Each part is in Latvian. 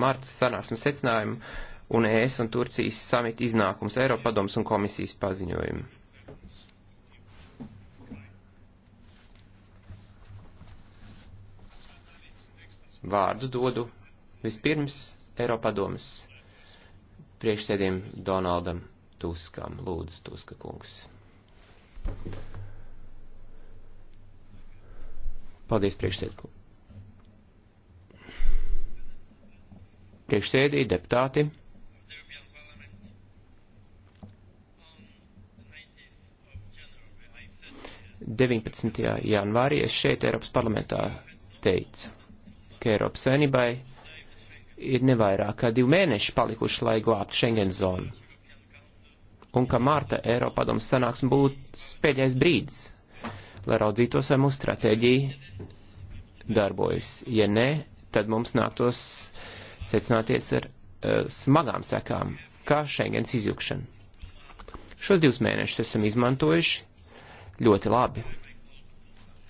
mārta sanāksmes secinājumu un ES un Turcijas samita iznākums Eiropadoms un komisijas paziņojumu. Vārdu dodu vispirms Eiropadomas priekšsēdiem Donaldam Tuskam. Lūdzu, Tuska kungs. Paldies, priekšsēdkungs. priekšsēdī, deputāti. Deviņpadsmitajā janvārī es šeit Eiropas parlamentā teicu, ka Eiropas saimnībai ir nevairāk kā divi mēneši palikuši, lai glābtu Schengen zonu. Un ka Mārta Eiropadomas sanāksme būtu pēdējais brīdis, lai raudzītos, vai mūsu stratēģija darbojas. Ja nē, tad mums nāktos uh, secināties ar uh, smagām sekām, kā Schengens izjukšana. Šos divus mēnešus esam izmantojuši ļoti labi.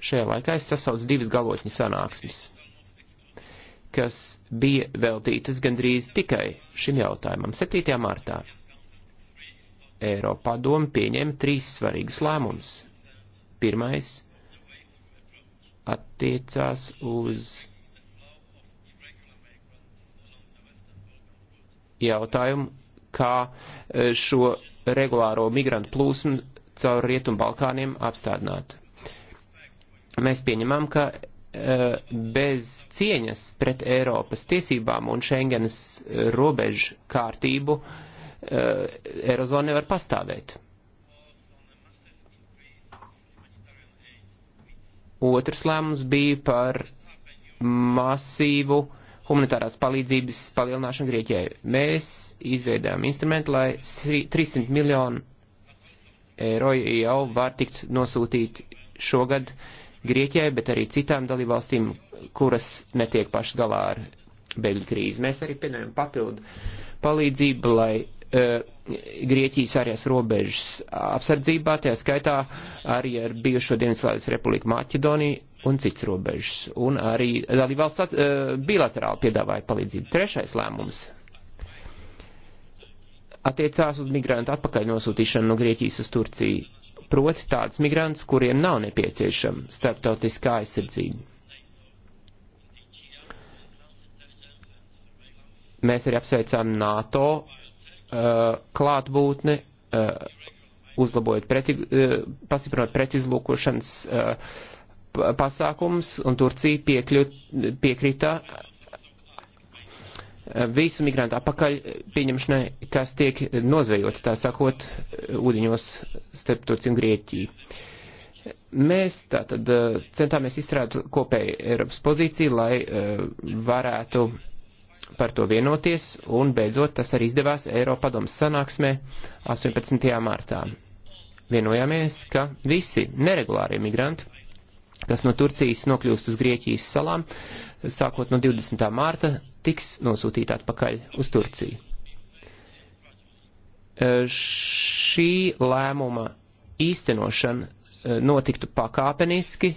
Šajā laikā es sasaucu divas galotņu sanāksmes, kas bija veltītas gandrīz tikai šim jautājumam. 7. martā Eiropā doma pieņēma trīs svarīgus lēmumus. Pirmais attiecās uz jautājumu, kā e, šo regulāro migrantu plūsmu caur Rietumu Balkāniem apstādināt. Mēs pieņemam, ka e, bez cieņas pret Eiropas tiesībām un Schengenas robežu kārtību e, Eirozona nevar pastāvēt. Otrs lēmums bija par masīvu uh, humanitārās palīdzības palielināšanu Grieķijai. Mēs izveidām instrumentu, lai 300 miljonu eiro jau var tikt nosūtīt šogad Grieķijai, bet arī citām dalībvalstīm, kuras netiek pašas galā ar bēgļu krīzi. Mēs arī piedāvājam papildu palīdzību, lai uh, Grieķijas ārējās robežas apsardzībā, tajā skaitā arī ar bijušo Dienvidslāvijas republiku Maķedoniju un cits robežas. Un arī dalībvalsts at, uh, bilaterāli piedāvāja palīdzību. Trešais lēmums attiecās uz migrantu atpakaļ nosūtīšanu no Grieķijas uz Turciju, proti tāds migrants, kuriem nav nepieciešama starptautiskā aizsardzība. Mēs arī apsveicām NATO uh, klātbūtni, uh, uzlabojot, preti, uh, pastiprinot pretizlūkošanas uh, pasākums, un Turcija piekļūt, piekrita eh, visu migrantu apakaļ pieņemšanai, kas tiek nozvejoti, tā sakot, ūdiņos starp Turciju un Grieķiju. Mēs tātad eh, centāmies izstrādāt kopēju Eiropas pozīciju, lai eh, varētu par to vienoties, un beidzot tas arī izdevās Eiropadomas sanāksmē 18. martā. Vienojāmies, ka visi neregulārie migranti kas no Turcijas nokļūst uz Grieķijas salām, sākot no 20. mārta, tiks nosūtīta atpakaļ uz Turciju. Šī lēmuma īstenošana notiktu pakāpeniski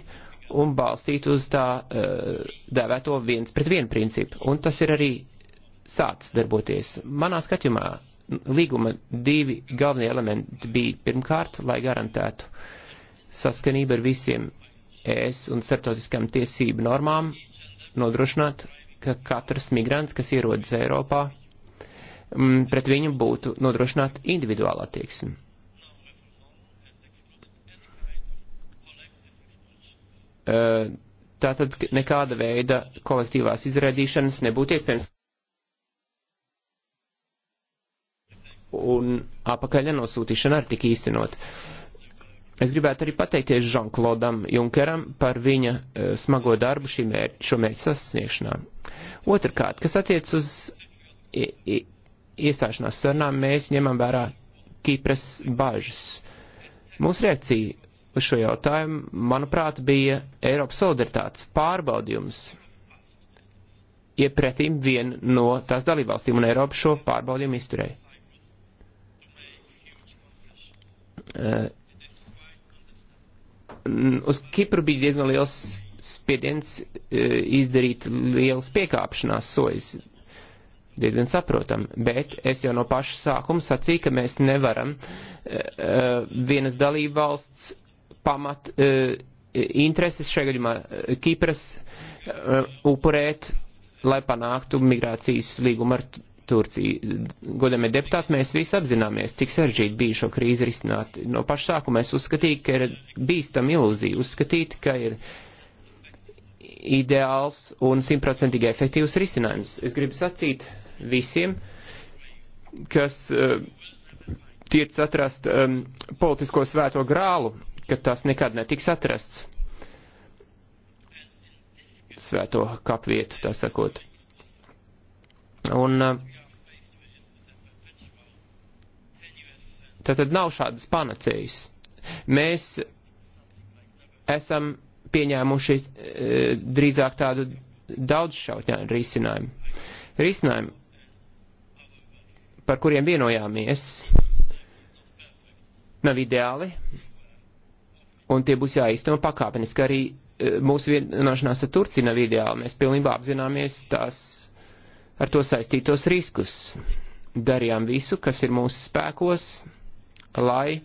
un balstīt uz tā dēvēto viens pret vienu principu, un tas ir arī sācis darboties. Manā skatījumā līguma divi galvenie elementi bija pirmkārt, lai garantētu saskanību ar visiem ES un starptautiskām tiesību normām nodrošināt, ka katrs migrants, kas ierodas Eiropā, mm, pret viņu būtu nodrošināta individuāla attieksme. E, tātad nekāda veida kolektīvās izraidīšanas nebūtu iespējams. Un apakaļ nosūtīšana arī tika īstenot. Uh, Es gribētu arī pateikties Žanklodam Junkeram par viņa uh, smago darbu šī mērķa, šo mērķu sasniegšanā. Otrkārt, kas attiec uz iestāšanās sarunām, mēs ņemam vērā Kipras bažas. Mūsu reakcija uz šo jautājumu, manuprāt, bija Eiropas solidaritātes pārbaudījums iepretīm vien no tās dalībvalstīm, un Eiropa šo pārbaudījumu izturēja. Uh, Uz Kipru bija diezgan liels spiediens e, izdarīt liels piekāpšanās sojas. Diezgan saprotam, bet es jau no paša sākuma sacīju, ka mēs nevaram e, e, vienas dalībvalsts pamat intereses, šajā gadījumā Kipras, upurēt, lai panāktu migrācijas līgumu ar Turciju. Godamie deputāti, mēs visi apzināmies, cik sarežģīti bija šo krīzi risināt. No paša sākuma es uzskatīju, ka ir bīstam ilūzija uzskatīt, ka ir ideāls un simtprocentīgi efektīvs risinājums. Es gribu sacīt visiem, kas uh, tiec atrast um, politisko svēto grālu, ka tas nekad netiks atrasts. Svēto kapvietu, tā sakot. Un uh, Tātad nav šādas panacējas. Mēs esam pieņēmuši e, drīzāk tādu daudzšķautņāju risinājumu. Risinājumu, par kuriem vienojāmies, nav ideāli, un tie būs jāīsteno pakāpeniski. Arī e, mūsu vienošanās ar Turciju nav ideāli. Mēs pilnībā apzināmies tās ar to saistītos riskus. Darījām visu, kas ir mūsu spēkos, lai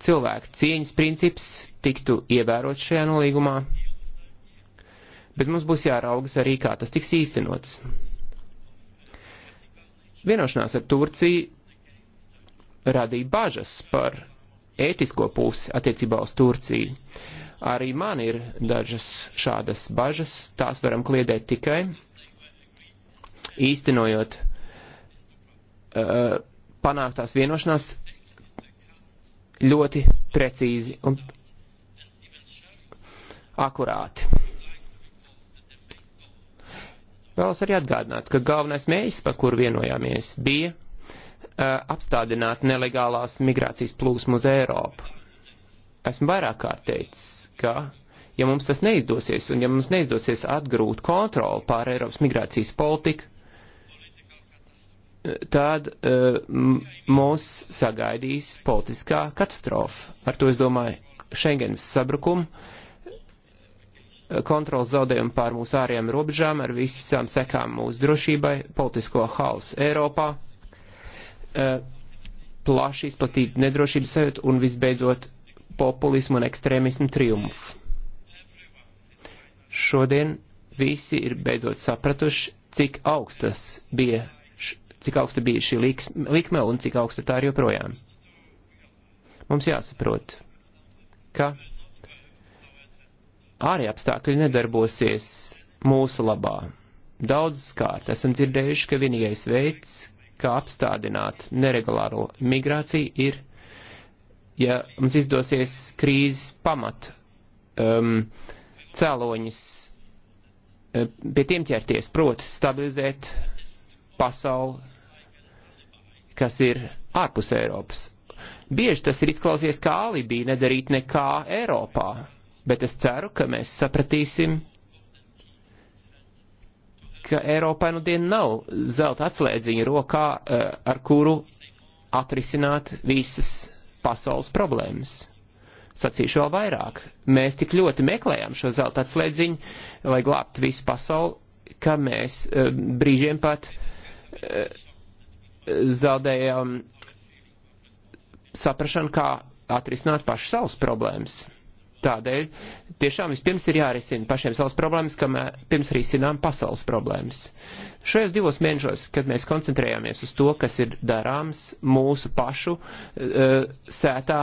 cilvēku cieņas princips tiktu ievērots šajā nolīgumā, bet mums būs jāraugas arī, kā tas tiks īstenots. Vienošanās ar Turciju radīja bažas par ētisko pusi attiecībā uz Turciju. Arī man ir dažas šādas bažas, tās varam kliedēt tikai īstenojot uh, panāktās vienošanās ļoti precīzi un akurāti. Vēlos arī atgādināt, ka galvenais mērķis, par kuru vienojāmies, bija uh, apstādināt nelegālās migrācijas plūsmu uz Eiropu. Esmu vairāk kārt teicis, ka ja mums tas neizdosies un ja mums neizdosies atgrūt kontroli pār Eiropas migrācijas politiku, tad eh, mūs sagaidīs politiskā katastrofa. Ar to es domāju Schengens sabrukumu, kontrols zaudējumu pār mūsu ārējām robežām ar visām sekām mūsu drošībai, politisko hausu Eiropā, eh, plaši izplatīt nedrošības sajūtu un visbeidzot populismu un ekstrēmismu triumfu. Šodien visi ir beidzot sapratuši, cik augstas bija cik augsta bija šī likme un cik augsta tā ir joprojām. Mums jāsaprot, ka ārējā apstākļi nedarbosies mūsu labā. Daudzas kārt esam dzirdējuši, ka vienīgais veids, kā apstādināt neregulāro migrāciju, ir, ja mums izdosies krīzes pamat um, cēloņus uh, pie tiem ķerties, proti stabilizēt pasauli, kas ir ārpus Eiropas. Bieži tas ir izklausies kā alibī nedarīt nekā Eiropā, bet es ceru, ka mēs sapratīsim, ka Eiropai nu dienu nav zelta atslēdziņa rokā, eh, ar kuru atrisināt visas pasaules problēmas. Sacīšu vēl vairāk. Mēs tik ļoti meklējām šo zelta atslēdziņu, lai glābtu visu pasauli, ka mēs eh, brīžiem pat eh, zaudējam um, saprašanu, kā atrisināt pašu savus problēmas. Tādēļ tiešām vispirms ir jārisina pašiem savas problēmas, kamēr pirms risinām pasaules problēmas. Šajos divos mēnešos, kad mēs koncentrējāmies uz to, kas ir darāms mūsu pašu uh, sētā,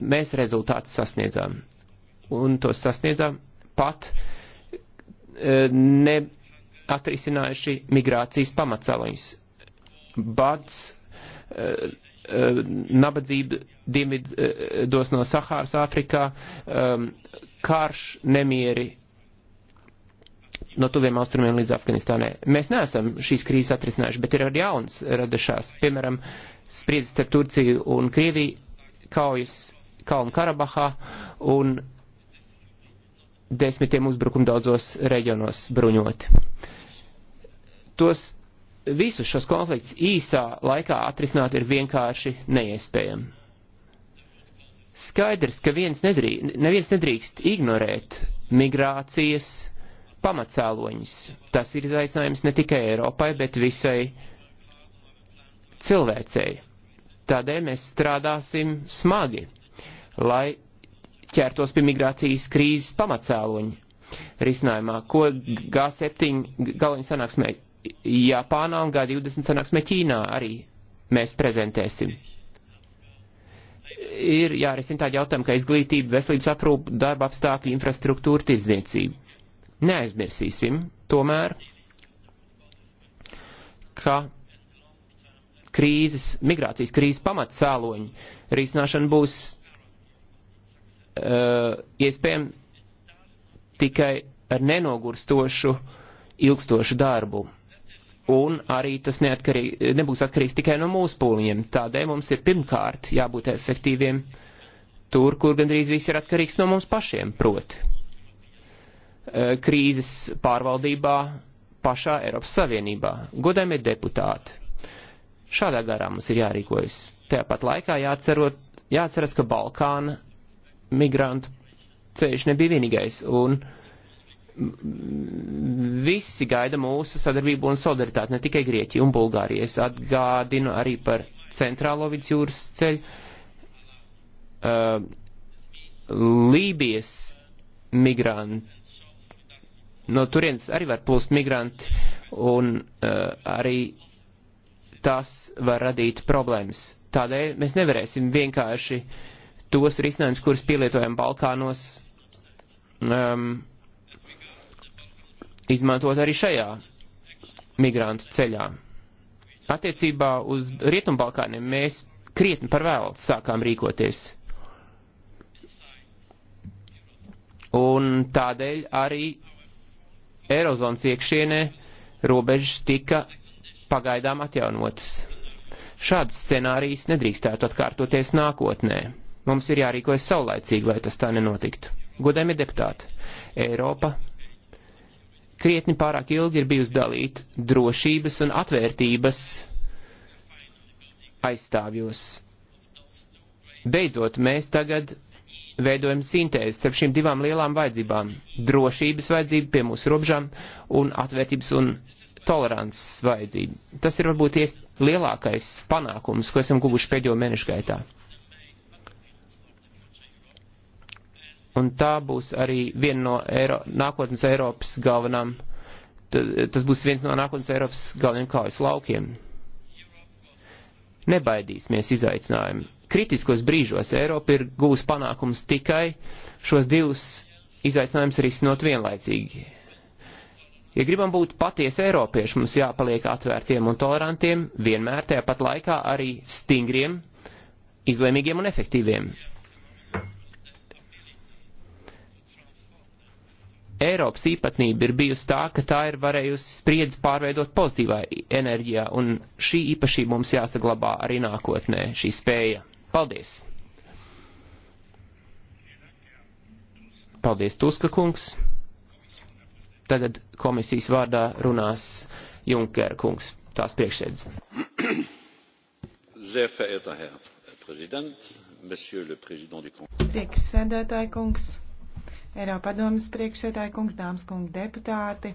mēs rezultātus sasniedzām. Un tos sasniedzām pat uh, eh, neatrisinājuši migrācijas pamatsaliņas bats, eh, eh, nabadzība dienvidos eh, no Sahāras Āfrikā, ehm, karš, nemieri no tuviem austrumiem līdz Afganistānai. Mēs neesam šīs krīzes atrisinājuši, bet ir arī jauns radušās. Piemēram, spriedzes starp Turciju un Krieviju, kaujas Kalnu Karabahā un desmitiem uzbrukumu daudzos reģionos bruņoti. Tos visus šos konfliktus īsā laikā atrisināt ir vienkārši neiespējami. Skaidrs, ka viens nedrīkst, neviens nedrīkst ignorēt migrācijas pamatcēloņus. Tas ir izaicinājums ne tikai Eiropai, bet visai cilvēcei. Tādēļ mēs strādāsim smagi, lai ķertos pie migrācijas krīzes pamatcēloņa risinājumā, ko G7 galvenā sanāksmē Japānā un G20 sanāksmē Ķīnā arī mēs prezentēsim. Ir jārisina tādi jautājumi, kā izglītība, veselības aprūpa, darba apstākļi, infrastruktūra, tirdzniecība. Neaizmirsīsim tomēr, ka krīzes, migrācijas krīzes pamatcēloņi risināšana būs uh, iespējama tikai ar nenogurstošu, ilgstošu darbu un arī tas neatkarī, nebūs atkarīgs tikai no mūsu pūliņiem. Tādēļ mums ir pirmkārt jābūt efektīviem tur, kur gandrīz viss ir atkarīgs no mums pašiem, proti. E, krīzes pārvaldībā pašā Eiropas Savienībā. Godājumie deputāti. Šādā garā mums ir jārīkojas. Tāpat laikā jāatcerot, jāatceras, ka Balkāna migrantu ceļš nebija vienīgais. Un, uh, visi gaida mūsu sadarbību un solidaritāti, ne tikai Grieķija un Bulgārija. Es atgādinu arī par centrālo vidusjūras ceļu, uh, Lībijas migranti. No turienes arī var plūst migranti un uh, arī tas var radīt problēmas. Tādēļ mēs nevarēsim vienkārši tos risinājumus, kurus pielietojam Balkānos, um, izmantot arī šajā migrantu ceļā. Attiecībā uz Rietumbalkāniem mēs krietni par vēlu sākām rīkoties. Un tādēļ arī Eirozonas iekšienē robežas tika pagaidām atjaunotas. Šāds scenārijs nedrīkstētu atkārtoties nākotnē. Mums ir jārīkojas saulaicīgi, lai tas tā nenotiktu. Godējumi deputāti, Eiropa krietni pārāk ilgi ir bijusi dalīta drošības un atvērtības aizstāvjos. Beidzot, mēs tagad veidojam sintēzi starp šīm divām lielām vajadzībām - drošības vajadzība pie mūsu robežām un atvērtības un tolerances vajadzība. Tas ir varbūt lielākais panākums, ko esam guvuši pēdējo mēnešu gaitā. un tā būs arī viena no Eiro, nākotnes Eiropas galvenām, tas būs viens no nākotnes Eiropas galveniem kājas laukiem. Nebaidīsimies izaicinājumu. Kritiskos brīžos Eiropa ir gūs panākums tikai šos divus izaicinājumus risinot vienlaicīgi. Ja gribam būt patiesi eiropieši, mums jāpaliek atvērtiem un tolerantiem, vienmēr tajā pat laikā arī stingriem, izlēmīgiem un efektīviem. Eiropas īpatnība ir bijusi tā, ka tā ir varējusi spriedzi pārveidot pozitīvā enerģijā, un šī īpašība mums jāsaglabā arī nākotnē, šī spēja. Paldies! Paldies, Tuska kungs! Tagad komisijas vārdā runās Junker kungs, tās priekšsēdz. Sehr verehrter Herr Präsident, Monsieur le Président du Conseil. Priekšsēdētāji kungs, Eiropadomas priekšsētāja kungs, dāmas kungi deputāti.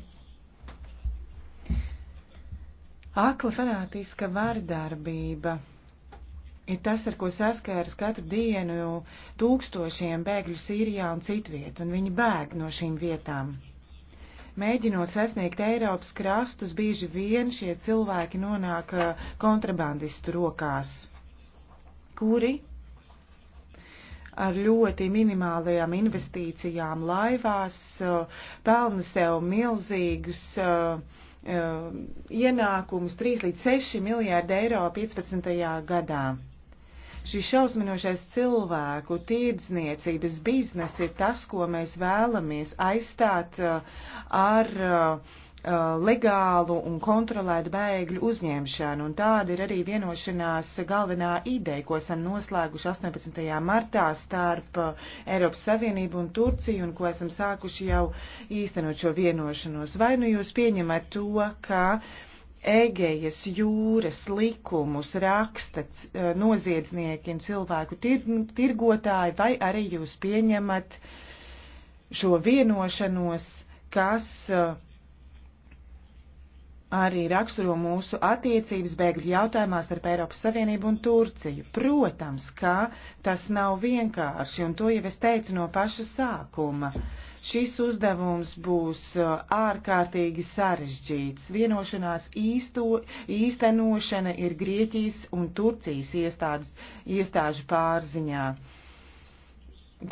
Akla fanātiska vardarbība ir tas, ar ko saskēras katru dienu tūkstošiem bēgļu Sīrijā un citviet, un viņi bēg no šīm vietām. Mēģinot sasniegt Eiropas krastus, bieži vien šie cilvēki nonāk kontrabandistu rokās, kuri ar ļoti minimālajām investīcijām laivās, pelna sev milzīgus eh, eh, ienākumus 3 līdz 6 miljārdi eiro 15. gadā šis šausminošais cilvēku tirdzniecības biznes ir tas, ko mēs vēlamies aizstāt eh, ar Uh, legālu un kontrolētu bēgļu uzņemšanu, un tāda ir arī vienošanās galvenā ideja, ko esam noslēguši 18. martā starp uh, Eiropas Savienību un Turciju, un ko esam sākuši jau īstenot šo vienošanos. Vai nu jūs pieņemat to, ka. Egejas jūras likumus raksta uh, noziedznieki un cilvēku tir tirgotāji, vai arī jūs pieņemat šo vienošanos, kas uh, arī raksturo mūsu attiecības bēgļu jautājumā starp Eiropas Savienību un Turciju. Protams, ka tas nav vienkārši, un to jau es teicu no paša sākuma. Šis uzdevums būs uh, ārkārtīgi sarežģīts. Vienošanās īsto, īstenošana ir Grieķijas un Turcijas iestādes, iestāžu pārziņā.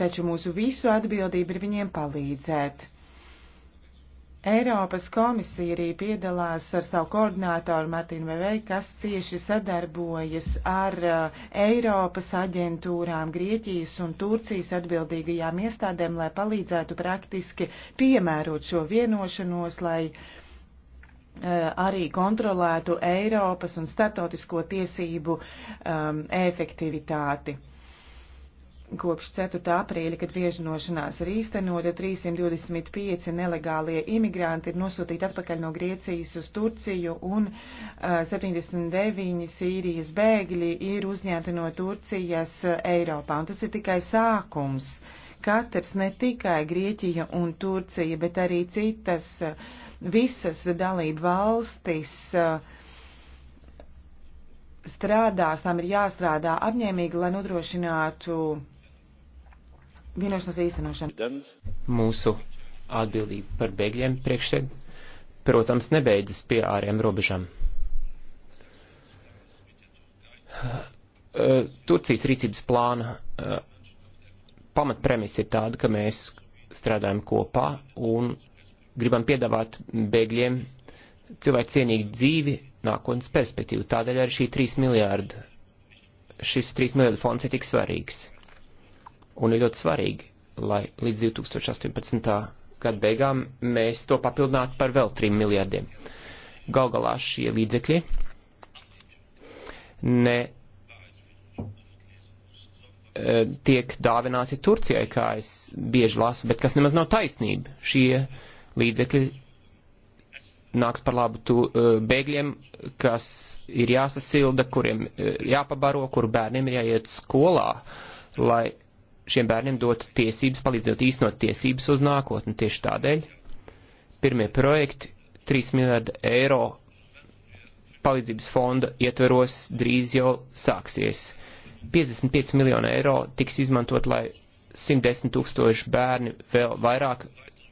Taču mūsu visu atbildību ir viņiem palīdzēt Eiropas komisija arī piedalās ar savu koordinātoru Martinu Vevei, kas cieši sadarbojas ar uh, Eiropas aģentūrām, Grieķijas un Turcijas atbildīgajām iestādēm, lai palīdzētu praktiski piemērot šo vienošanos, lai uh, arī kontrolētu Eiropas un statotisko tiesību um, efektivitāti. Kopš 4. aprīļa, kad viežinošanās ir īstenota, 325 nelegālie imigranti ir nosūtīti atpakaļ no Griecijas uz Turciju un uh, 79 Sīrijas bēgļi ir uzņemti no Turcijas Eiropā. Un tas ir tikai sākums. Katrs ne tikai Grieķija un Turcija, bet arī citas visas dalību valstis. Uh, strādās, tām ir jāstrādā apņēmīgi, lai nodrošinātu vienošanās īstenošana. Mūsu atbildība par bēgļiem priekšsēd, protams, nebeidzas pie āriem robežām. Eh, Turcijas rīcības plāna eh, pamatpremis ir tāda, ka mēs strādājam kopā un gribam piedāvāt bēgļiem cilvēku cienīgu dzīvi nākotnes perspektīvu. Tādēļ arī šī 3 miljārdu, šis 3 miljārdu fonds ir tik svarīgs. Un ir ļoti svarīgi, lai līdz 2018. gada beigām mēs to papildinātu par vēl 3 miljardiem. Gal galā šie līdzekļi ne e, tiek dāvināti Turcijai, kā es bieži lasu, bet kas nemaz nav taisnība. Šie līdzekļi nāks par labu tu, e, bēgļiem, kas ir jāsasilda, kuriem e, jāpabaro, kur bērniem ir jāiet skolā, lai šiem bērniem dot tiesības, palīdzot īstenot tiesības uz nākotni. Tieši tādēļ pirmie projekti 3 miljardi eiro palīdzības fonda ietveros drīz jau sāksies. 55 miljonu eiro tiks izmantot, lai 110 tūkstoši bērni vēl vairāk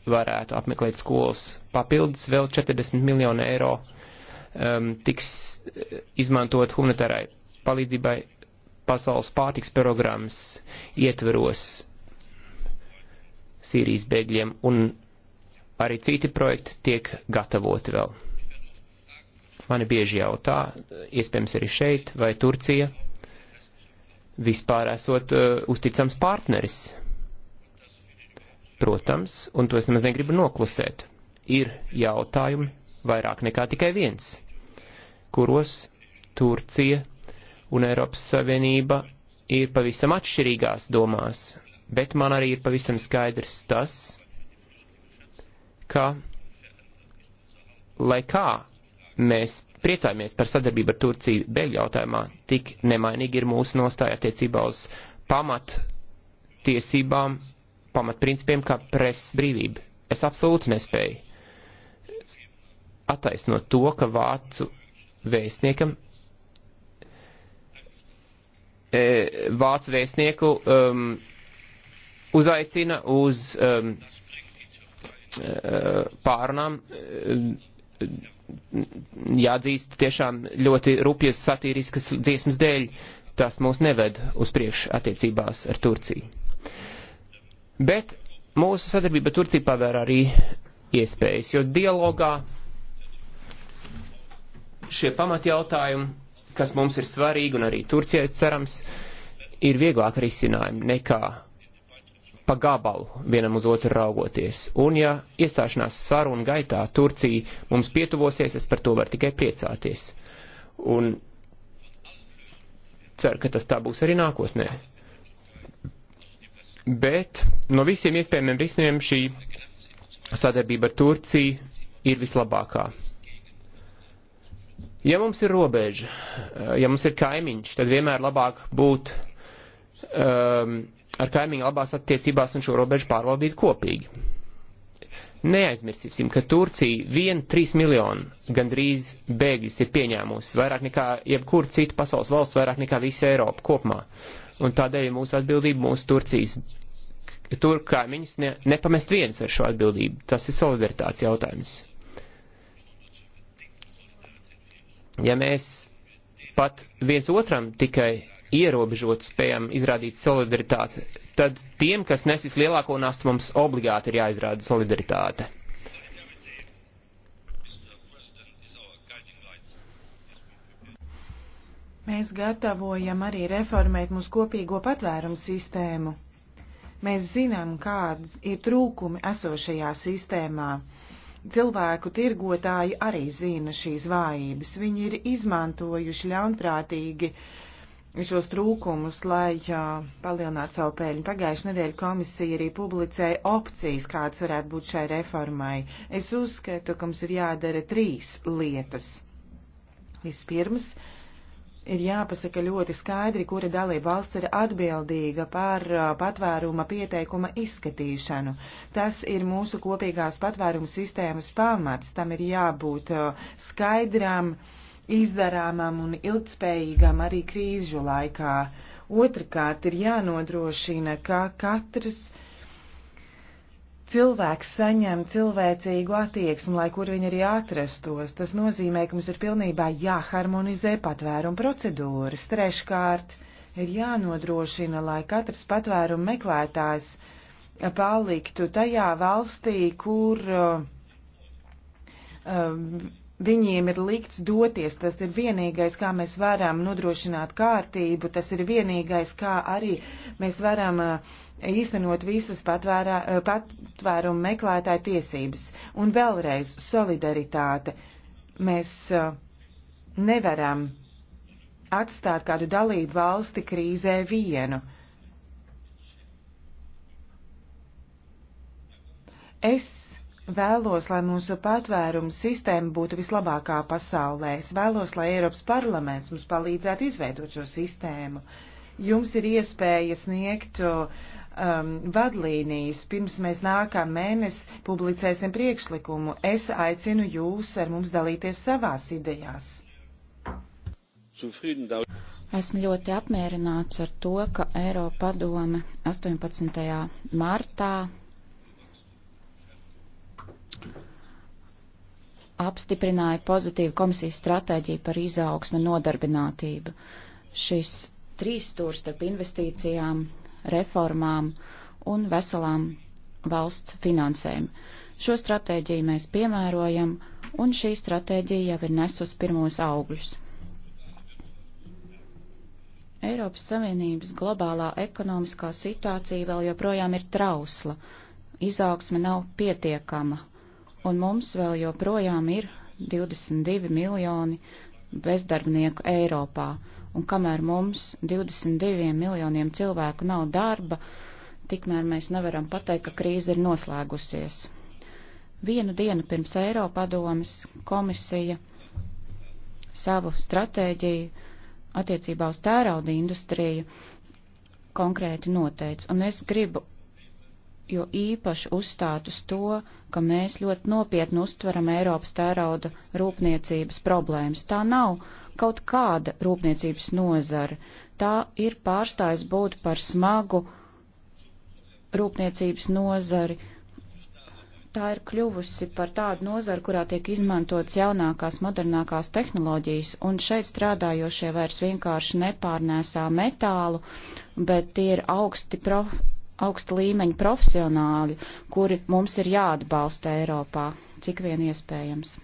varētu apmeklēt skolas. Papildus vēl 40 miljonu eiro um, tiks eh, izmantot humanitārai palīdzībai pasaules pārtiks programmas ietveros Sīrijas bēgļiem, un arī citi projekti tiek gatavoti vēl. Mani bieži jautā, iespējams arī šeit, vai Turcija vispār esot uh, uzticams partneris. Protams, un to es nemaz negribu noklusēt. Ir jautājumi vairāk nekā tikai viens, kuros Turcija un Eiropas Savienība ir pavisam atšķirīgās domās, bet man arī ir pavisam skaidrs tas, ka, lai kā mēs priecājamies par sadarbību ar Turciju bēgļu jautājumā, tik nemainīgi ir mūsu nostāja attiecībā uz pamat tiesībām, pamat principiem kā presas brīvība. Es absolūti nespēju attaisnot to, ka vācu vēstniekam E, vācu vēstnieku um, uzaicina uz um, e, pārunām. E, Jādzīst tiešām ļoti rupjas satīriskas dziesmas dēļ, tas mūs neved uz priekšu attiecībās ar Turciju. Bet mūsu sadarbība Turcija pavēr arī iespējas, jo dialogā šie pamatjautājumi kas mums ir svarīgi, un arī Turcijai cerams, ir vieglāk risinājumi nekā pa gabalu vienam uz otru raugoties. Un ja iestāšanās saruna gaitā Turcija mums pietuvosies, es par to varu tikai priecāties. Un ceru, ka tas tā būs arī nākotnē. Bet no visiem iespējamiem risinājumiem šī sadarbība ar Turciju ir vislabākā. Ja mums ir robeža, eh, ja mums ir kaimiņš, tad vienmēr labāk būt um, ar kaimiņu labās attiecībās un šo robežu pārvaldīt kopīgi. Neaizmirsīsim, ka Turcija vien 3 miljonu gandrīz bēgļus ir pieņēmusi, vairāk nekā jebkur cita pasaules valsts, vairāk nekā visa Eiropa kopumā. Un tādēļ ir mūsu atbildība mūsu Turcijas tur kaimiņus ne, nepamest viens ar šo atbildību. Tas ir solidaritātes jautājums. Ja mēs pat viens otram tikai ierobežot spējam izrādīt solidaritāti, tad tiem, kas nesis lielāko nastu, mums obligāti ir jāizrāda solidaritāte. Mēs gatavojam arī reformēt mūsu kopīgo patvērumu sistēmu. Mēs zinām, kādas ir trūkumi esošajā sistēmā cilvēku tirgotāji arī zina šīs vājības. Viņi ir izmantojuši ļaunprātīgi šos trūkumus, lai uh, palielinātu savu peļņu. Pagājušajā nedēļā komisija arī publicēja opcijas, kāds varētu būt šai reformai. Es uzskatu, ka mums ir jādara trīs lietas. Vispirms, uh, ir jāpasaka ļoti skaidri, kura dalība valsts ir atbildīga par uh, patvēruma pieteikuma izskatīšanu. Tas ir mūsu kopīgās patvēruma sistēmas pamats. Tam ir jābūt uh, skaidram, izdarāmam un ilgspējīgam arī krīžu laikā. Otrakārt ir jānodrošina, ka katrs cilvēks saņem cilvēcīgu attieksmi, lai kur viņi arī atrastos. Tas nozīmē, ka mums ir pilnībā jāharmonizē patvērumu procedūras. Treškārt, ir jānodrošina, lai katrs patvērumu meklētājs paliktu tajā valstī, kur uh, um, Viņiem ir likts doties, tas ir vienīgais, kā mēs varam nodrošināt kārtību, tas ir vienīgais, kā arī mēs varam eh, īstenot visas patvērā, eh, patvērumu meklētāju tiesības. Un vēlreiz solidaritāte. Mēs eh, nevaram atstāt kādu dalību valsti krīzē vienu. Es Vēlos, lai mūsu patvērums sistēma būtu vislabākā pasaulē. Es vēlos, lai Eiropas parlaments mums palīdzētu izveidot šo sistēmu. Jums ir iespēja sniegt um, vadlīnijas, pirms mēs nākam mēnesi publicēsim priekšlikumu. Es aicinu jūs ar mums dalīties savās idejās. Esmu ļoti apmierināts ar to, ka Eiropa padome 18. martā apstiprināja pozitīvu komisijas stratēģiju par izaugsmu un nodarbinātību. Šis trīs stūrs starp investīcijām, reformām un veselām valsts finansēm. Šo stratēģiju mēs piemērojam, un šī stratēģija jau ir nesus pirmos augļus. Eiropas Savienības globālā ekonomiskā situācija vēl joprojām ir trausla, izaugsme nav pietiekama, un mums vēl joprojām ir 22 miljoni bezdarbnieku Eiropā. Un kamēr mums 22 miljoniem cilvēku nav darba, tikmēr mēs nevaram pateikt, ka krīze ir noslēgusies. Vienu dienu pirms Eiropadomas komisija savu stratēģiju attiecībā uz tērauda industriju konkrēti noteica, un es gribu jo īpaši uzstāt uz to, ka mēs ļoti nopietni uztveram Eiropas tērauda rūpniecības problēmas. Tā nav kaut kāda rūpniecības nozara. Tā ir pārstājis būt par smagu rūpniecības nozari. Tā ir kļuvusi par tādu nozaru, kurā tiek izmantotas jaunākās, modernākās tehnoloģijas, un šeit strādājošie vairs vienkārši nepārnēsā metālu, bet tie ir augsti profi augsta līmeņa profesionāļi, kuri mums ir jāatbalsta Eiropā, cik vien iespējams.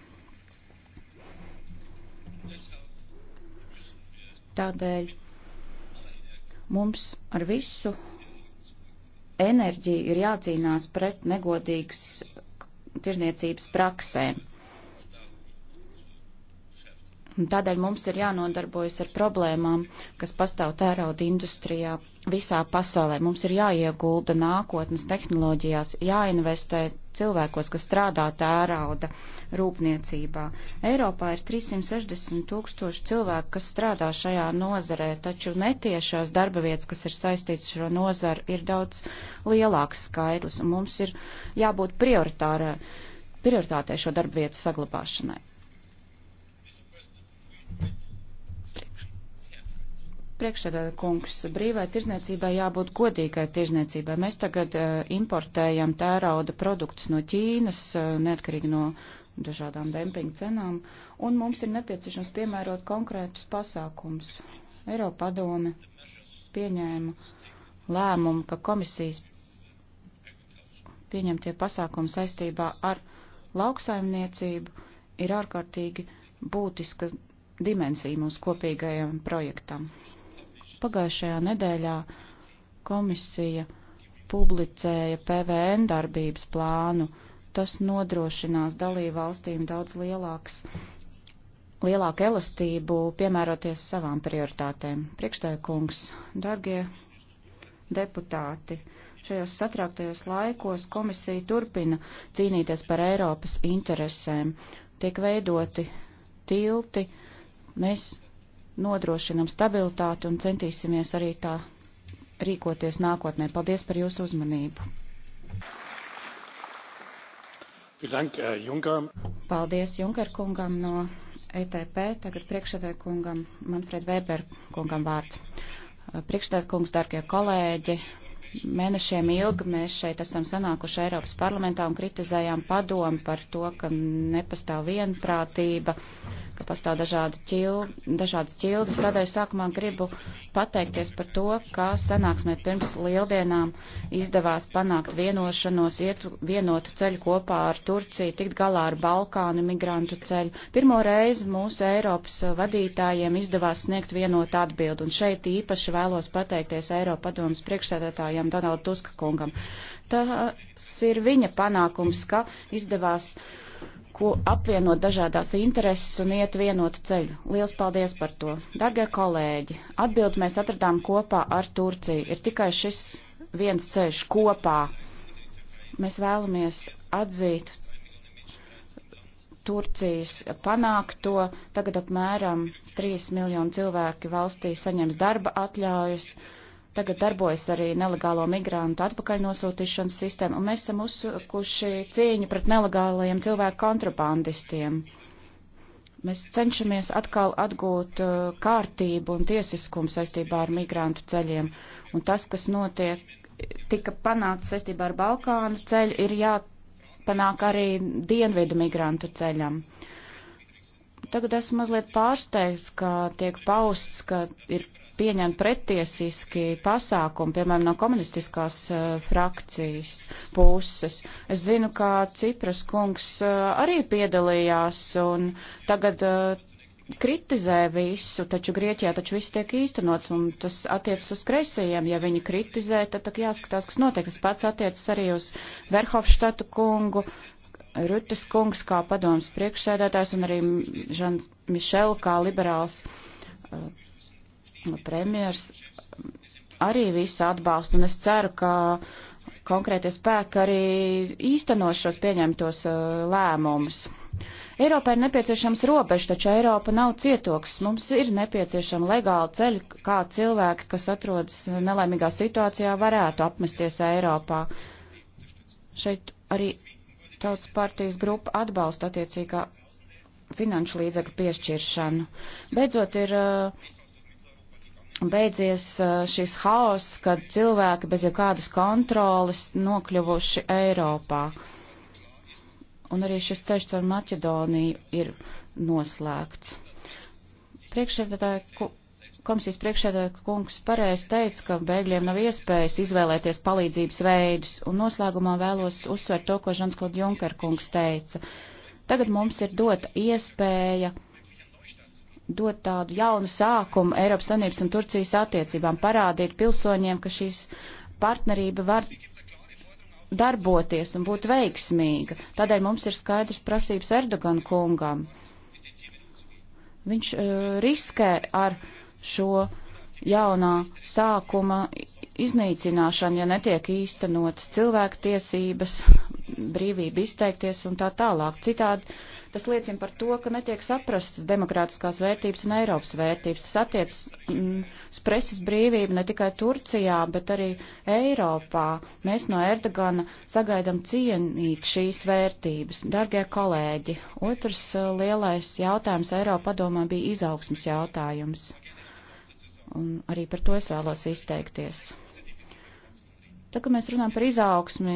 Tādēļ mums ar visu enerģiju ir jācīnās pret negodīgas tirzniecības praksēm un tādēļ mums ir jānodarbojas ar problēmām, kas pastāv tērauda industrijā visā pasaulē. Mums ir jāiegulda nākotnes tehnoloģijās, jāinvestē cilvēkos, kas strādā tērauda rūpniecībā. Eiropā ir 360 tūkstoši cilvēku, kas strādā šajā nozarē, taču netiešās darba vietas, kas ir saistīts šo nozaru, ir daudz lielāks skaidrs, un mums ir jābūt prioritārai prioritātei šo darba vietu saglabāšanai. Priekšsēdētāj kungs, brīvai tirzniecībai jābūt godīgai tirzniecībai. Mēs tagad uh, importējam tērauda produktus no Ķīnas, uh, neatkarīgi no dažādām dempinga cenām, un mums ir nepieciešams piemērot konkrētus pasākums. Eiropa padome pieņēma lēmumu, ka komisijas pieņemtie pasākumi saistībā ar lauksaimniecību ir ārkārtīgi būtiska dimensiju mūsu kopīgajam projektam. Pagājušajā nedēļā komisija publicēja PVN darbības plānu. Tas nodrošinās dalību valstīm daudz lielāks, lielāku elastību piemēroties savām prioritātēm. Priekšstājkungs, dargie deputāti, šajos satrauktajos laikos komisija turpina cīnīties par Eiropas interesēm. Tiek veidoti tilti, uh, Mēs nodrošinam stabilitāti un centīsimies arī tā rīkoties nākotnē. Paldies par jūsu uzmanību. Paldies Junker kungam no ETP, tagad priekšsēdē kungam Manfred Weber kungam vārds. Priekšsēdē kungs, dargie kolēģi, mēnešiem ilgi mēs šeit esam sanākuši Eiropas parlamentā un kritizējām padomu par to, ka nepastāv vienprātība ka pastāv dažādi ķild, dažādas ķildes. Tādēļ sākumā gribu pateikties par to, ka sanāksmē pirms lieldienām izdevās panākt vienošanos, iet vienotu ceļu kopā ar Turciju, tikt galā ar Balkānu migrantu ceļu. Pirmo reizi mūsu Eiropas vadītājiem izdevās sniegt vienotu atbildi, un šeit īpaši vēlos pateikties Eiropadomas priekšsēdētājiem Donaldu Tuska kungam. Tas ir viņa panākums, ka izdevās uh, ko apvienot dažādās intereses un iet vienotu ceļu. Liels paldies par to. Dargie kolēģi, atbildi mēs atradām kopā ar Turciju. Ir tikai šis viens ceļš kopā. Mēs vēlamies atzīt Turcijas panākto. Tagad apmēram 3 miljonu cilvēki valstī saņems darba atļaujas. Tagad darbojas arī nelegālo migrantu atpakaļnosūtīšanas sistēma, un mēs esam uzsukuši cīņu pret nelegālajiem cilvēku kontrabandistiem. Mēs cenšamies atkal atgūt uh, kārtību un tiesiskumu saistībā ar migrantu ceļiem, un tas, kas notiek, tika panāts saistībā ar Balkānu ceļu, ir jāpanāk arī dienvidu migrantu ceļam. Tagad esmu mazliet pārsteigts, ka tiek pausts, ka ir pieņemt pretiesiski pasākumi, piemēram, no komunistiskās eh, frakcijas puses. Es zinu, ka Cipras kungs eh, arī piedalījās un tagad eh, kritizē visu, taču Grieķijā taču viss tiek īstenots, un tas attiecas uz kreisajiem. Ja viņi kritizē, tad, tad jāskatās, kas notiek. Tas pats attiecas arī uz Verhofštatu kungu, Rutas kungs kā padomas priekšsēdētājs un arī Žan Mišela kā liberāls uh, Nu, premjers mm, arī visu atbalstu, un es ceru, ka konkrētie spēki arī īstenos šos pieņemtos uh, lēmumus. Eiropai ir nepieciešams robežs, taču Eiropa nav cietoks. Mums ir nepieciešama legāla ceļa, kā cilvēki, kas atrodas nelaimīgā situācijā, varētu apmesties Eiropā. Šeit arī Tautas partijas grupa atbalsta attiecīgā finanšu līdzekļu piešķiršanu. Beidzot, ir uh, beidzies šis haoss, kad cilvēki bez jebkādas kontrolas nokļuvuši Eiropā. Un arī šis ceļš ar Maķedoniju ir noslēgts. Priekšsēdētāju komisijas priekšsēdētāja kungs pareizi teica, ka bēgļiem nav iespējas izvēlēties palīdzības veidus, un noslēgumā vēlos uzsvērt to, ko Žans Klod Junker kungs teica. Tagad mums ir dota iespēja dot tādu jaunu sākumu Eiropas Savienības un Turcijas attiecībām, parādīt pilsoņiem, ka šīs partnerība var darboties un būt veiksmīga. Tādēļ mums ir skaidrs prasības Erdogan kungam. Viņš uh, riskē ar šo jaunā sākuma iznīcināšanu, ja netiek īstenotas cilvēktiesības, brīvība izteikties un tā tālāk. Citādi uh, Tas liecina par to, ka netiek saprastas demokrātiskās vērtības un Eiropas vērtības. Tas attiec mm, uz preses brīvību ne tikai Turcijā, bet arī Eiropā. Mēs no Erdogana sagaidām cienīt šīs vērtības. Dargie kolēģi, otrs eh, lielais jautājums Eiropa padomā bija izaugsmas jautājums. Un arī par to es vēlos izteikties. Tā kā mēs runājam par izaugsmi,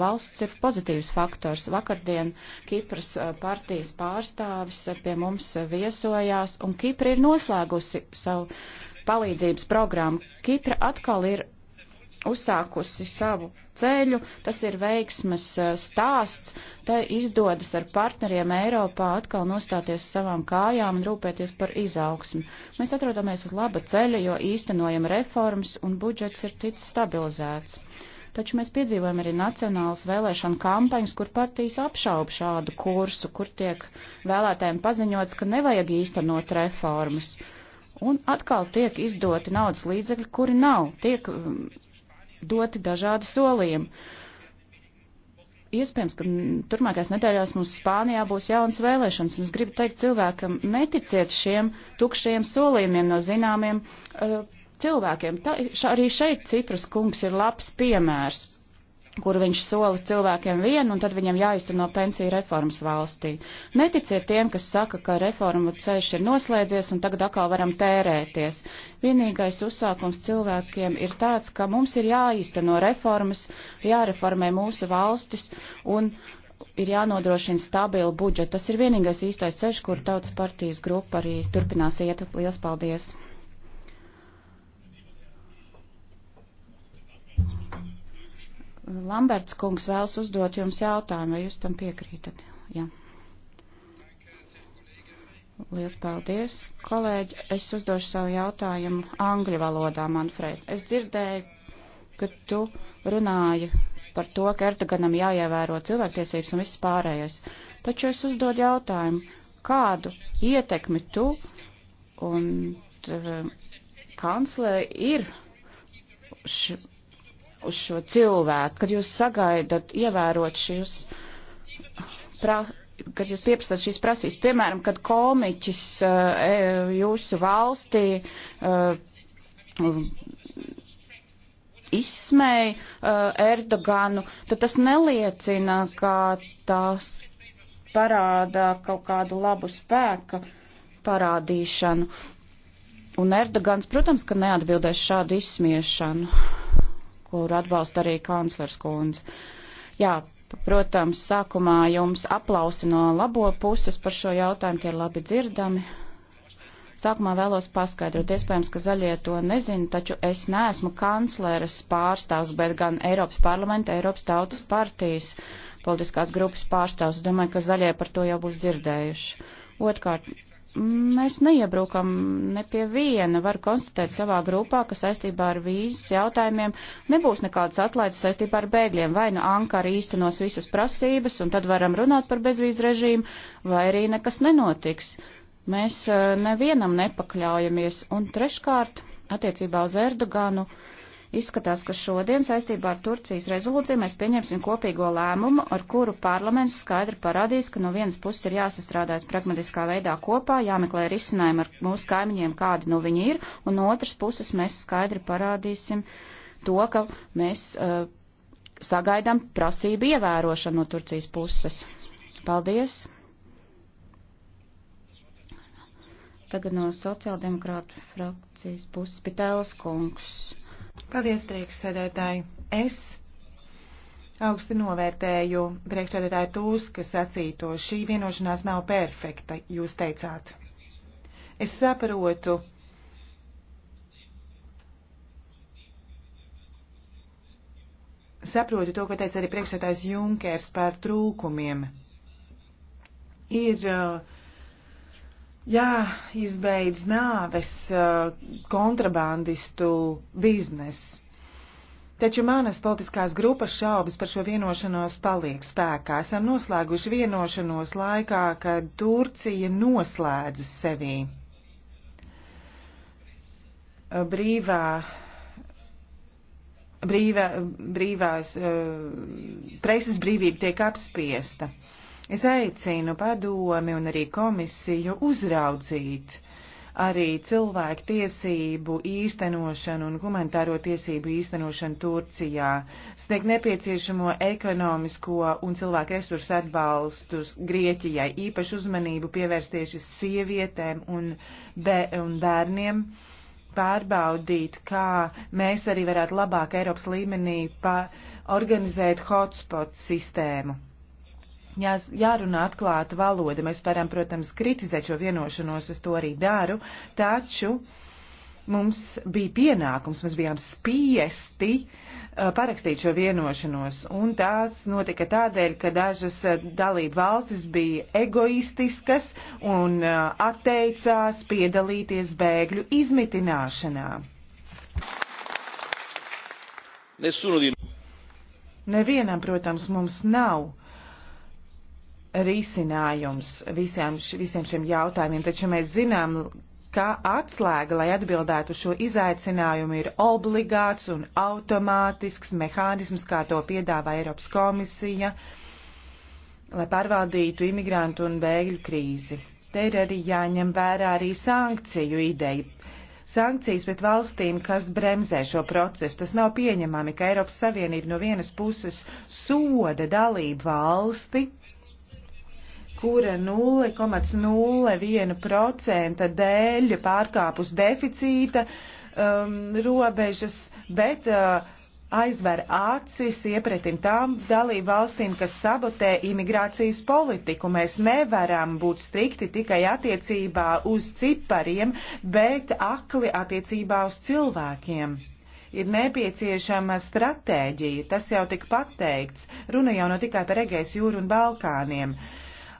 valsts ir pozitīvs faktors. Vakardien Kipras partijas pārstāvis pie mums viesojās, un Kipra ir noslēgusi savu palīdzības programmu. Kipra atkal ir uzsākusi savu ceļu, tas ir veiksmes eh, stāsts, tai izdodas ar partneriem Eiropā atkal nostāties uz savām kājām un rūpēties par izaugsmu. Mēs atrodamies uz laba ceļa, jo īstenojam reformas un budžets ir ticis stabilizēts. Taču mēs piedzīvojam arī nacionālas vēlēšana kampaņas, kur partijas apšauba šādu kursu, kur tiek vēlētājiem paziņots, ka nevajag īstenot reformas. Un atkal tiek izdoti naudas līdzekļi, kuri nav, tiek doti dažādi solījumi. Iespējams, ka turmākajās nedēļās mums Spānijā būs jaunas vēlēšanas, un es gribu teikt cilvēkam, neticiet šiem tukšajiem solījumiem no zināmiem uh, cilvēkiem. Tā, ša, arī šeit Cipras kungs ir labs piemērs kur viņš sola cilvēkiem vienu, un tad viņam jāizteno pensiju reformas valstī. Neticiet tiem, kas saka, ka reformu ceļš ir noslēdzies un tagad atkal varam tērēties. Vienīgais uzsākums cilvēkiem ir tāds, ka mums ir jāizteno reformas, jāreformē mūsu valstis un ir jānodrošina stabilu budžetu. Tas ir vienīgais īstais ceļš, kur tautas partijas grupa arī turpinās iet. Lielas paldies! Lamberts kungs vēlas uzdot jums jautājumu, vai jūs tam piekrītat? Jā. Lielas paldies, kolēģi. Es uzdošu savu jautājumu angļu valodā, Manfred. Es dzirdēju, ka tu runāji par to, ka Erdoganam jāievēro cilvēktiesības un viss pārējais. Taču es uzdodu jautājumu, kādu ietekmi tu un eh, kanclē ir š, uz šo cilvēku, kad jūs sagaidat ievērot šīs, pra, kad jūs pieprasat šīs prasības, piemēram, kad komiķis uh, jūsu valstī uh, eh, izsmēja uh, eh, Erdoganu, tad tas neliecina, ka tās parāda kaut kādu labu spēku parādīšanu. Un Erdogans, protams, ka neatbildēs šādu izsmiešanu kur atbalsta arī kanclers kundze. Jā, protams, sākumā jums aplausi no labo puses par šo jautājumu, tie ir labi dzirdami. Sākumā vēlos paskaidrot, iespējams, ka zaļie to nezina, taču es neesmu kancleres pārstāvs, bet gan Eiropas parlamenta, Eiropas tautas partijas politiskās grupas pārstāvs. Domāju, ka zaļie par to jau būs dzirdējuši. Otkārt, Mēs neiebrukam ne pie viena. Var konstatēt savā grupā, ka saistībā ar vīzes jautājumiem nebūs nekādas atlaides saistībā ar bēgļiem. Vai nu Ankara īstenos visas prasības, un tad varam runāt par bezvīzu režīmu, vai arī nekas nenotiks. Mēs eh, nevienam nepakļaujamies. Un treškārt, attiecībā uz Erdoganu. Uh, Izskatās, ka šodien saistībā ar Turcijas rezolūciju mēs pieņemsim kopīgo lēmumu, ar kuru parlaments skaidri parādīs, ka no vienas puses ir jāsastrādājas pragmatiskā veidā kopā, jāmeklē risinājumi ar mūsu kaimiņiem, kādi nu viņi ir, un no otras puses mēs skaidri parādīsim to, ka mēs uh, sagaidām prasību ievērošanu no Turcijas puses. Paldies! Tagad no sociāldemokrātu frakcijas puses Pitēlas kungs. Paldies, priekšsēdētāji. Es augstu novērtēju priekšsēdētāju tūs, kas sacīto, šī vienošanās nav perfekta, jūs teicāt. Es saprotu, saprotu to, ko teica arī priekšsētājs Junkers par trūkumiem. Ir uh, jāizbeidz nāves eh, kontrabandistu biznesu. Taču manas politiskās grupas šaubas par šo vienošanos paliek spēkā. Esam noslēguši vienošanos laikā, kad Turcija noslēdzas sevī. Brīvā, brīvā, brīvās, eh, preses brīvība tiek apspiesta. Uh, Es aicinu padomi un arī komisiju uzraudzīt arī cilvēku tiesību īstenošanu un humanitāro tiesību īstenošanu Turcijā, sniegt nepieciešamo ekonomisko un cilvēku resursu atbalstus Grieķijai, īpašu uzmanību pievērst tieši sievietēm un, be, un bērniem pārbaudīt, kā mēs arī varētu labāk Eiropas līmenī organizēt hotspot sistēmu jā, jārunā atklāta valoda. Mēs varam, protams, kritizēt šo vienošanos, es to arī daru, taču mums bija pienākums, mēs bijām spiesti uh, parakstīt šo vienošanos, un tās notika tādēļ, ka dažas uh, dalība valstis bija egoistiskas un uh, atteicās piedalīties bēgļu izmitināšanā. Nevienam, protams, mums nav uh, risinājums visiem, visiem šiem jautājumiem, taču mēs zinām, ka atslēga, lai atbildētu šo izaicinājumu, ir obligāts un automātisks mehānisms, kā to piedāvā Eiropas komisija, lai pārvaldītu imigrantu un bēgļu krīzi. Te ir arī jāņem vērā arī sankciju ideja. Sankcijas pret valstīm, kas bremzē šo procesu, tas nav pieņemami, ka Eiropas Savienība no vienas puses soda dalību valsti kura 0,01% dēļ pārkāpus deficīta um, robežas, bet uh, aizver acis iepretim tām dalību valstīm, kas sabotē imigrācijas politiku. Mēs nevaram būt strikti tikai attiecībā uz cipariem, bet akli attiecībā uz cilvēkiem ir nepieciešama stratēģija, tas jau tik pateikts, runa jau no tikai par Egejas jūru un Balkāniem. Uh,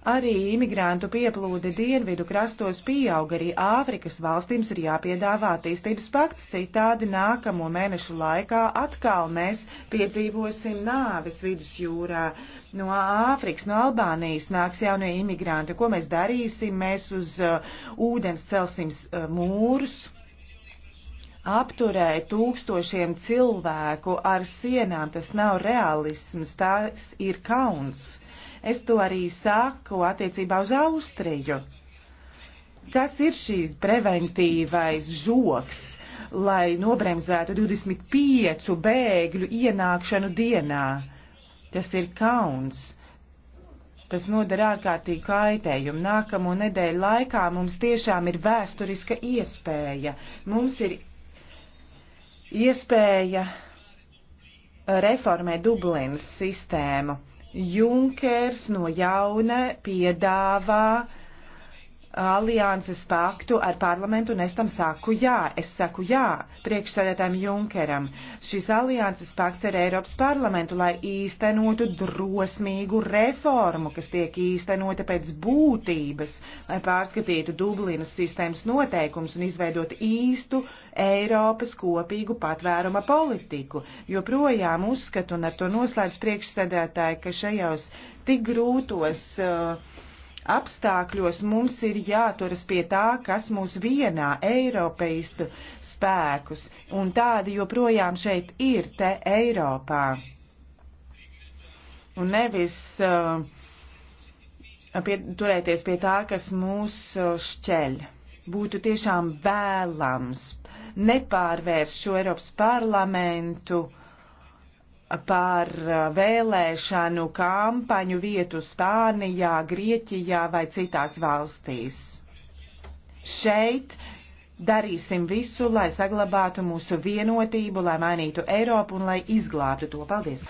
Arī imigrantu pieplūde dienvidu krastos pieaug, arī Āfrikas valstīms ir jāpiedāvā attīstības pakts, citādi nākamo mēnešu laikā atkal mēs piedzīvosim nāves vidusjūrā. No Āfrikas, no Albānijas nāks jaunie imigranti. Ko mēs darīsim? Mēs uz uh, ūdens celsim uh, mūrus apturēja tūkstošiem cilvēku ar sienām. Tas nav realisms, tas ir kauns. Es to arī saku attiecībā uz Austriju. Kas ir šīs preventīvais žoks, lai nobremzētu 25 bēgļu ienākšanu dienā? Tas ir kauns. Tas nodara ārkārtīgu kaitējumu. Nākamo nedēļu laikā mums tiešām ir vēsturiska iespēja. Mums ir iespēja reformēt Dublinas sistēmu. Junkers no jauna piedāvā alianses paktu ar parlamentu, un es tam saku jā, es saku jā priekšsēdētājiem Junkeram. Šis alianses pakts ar Eiropas parlamentu, lai īstenotu drosmīgu reformu, kas tiek īstenota pēc būtības, lai pārskatītu Dublinas sistēmas noteikumus un izveidot īstu Eiropas kopīgu patvēruma politiku. Joprojām uzskatu, un ar to noslēdz priekšsēdētāji, ka šajos tik grūtos uh, apstākļos mums ir jāturas pie tā, kas mūs vienā eiropeistu spēkus, un tādi joprojām šeit ir te Eiropā. Un nevis uh, pie, turēties pie tā, kas mūs uh, šķeļ. Būtu tiešām vēlams nepārvērst šo Eiropas parlamentu par uh, vēlēšanu kampaņu vietu Spānijā, Grieķijā vai citās valstīs. Šeit darīsim visu, lai saglabātu mūsu vienotību, lai mainītu Eiropu un lai izglābtu to. Paldies!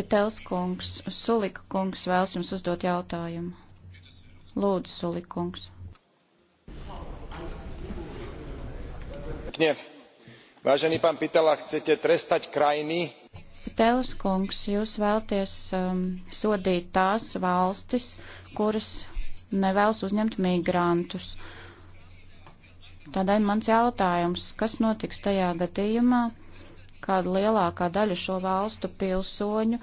Pitels kungs, Sulika kungs vēlas jums uzdot jautājumu. Lūdzu, Sulikungs. Vážený pán Pitela, chcete trestať krajiny? Pitels kungs, jūs vēlties um, sodīt tās valstis, kuras nevēlas uzņemt migrantus. Tādēļ mans jautājums, kas notiks tajā gadījumā, kad lielākā daļa šo valstu pilsoņu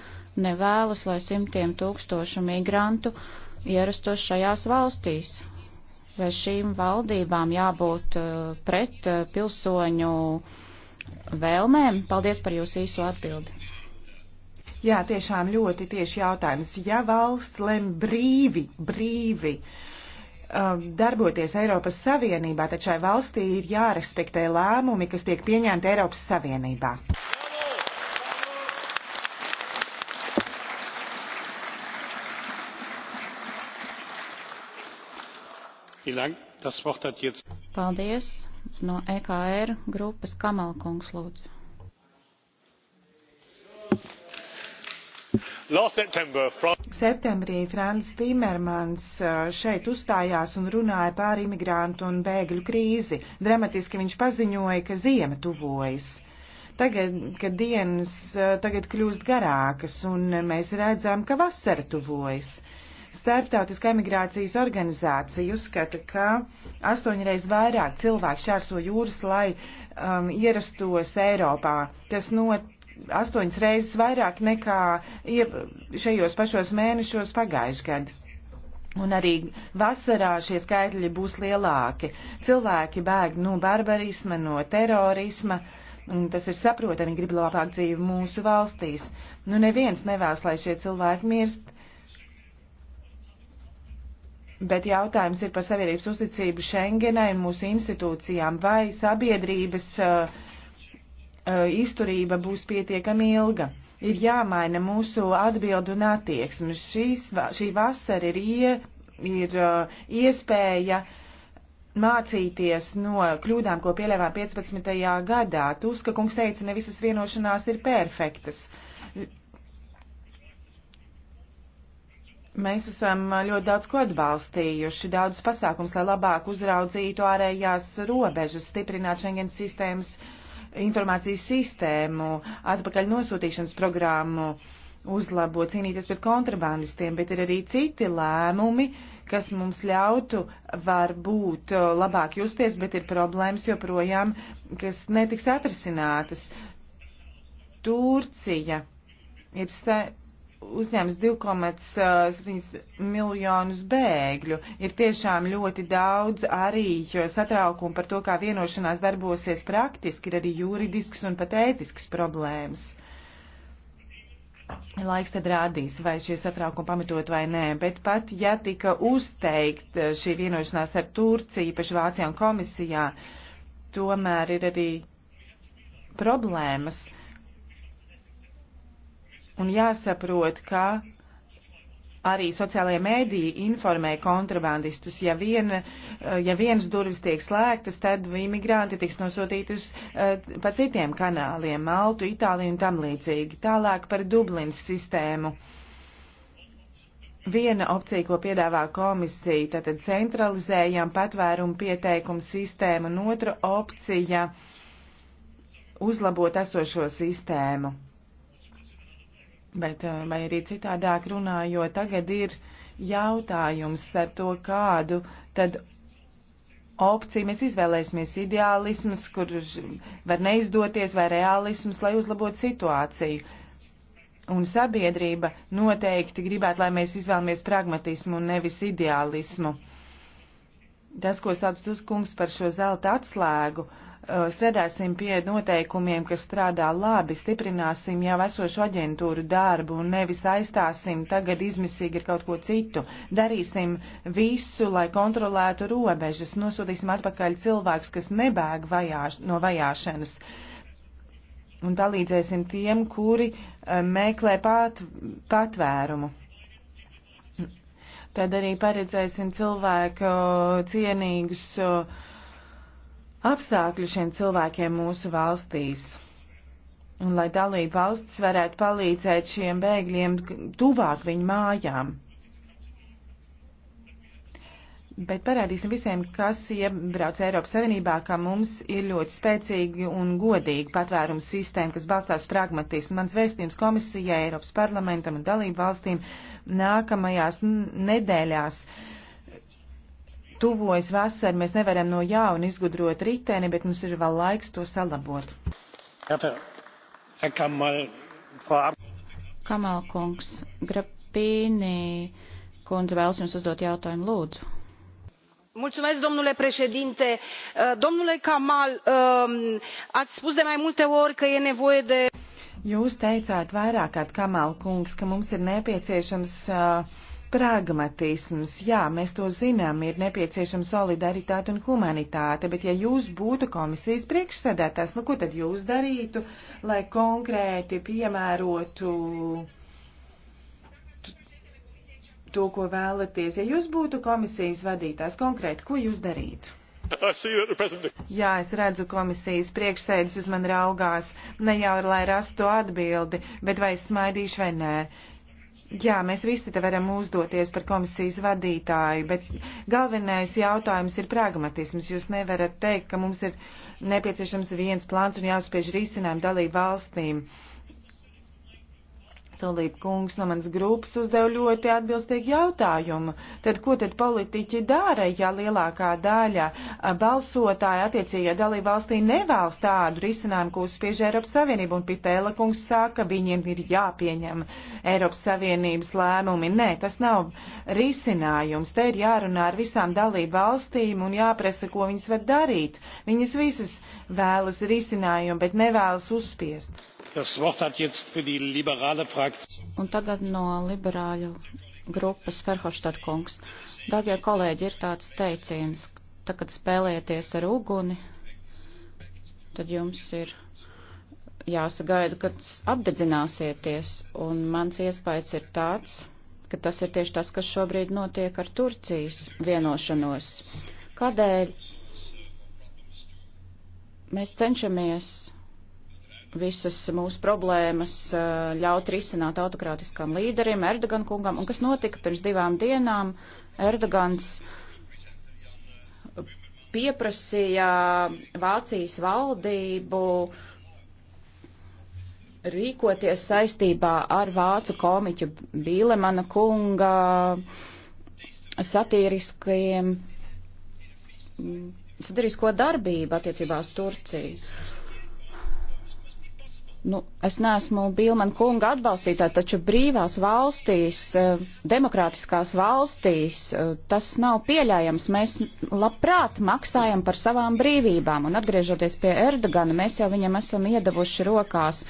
nevēlas, lai simtiem tūkstošu migrantu uh, ierastos šajās valstīs. Vai šīm valdībām jābūt uh, pret uh, pilsoņu vēlmēm? Paldies par jūsu īso atbildi. Jā, tiešām ļoti tieši jautājums. Ja valsts lem brīvi, brīvi um, darboties Eiropas Savienībā, tad šai valstī ir jārespektē lēmumi, kas tiek pieņemti Eiropas Savienībā. Paldies. No EKR grupas Kamala kungs lūdzu. Septembrī Frans Timermans uh, šeit uzstājās un runāja pār imigrantu un bēgļu krīzi. Dramatiski viņš paziņoja, ka ziema tuvojas tagad, kad dienas uh, tagad kļūst garākas un mēs redzam, ka vasara tuvojas. Starptautiskā emigrācijas organizācija uzskata, ka astoņreiz vairāk cilvēku šķērso jūras, lai um, ierastos Eiropā. Tas not astoņas reizes vairāk nekā šajos pašos mēnešos pagājušajā gadā. Un arī vasarā šie skaitļi būs lielāki. Cilvēki bēg no barbarisma, no terorisma. Un tas ir saprotami, grib labāk dzīvi mūsu valstīs. Nu, neviens nevēlas, lai šie cilvēki mirst. Bet jautājums ir par sabiedrības uzticību Schengenai un mūsu institūcijām. Vai sabiedrības uh, uh, izturība būs pietiekami ilga? Ir jāmaina mūsu atbildu un attieksmi. Šīs, šī vasara ir, ie, ir uh, iespēja mācīties no kļūdām, ko pieļāvām 15. gadā. Tuska kungs teica, ne visas vienošanās ir perfektas. Uh, Mēs esam ļoti daudz ko atbalstījuši, daudz pasākums, lai labāk uzraudzītu ārējās robežas, stiprinātu Schengen sistēmas informācijas sistēmu, atpakaļ nosūtīšanas programmu, uzlabot, cīnīties pret kontrabandistiem, bet ir arī citi lēmumi, kas mums ļautu varbūt labāk justies, bet ir problēmas joprojām, kas netiks atrisinātas. Turcija ir uzņēmis 2,7 eh, miljonus bēgļu. Ir tiešām ļoti daudz arī satraukumu par to, kā vienošanās darbosies praktiski, ir arī juridisks un pat ētisks problēmas. Laiks tad rādīs, vai šie satraukumi pamatot vai nē, bet pat ja tika uzteikt eh, šī vienošanās ar Turciju, paši Vācijā un komisijā, tomēr ir arī problēmas. Uh, Un jāsaprot, ka arī sociālajie mēdīji informē kontrabandistus. Ja, vien, eh, ja vienas durvis tiek slēgtas, tad imigranti tiks nosūtīti uz eh, pa citiem kanāliem - Maltu, Itāliju un tam līdzīgi. Tālāk par Dublins sistēmu. Viena opcija, ko piedāvā komisija, tātad centralizējam patvērumu pieteikumu sistēmu, un otra opcija - uzlabot esošo sistēmu. Bet, eh, vai arī citādāk runājot, tagad ir jautājums ar to, kādu tad opciju mēs izvēlēsimies - ideālisms, kur var neizdoties, vai reālisms, lai uzlabotu situāciju. Un sabiedrība noteikti gribētu, lai mēs izvēlamies pragmatismu un nevis ideālismu. Tas, ko sauc Tuskungs par šo zelta atslēgu, uh, Uh, strādāsim pie noteikumiem, kas strādā labi, stiprināsim jau esošu aģentūru darbu un nevis aizstāsim tagad izmisīgi ar kaut ko citu. Darīsim visu, lai kontrolētu robežas, nosūtīsim atpakaļ cilvēkus, kas nebēg vajāš, no vajāšanas. Un palīdzēsim tiem, kuri uh, meklē pat, patvērumu. Tad arī paredzēsim cilvēku cienīgus uh, apstākļu šiem cilvēkiem mūsu valstīs. Un lai dalība valsts varētu palīdzēt šiem bēgļiem tuvāk viņu mājām. Bet parādīsim visiem, kas iebrauc Eiropas Savienībā, ka mums ir ļoti spēcīgi un godīgi patvērums sistēma, kas balstās pragmatismu. Mans vēstījums komisijai, Eiropas parlamentam un dalību valstīm nākamajās nedēļās. Uh, tuvojas vasara, mēs nevaram no jauna izgudrot riteni, bet mums ir vēl laiks to salabot. Kamal kungs, Grapīnī kundze vēlas jums uzdot jautājumu, lūdzu. Mulțumesc, domnule președinte. Domnule Kamal, ați spus de mai multe ori că e nevoie de. Jūs teicāt vairāk, Kamal kungs, ka mums ir nepieciešams uh, pragmatisms. Jā, mēs to zinām, ir nepieciešama solidaritāte un humanitāte, bet ja jūs būtu komisijas priekšsēdētājs, nu ko tad jūs darītu, lai konkrēti piemērotu to, ko vēlaties? Ja jūs būtu komisijas vadītājs, konkrēti, ko jūs darītu? Jā, es redzu komisijas priekšsēdis uz mani raugās, ne jau lai rastu atbildi, bet vai es smaidīšu vai nē. Jā, mēs visi te varam uzdoties par komisijas vadītāju, bet galvenais jautājums ir pragmatisms. Jūs nevarat teikt, ka mums ir nepieciešams viens plāns un jāuzspiež risinājumu dalību valstīm. Uh, Solība kungs no manas grupas uzdev ļoti atbilstīgu jautājumu. Tad ko tad politiķi dara, ja lielākā daļa balsotāja attiecīgajā dalībvalstī nevēlas tādu risinājumu, ko uzspiež Eiropas Savienība? Un Pitēla kungs saka, viņiem ir jāpieņem Eiropas Savienības lēmumi. Nē, tas nav risinājums. Te ir jārunā ar visām dalībvalstīm un jāpresa, ko viņas var darīt. Viņas visas vēlas risinājumu, bet nevēlas uzspiest. Un tagad no liberāļu grupas Ferhofstad kungs. Dārgie kolēģi, ir tāds teiciens, tā kad spēlēties ar uguni, tad jums ir jāsagaida, kad apdedzināsieties. Un mans iespējas ir tāds, ka tas ir tieši tas, kas šobrīd notiek ar Turcijas vienošanos. Kādēļ mēs cenšamies visas mūsu problēmas ļaut risināt autokrātiskam līderim Erdogan kungam, un kas notika pirms divām dienām, Erdogans pieprasīja Vācijas valdību rīkoties saistībā ar vācu komiķu Bīlemana kunga satiriskajiem satirisko darbību attiecībā uz Turciju. Nu, es neesmu Bilman kunga atbalstītāja, taču brīvās valstīs, eh, demokrātiskās valstīs eh, tas nav pieļājams. Mēs labprāt maksājam par savām brīvībām, un atgriežoties pie Erdogana, mēs jau viņam esam iedavuši rokās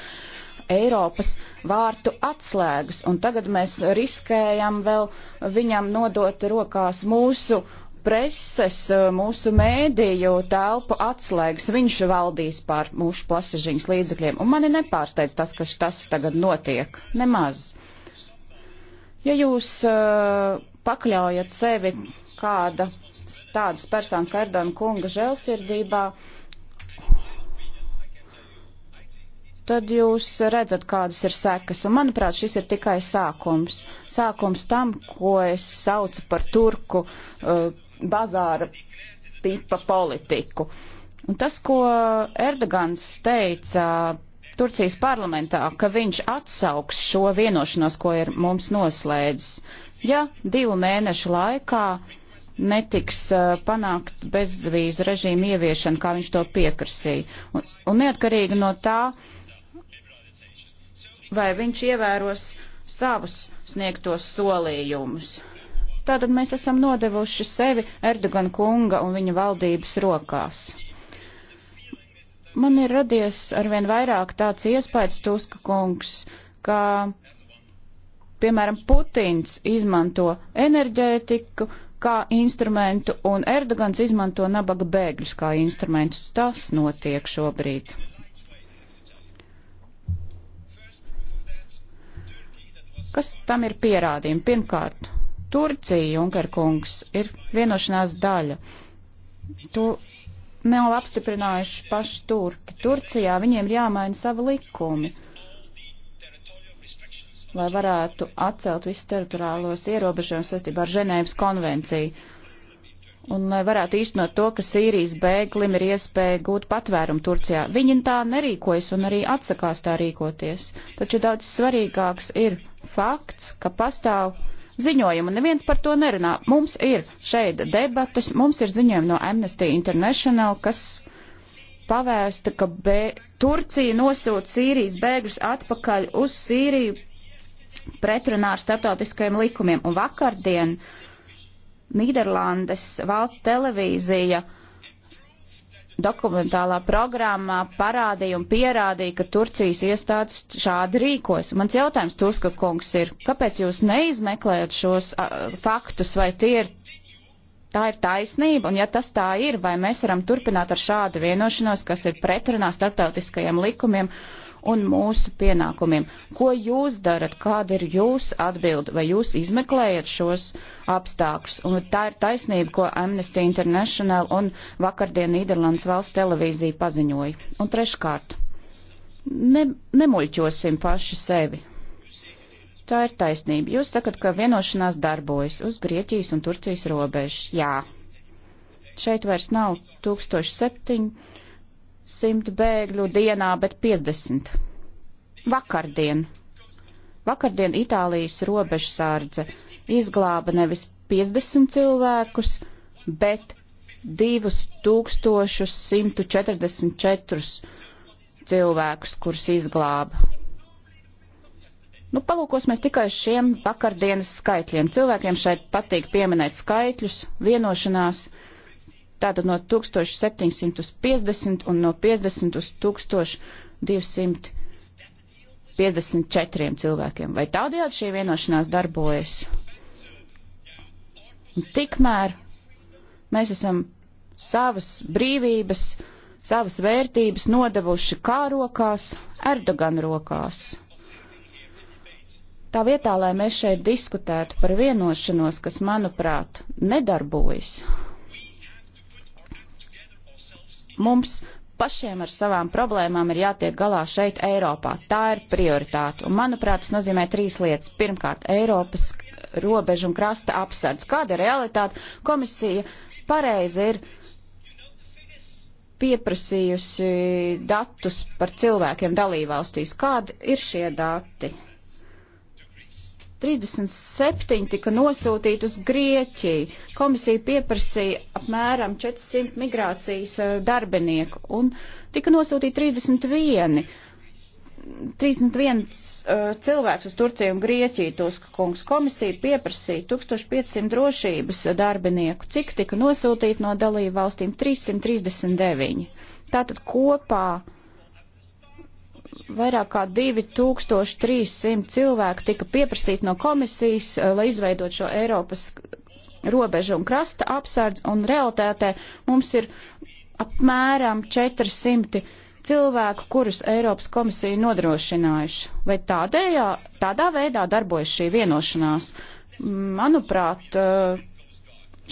Eiropas vārtu atslēgas, un tagad mēs riskējam vēl viņam nodot rokās mūsu uh, preses, eh, mūsu mēdīju telpu atslēgas. Viņš valdīs pār mūsu plasažiņas līdzekļiem. Un mani nepārsteidz tas, kas tas tagad notiek. Nemaz. Ja jūs uh, pakļaujat sevi kāda tādas personas kā Erdona kunga žēlsirdībā, tad jūs redzat, kādas ir sekas. Un, manuprāt, šis ir tikai sākums. Sākums tam, ko es saucu par turku uh, bazāra tipa politiku. Un tas, ko Erdogans teica Turcijas parlamentā, ka viņš atsauks šo vienošanos, ko ir mums noslēdzis, ja divu mēnešu laikā netiks uh, panākt bezvīzu režīmu ieviešana, kā viņš to piekrasīja. Un, un neatkarīgi no tā, vai viņš ievēros savus sniegtos solījumus. Tātad mēs esam nodevuši sevi Erdogan kunga un viņa valdības rokās. Man ir radies arvien vairāk tāds iespējas, Tuska kungs, ka, piemēram, Putins izmanto enerģētiku kā instrumentu un Erdogans izmanto nabaga bēgļus kā instrumentus. Tas notiek šobrīd. Kas tam ir pierādījumi? Pirmkārt, Turcija, Junkerkungs, ir vienošanās daļa. To nav apstiprinājuši paši turki. Turcijā viņiem ir jāmaina savi likumi, lai varētu atcelt visus teritoriālos ierobežojumus saistībā ar Ženēvas konvenciju. Un lai varētu īstenot to, ka Sīrijas bēglim ir iespēja gūt patvērumu Turcijā. Viņi tā nerīkojas un arī atsakās tā rīkoties. Taču daudz svarīgāks ir fakts, ka pastāv ziņojumu. Neviens par to nerunā. Mums ir šeit debatas, mums ir ziņojumi no Amnesty International, kas pavēsta, ka B Turcija nosūta Sīrijas bēgļus atpakaļ uz Sīriju pretrunā ar starptautiskajiem likumiem. Un vakardien Nīderlandes valsts televīzija uh, dokumentālā programmā parādīja un pierādīja, ka Turcijas iestādes šādi rīkojas. Mans jautājums Tuska kungs ir, kāpēc jūs neizmeklējat šos uh, faktus, vai tie ir, tā ir taisnība, un ja tas tā ir, vai mēs varam turpināt ar šādu vienošanos, kas ir pretrunā starptautiskajiem likumiem un mūsu pienākumiem. Ko jūs darat, kāda ir jūsu atbilde, vai jūs izmeklējat šos apstākļus? Un tā ir taisnība, ko Amnesty International un vakardien Nīderlandes valsts televīzija paziņoja. Un treškārt, ne, nemuļķosim paši sevi. Tā ir taisnība. Jūs sakat, ka vienošanās darbojas uz Grieķijas un Turcijas robežas. Jā. Šeit vairs nav 1700 100 bēgļu dienā, bet 50. Vakardien. Vakardien Itālijas robežsārdze izglāba nevis 50 cilvēkus, bet 2144 cilvēkus, kurus izglāba. Nu, palūkosimies tikai šiem vakardienas skaitļiem. Cilvēkiem šeit patīk pieminēt skaitļus, vienošanās. Tātad no 1750 un no 50 uz 1254 cilvēkiem. Vai tādējādi šī vienošanās darbojas? Un tikmēr mēs esam savas brīvības, savas vērtības nodevuši kā rokās, Erdogan rokās. Tā vietā, lai mēs šeit diskutētu par vienošanos, kas, manuprāt, nedarbojas, mums pašiem ar savām problēmām ir jātiek galā šeit, Eiropā. Tā ir prioritāte. Un, manuprāt, tas nozīmē trīs lietas. Pirmkārt, Eiropas robežu un krasta apsardz. Kāda ir realitāte? Komisija pareizi ir pieprasījusi datus par cilvēkiem dalībvalstīs. Kādi ir šie dati? 37 tika nosūtīti uz Grieķiju. Komisija pieprasīja apmēram 400 migrācijas eh, darbinieku un tika nosūtīti 31. 31 uh, cilvēks uz Turciju un Grieķiju, Tuska kungs komisija pieprasīja 1500 drošības darbinieku, cik tika nosūtīti no dalību valstīm 339. Tātad kopā vairāk kā 2300 cilvēku tika pieprasīti no komisijas, eh, lai izveidot šo Eiropas robežu un krasta apsardz, un realitātē mums ir apmēram 400 cilvēku, kurus Eiropas komisija nodrošinājuši. Vai tādējā, tādā veidā darbojas šī vienošanās? Manuprāt, uh,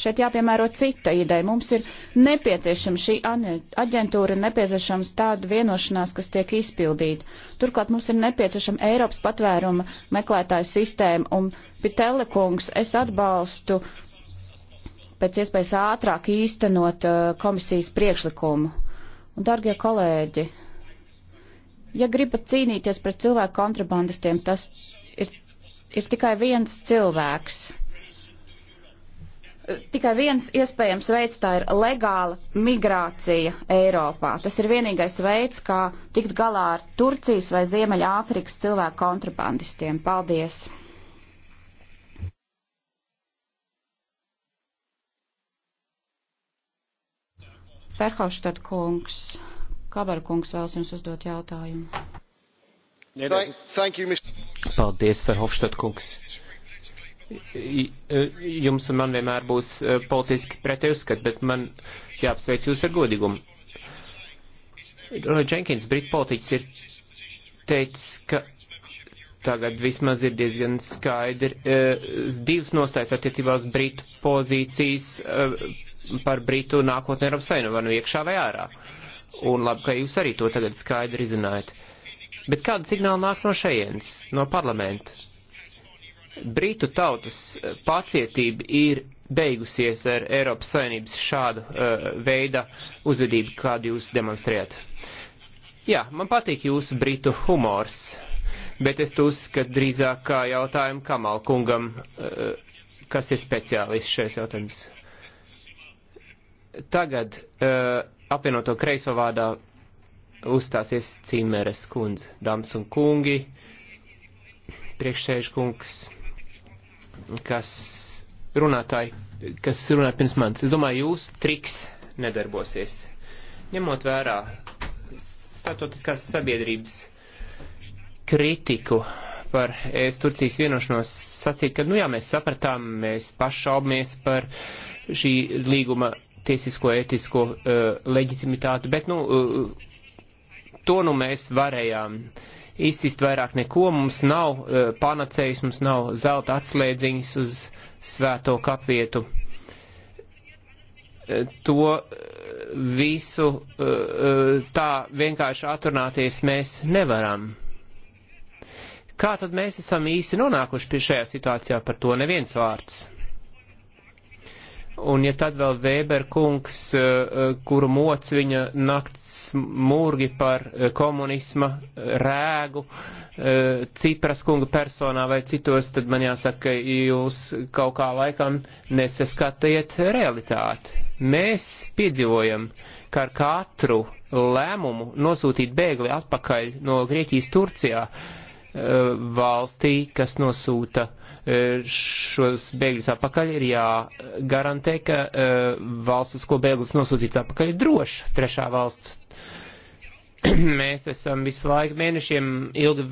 šeit jāpiemēro cita ideja. Mums ir nepieciešama šī aģentūra, nepieciešams tāda vienošanās, kas tiek izpildīta. Turklāt mums ir nepieciešama Eiropas patvēruma meklētāju sistēma, un Pitelekungs es atbalstu pēc iespējas ātrāk īstenot uh, komisijas priekšlikumu. Un, dargie kolēģi, ja gribat cīnīties pret cilvēku kontrabandistiem, tas ir, ir tikai viens cilvēks. Tikai viens iespējams veids tā ir legāla migrācija Eiropā. Tas ir vienīgais veids, kā tikt galā ar Turcijas vai Ziemeļāfrikas cilvēku kontrabandistiem. Paldies! Perhauštad kungs, Kabar kungs vēlas jums uzdot jautājumu. Thank, thank you, Mr. Paldies, Perhauštad kungs E, jums un man vienmēr būs e, politiski pretēji uzskat, bet man jāapsveic jūs ar godīgumu. Roy Jenkins, Brit politiķis, ir teicis, ka tagad vismaz ir diezgan skaidri e, divas nostājas attiecībā uz Britu pozīcijas par Britu nākotnē Eiropas Savienībā, nu iekšā vai ārā. Un labi, ka jūs arī to tagad skaidri zinājat. Bet kāda signāla nāk no šejienes, no parlamenta? Britu tautas eh, pacietība ir beigusies ar Eiropas Savienības šādu uh, veidu uzvedību, kādu jūs demonstrējat. Jā, man patīk jūsu britu humors, bet es to uzskatu drīzāk kā jautājumu Kamal kungam, uh, kas ir speciālists šajos jautājumus. Tagad uh, apvienoto kreiso vārdā uzstāsies Cīmeres kundze, dāmas un kungi, priekšsēžkungs kas runātāji, kas runāja pirms manis. Es domāju, jūs triks nedarbosies. Ņemot vērā statotiskās sabiedrības kritiku par es Turcijas vienošanos sacīt, ka, nu jā, mēs sapratām, mēs pašaubamies par šī līguma tiesisko, etisko uh, eh, leģitimitāti, bet, nu, uh, to nu mēs varējām uh, izcist vairāk neko, mums nav uh, e, panacējs, mums nav zelta atslēdziņas uz svēto kapvietu. Uh, to visu uh, tā vienkārši atrunāties mēs nevaram. Kā tad mēs esam īsti nonākuši pie šajā situācijā, par to neviens vārds. Un ja tad vēl Weber kungs, eh, eh, kuru moc viņa nakts mūrgi par eh, komunisma rēgu, Cipras kunga personā vai citos, tad man jāsaka, ka jūs kaut kā laikam nesaskatiet realitāti. Mēs piedzīvojam, ka ar katru lēmumu nosūtīt bēgli atpakaļ no Grieķijas Turcijā valstī, kas nosūta uh, Eh, šos bēgļus atpakaļ, ir jāgarantē, ka eh, valsts, ko bēglis nosūtīts atpakaļ, ir droša trešā valsts mēs esam visu laiku mēnešiem ilgi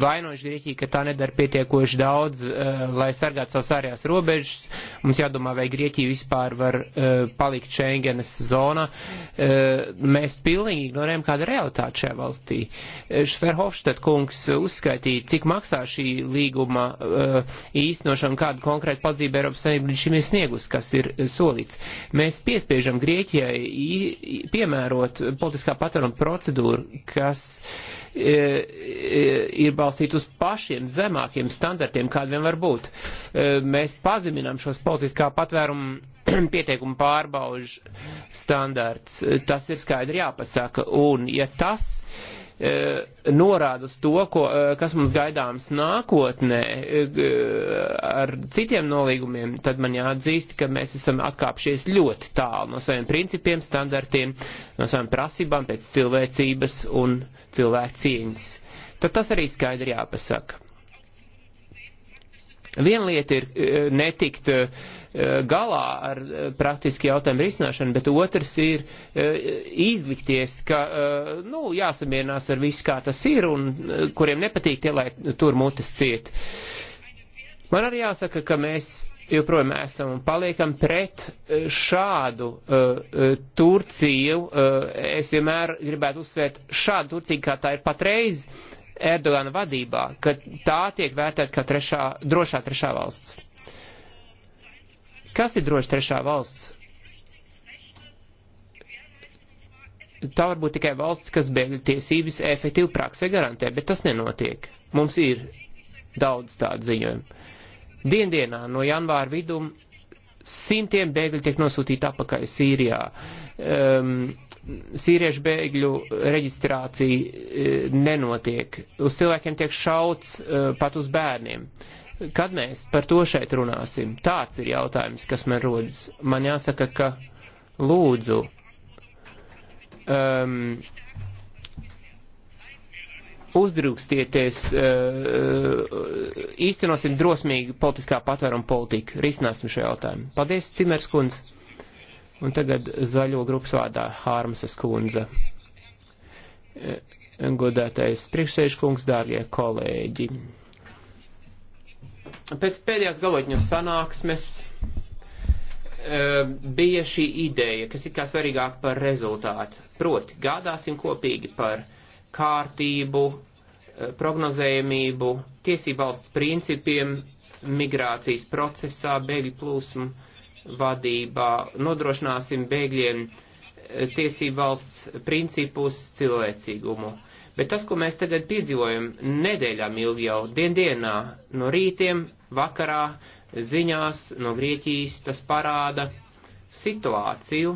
vainojuši Grieķiju, ka tā nedara pietiekoši daudz, uh, lai sargātu savas ārējās robežas. Mums jādomā, vai Grieķija vispār var uh, palikt Schengenes zonā. Uh, eh, mēs pilnīgi ignorējam kādu realitāti šajā valstī. Šverhofštad kungs uzskaitīja, cik maksā šī līguma uh, īstenošana, kādu konkrētu padzību Eiropas Savienība līdz šim ir sniegus, kas ir solīts. Mēs piespiežam Grieķijai piemērot politiskā patvēruma procedūru aģentūru, kas e, e, ir balstīta uz pašiem zemākiem standartiem, kādiem var būt. E, mēs pazeminām šos politiskā patvēruma pieteikumu pārbaužu standarts. Tas ir skaidri jāpasaka. Un, ja tas E, norāda uz to, ko, e, kas mums gaidāms nākotnē e, ar citiem nolīgumiem, tad man jāatzīst, ka mēs esam atkāpšies ļoti tālu no saviem principiem, standartiem, no savām prasībām pēc cilvēcības un cilvēku cieņas. Tad tas arī skaidri jāpasaka. Viena lieta ir netikt uh, Eh, galā ar eh, praktiski jautājumu risināšanu, bet otrs ir eh, izlikties, ka, nu, jāsamierinās ar visu, kā tas ir, un kuriem nepatīk tie, lai tur mutes ciet. Man arī jāsaka, ka mēs joprojām esam un paliekam pret šādu uh, Turciju. Uh, es vienmēr gribētu uzsvērt šādu Turciju, kā tā ir patreiz Erdogana vadībā, ka tā tiek vērtēta kā trešā, drošā trešā valsts. Kas ir droši trešā valsts? Tā var būt tikai valsts, kas bēgļu tiesības efektīvi praksē garantē, bet tas nenotiek. Mums ir daudz tādu ziņojumu. Diendienā no janvāra vidum simtiem bēgļu tiek nosūtīti apakaļ Sīrijā. Um, sīriešu bēgļu reģistrācija e, nenotiek. Uz cilvēkiem tiek šauts e, pat uz bērniem. Uh, Kad mēs par to šeit runāsim? Tāds ir jautājums, kas man rodas. Man jāsaka, ka lūdzu. Um, uzdrūkstieties, uh, īstenosim drosmīgi politiskā patvēruma politiku, risināsim šo jautājumu. Paldies, Cimers kundze. Un tagad zaļo grupas vārdā Hārmsas kundze. Uh, Godētais priekšsēžkungs, dārgie kolēģi. Pēc pēdējās galotņu sanāksmes e, bija šī ideja, kas ir kā svarīgāk par rezultātu. Proti, gādāsim kopīgi par kārtību, e, prognozējamību, tiesību valsts principiem, migrācijas procesā, bēgļu plūsmu vadībā, nodrošināsim bēgļiem e, tiesību valsts principus, cilvēcīgumu. Bet tas, ko mēs tagad piedzīvojam nedēļām ilgi jau, diendienā, no rītiem, vakarā, ziņās no Grieķijas, tas parāda situāciju,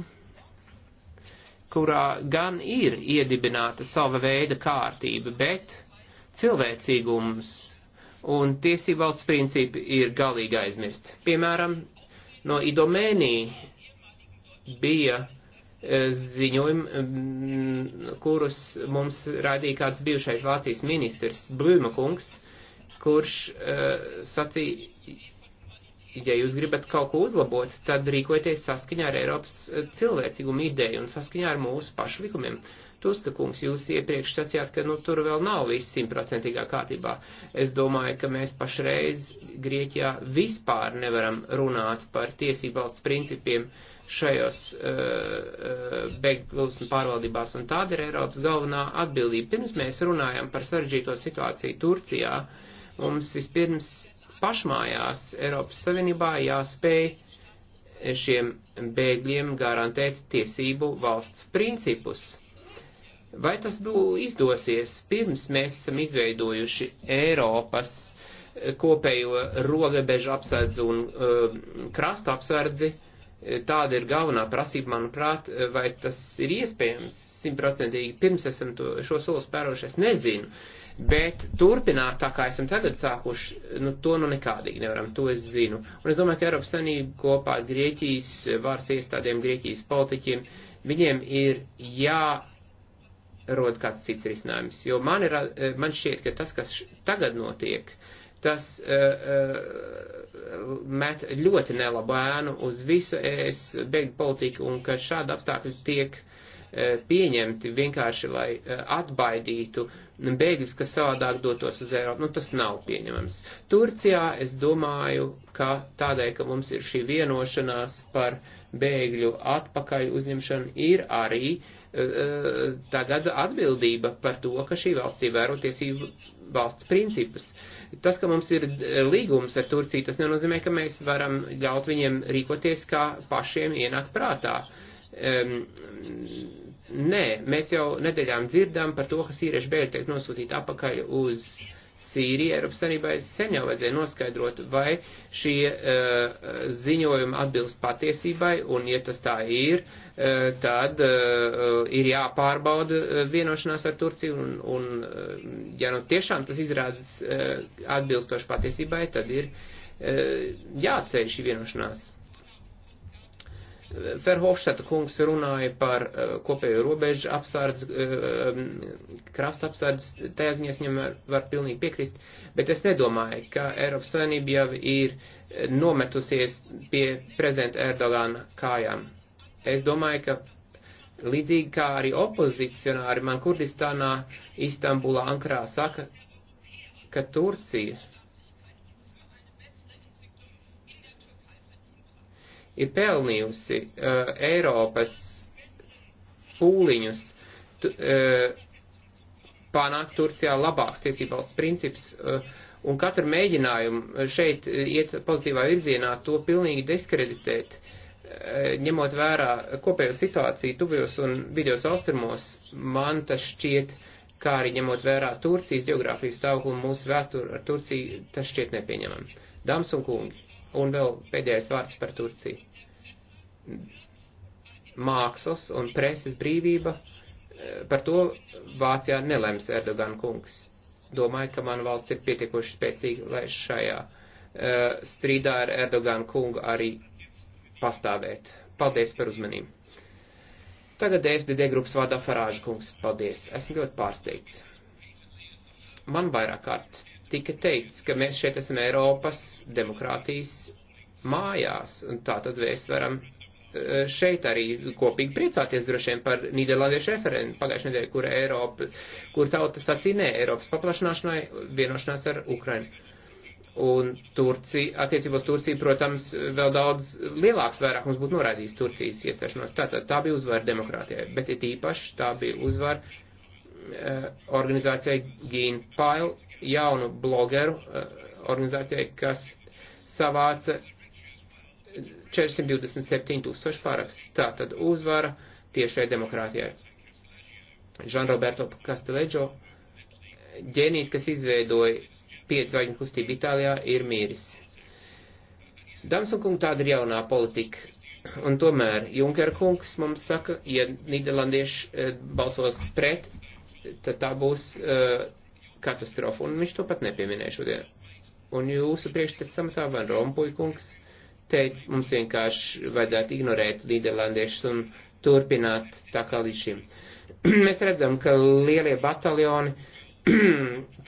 kurā gan ir iedibināta sava veida kārtība, bet cilvēcīgums un tiesība valsts principi ir galīgi aizmirst. Piemēram, no Idomēnī bija ziņojumi, mm, kurus mums rādīja kāds bijušais Vācijas ministrs Blūma kungs, kurš e, sacīja, ja jūs gribat kaut ko uzlabot, tad rīkojieties saskaņā ar Eiropas cilvēcīgumu ideju un saskaņā ar mūsu pašu likumiem. Tuska kungs, jūs iepriekš sacījāt, ka nu, tur vēl nav viss simtprocentīgā kārtībā. Es domāju, ka mēs pašreiz Grieķijā vispār nevaram runāt par tiesību valsts principiem, uh, šajos uh, bēgļu pārvaldībās, un tāda ir Eiropas galvenā atbildība. Pirms mēs runājam par sarežģīto situāciju Turcijā, mums vispirms pašmājās Eiropas Savienībā jāspēj šiem bēgļiem garantēt tiesību valsts principus. Vai tas būs izdosies, pirms mēs esam izveidojuši Eiropas eh, kopējo robežu apsardzi un uh, krasta apsardzi, uh, Tāda ir galvenā prasība, manuprāt, vai tas ir iespējams simtprocentīgi. Pirms esam to, šo soli spērojuši, es nezinu, bet turpināt tā, kā esam tagad sākuši, nu to nu nekādīgi nevaram, to es zinu. Un es domāju, ka Eiropas Sanība kopā ar Grieķijas vārs iestādēm, Grieķijas politiķiem, viņiem ir jārod kāds cits risinājums. Jo man, ir, eh, man šķiet, ka tas, kas tagad notiek, tas uh, uh, met ļoti nelabu ēnu uz visu ES bēgļu politiku un ka šādi apstākļi tiek uh, pieņemti vienkārši, lai uh, atbaidītu bēgļus, kas savādāk dotos uz Eiropu. Nu, tas nav pieņemams. Turcijā es domāju, ka tādēļ, ka mums ir šī vienošanās par bēgļu atpakaļ uzņemšanu, ir arī uh, Eh, eh, tagad atbildība par to, ka šī valsts ievēro tiesību valsts principus. Tas, ka mums ir līgums ar Turciju, tas nenozīmē, ka mēs varam ļaut viņiem rīkoties, kā pašiem ienāk prātā. Um, nē, mēs jau nedēļām dzirdām par to, ka sīrieši bēgļi tiek nosūtīti apakaļ uz uh, Sīrija Eiropas Savienībai sen jau vajadzēja noskaidrot, vai šie uh, ziņojumi atbilst patiesībai, un ja tas tā ir, uh, tad uh, ir jāpārbauda vienošanās ar Turciju, un, un uh, ja nu tiešām tas izrādas uh, atbilstoši patiesībai, tad ir uh, jāceļ šī vienošanās. Ferhofštata kungs runāja par eh, kopējo robežu apsardz, eh, eh, krasta apsardz, tajā ziņā es viņam var, var pilnīgi piekrist, bet es nedomāju, ka Eiropas Savienība jau ir nometusies pie prezidenta Erdogana kājām. Es domāju, ka līdzīgi kā arī opozicionāri man Kurdistānā, Istambulā, Ankarā saka, ka Turcija ir pelnījusi uh, Eiropas pūliņus t, uh, eh, panākt Turcijā labāks tiesībvalsts princips, uh, un katru mēģinājumu šeit iet pozitīvā virzienā to pilnīgi diskreditēt, uh, ņemot vērā kopējo situāciju tuvajos un vidējos austrumos, man tas šķiet, kā arī ņemot vērā Turcijas geogrāfijas stāvokli un mūsu vēsturi ar Turciju, tas šķiet nepieņemam. Dāmas un kungi, un vēl pēdējais vārds par Turciju mākslas un preses brīvība, eh, par to Vācijā nelems Erdogan kungs. Domāju, ka mana valsts ir pietiekoši spēcīga, lai šajā uh, strīdā ar Erdogan kungu arī pastāvēt. Paldies par uzmanību. Tagad FDD grupas vārdā Farāža kungs. Paldies. Esmu ļoti pārsteigts. Man vairāk kārt tika teikts, ka mēs šeit esam Eiropas demokrātijas mājās, un tā tad mēs varam Eh, šeit arī kopīgi priecāties droši vien par Nīderlandiešu referendu pagājušajā nedēļā, kur, Eiropa, kur tauta sacīja nē Eiropas paplašanāšanai vienošanās ar Ukrainu. Un Turcija, attiecībos Turcija, protams, vēl daudz lielāks vairākums būtu noraidījis Turcijas iestāšanos. Tātad tā bija uzvara demokrātijai, bet it īpaši tā bija uzvara eh, organizācijai Gīnpail, jaunu blogeru eh, organizācijai, kas savāca 427 tūkstoši paraksts. Tā tad uzvara tiešai demokrātijai. Žanroberto Castelleggio, ģēnijs, kas izveidoja piedzvaigņu kustību Itālijā, ir mīris. Dāmas un kungi, tāda ir jaunā politika. Un tomēr Junker kungs mums saka, ja Nīderlandieši eh, balsos pret, tad tā būs uh, katastrofa. Un viņš to pat nepieminēja šodien. Un jūsu priekšstats samatā Van Rompuj kungs. Uh, teica, mums vienkārši vajadzētu ignorēt līderlandiešus un turpināt tā kā līdz šim. Mēs redzam, ka lielie bataljoni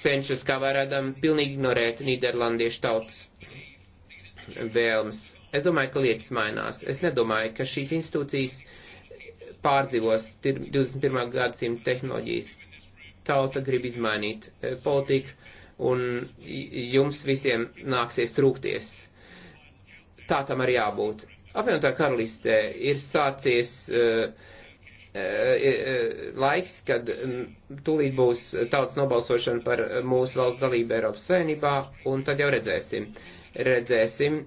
cenšas, kā varam, pilnīgi ignorēt Nīderlandiešu tautas vēlmes. Es domāju, ka lietas mainās. Es nedomāju, ka šīs institūcijas pārdzīvos 21. gadsimta tehnoloģijas. Tauta grib izmainīt eh, politiku, un jums visiem nāksies trūkties tā tam arī jābūt. Apvienotā karalistē ir sācies uh, laiks, kad mm, tūlīt būs tautas nobalsošana par mūsu valsts dalību Eiropas saimnībā, un tad jau redzēsim. Redzēsim,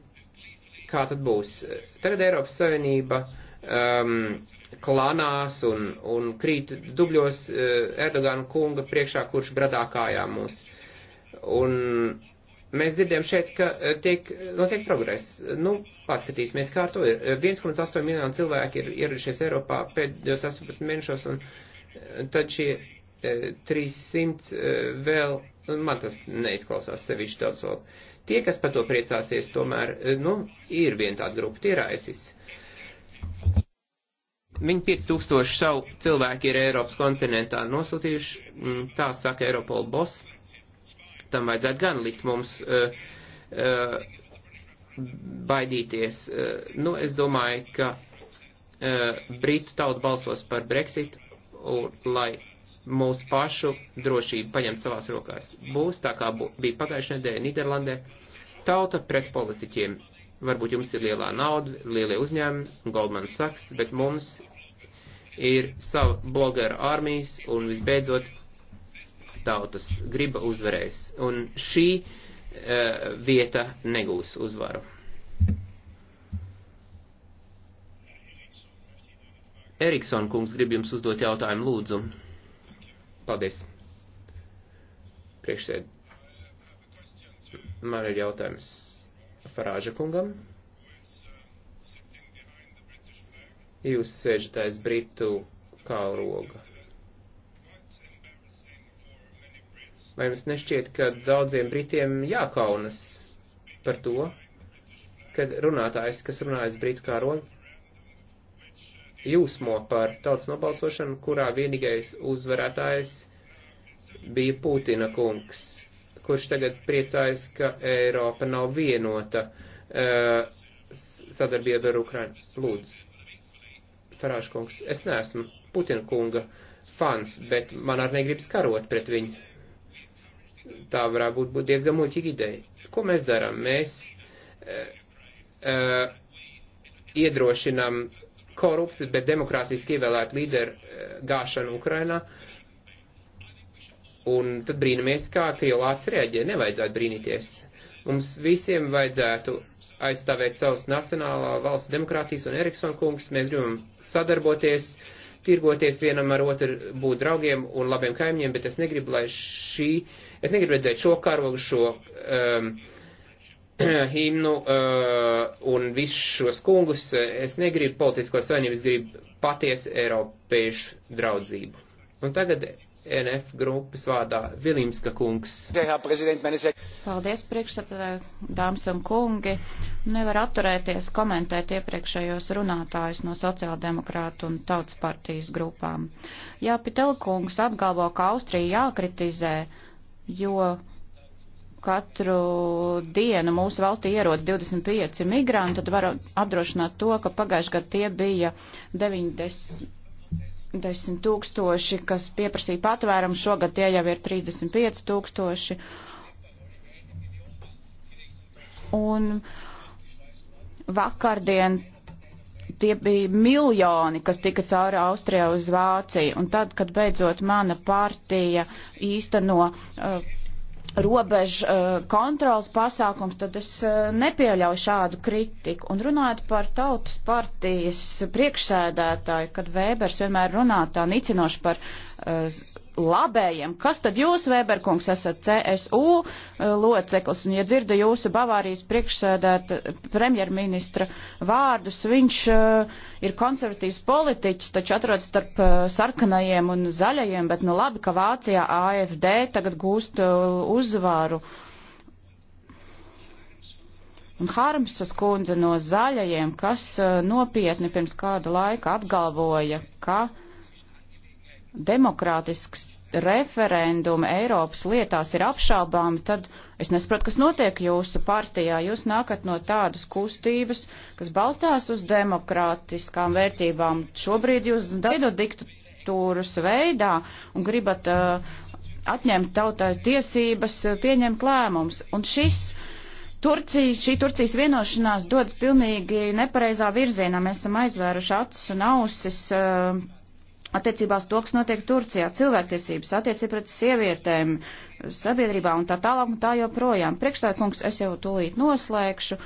kā tad būs. Tagad Eiropas saimnība um, ehm, klanās un, un krīt dubļos uh, Erdogana kunga priekšā, kurš bradā kājām mūs. Un Mēs dzirdējam šeit, ka e, tiek, notiek progress. Nu, paskatīsimies, kā ar to ir. 1,8 miljonu cilvēku ir ieradušies Eiropā pēdējos 18 mēnešos, un e, tad šie 300 e, vēl, man tas neizklausās sevišķi daudz labi. Tie, kas par to priecāsies, tomēr, nu, ir viena tāda grupa, tie ir ASIS. Viņi 5000 savu cilvēku ir Eiropas kontinentā nosūtījuši, mm, tā saka Eiropola boss tam vajadzētu gan likt mums uh, uh, baidīties. Uh, nu, es domāju, ka uh, Britu tauta balsos par Brexit, un, lai mūsu pašu drošību paņemt savās rokās. Būs tā, kā bū, bija pagājušajā nedēļā Nīderlandē, tauta pret politiķiem. Varbūt jums ir lielā nauda, lielie uzņēmumi, Goldman Sachs, bet mums ir sava blogera armijas un visbeidzot tautas griba uzvarēs, un šī uh, vieta negūs uzvaru. Erikson kungs grib jums uzdot jautājumu lūdzu. Paldies. Priekšsēd. Man ir jautājums Farāža kungam. Jūs sēžat aiz Britu kā roga. Vai jums nešķiet, ka daudziem Britiem jākaunas par to, ka runātājs, kas runājas Britu kāroņu, jūsmo par tautas nobalsošanu, kurā vienīgais uzvarētājs bija Pūtina kungs, kurš tagad priecājas, ka Eiropa nav vienota uh, sadarbība ar Ukrainu. Lūdzu, Farāškungs, es neesmu Putina kunga fans, bet man arī negribas karot pret viņu tā varētu būt, būt diezgan muļķīga ideja. Ko mēs darām? Mēs uh, uh, iedrošinām korupciju, bet demokrātiski ievēlēt līderu uh, gāšanu Ukrainā. Un tad brīnamies, kā Krievlāts reaģē. Nevajadzētu brīnīties. Mums visiem vajadzētu aizstāvēt savus nacionālā valsts demokrātijas un Eriksona kungs. Mēs gribam sadarboties, tirgoties vienam ar otru, būt draugiem un labiem kaimiņiem, bet es negribu, lai šī uh, Es negribu redzēt šo karogu, šo um, himnu uh, un visus šos kungus. Es negribu politisko savienību, es gribu patiesu Eiropiešu draudzību. Un tagad NF grupas vārdā Vilimska kungs. Paldies, priekšsēdētāji, dāmas un kungi. Nevar atturēties komentēt iepriekšējos runātājus no sociāldemokrātu un tautas partijas grupām. Jā, Pitelkungs apgalvo, ka Austrija jākritizē jo katru dienu mūsu valstī ierodas 25 migranti, tad var apdrošināt to, ka pagājušajā gadā tie bija 90 tūkstoši, kas pieprasīja patvērumu, šogad tie jau ir 35 tūkstoši. Un vakardien tie bija miljoni, kas tika cauri Austrijā uz Vāciju. Un tad, kad beidzot mana partija īsteno uh, robežu uh, kontrols pasākums, tad es uh, nepieļauju šādu kritiku. Un runājot par tautas partijas priekšsēdētāju, kad Vēbers vienmēr runā tā nicinoši par uh, labējiem. Kas tad jūs, Vēberkungs, esat CSU eh, loceklis? Un, ja dzirdu jūsu Bavārijas priekšsēdēta eh, premjerministra vārdus, viņš uh, ir konservatīvs politiķis, taču atrodas starp uh, sarkanajiem un zaļajiem, bet nu labi, ka Vācijā AFD tagad gūst uh, uzvāru. Un Harmsas kundze no zaļajiem, kas nopietni pirms kādu laiku apgalvoja, ka uh, demokrātisks referendumi Eiropas lietās ir apšābāmi, tad es nesaprotu, kas notiek jūsu partijā. Jūs nākat no tādas kustības, kas balstās uz demokrātiskām vērtībām. Šobrīd jūs veidot diktatūras veidā un gribat uh, atņemt tautai tiesības uh, pieņemt lēmumus. Un šis Turcija, šī Turcijas vienošanās dodas pilnīgi nepareizā virzienā. Mēs esam aizvēruši acis un ausis. Uh, attiecībās to, kas notiek Turcijā, cilvēktiesības, attiecība pret sievietēm, sabiedrībā un tā tālāk un tā joprojām. Priekšstādkungs, es jau tūlīt noslēgšu.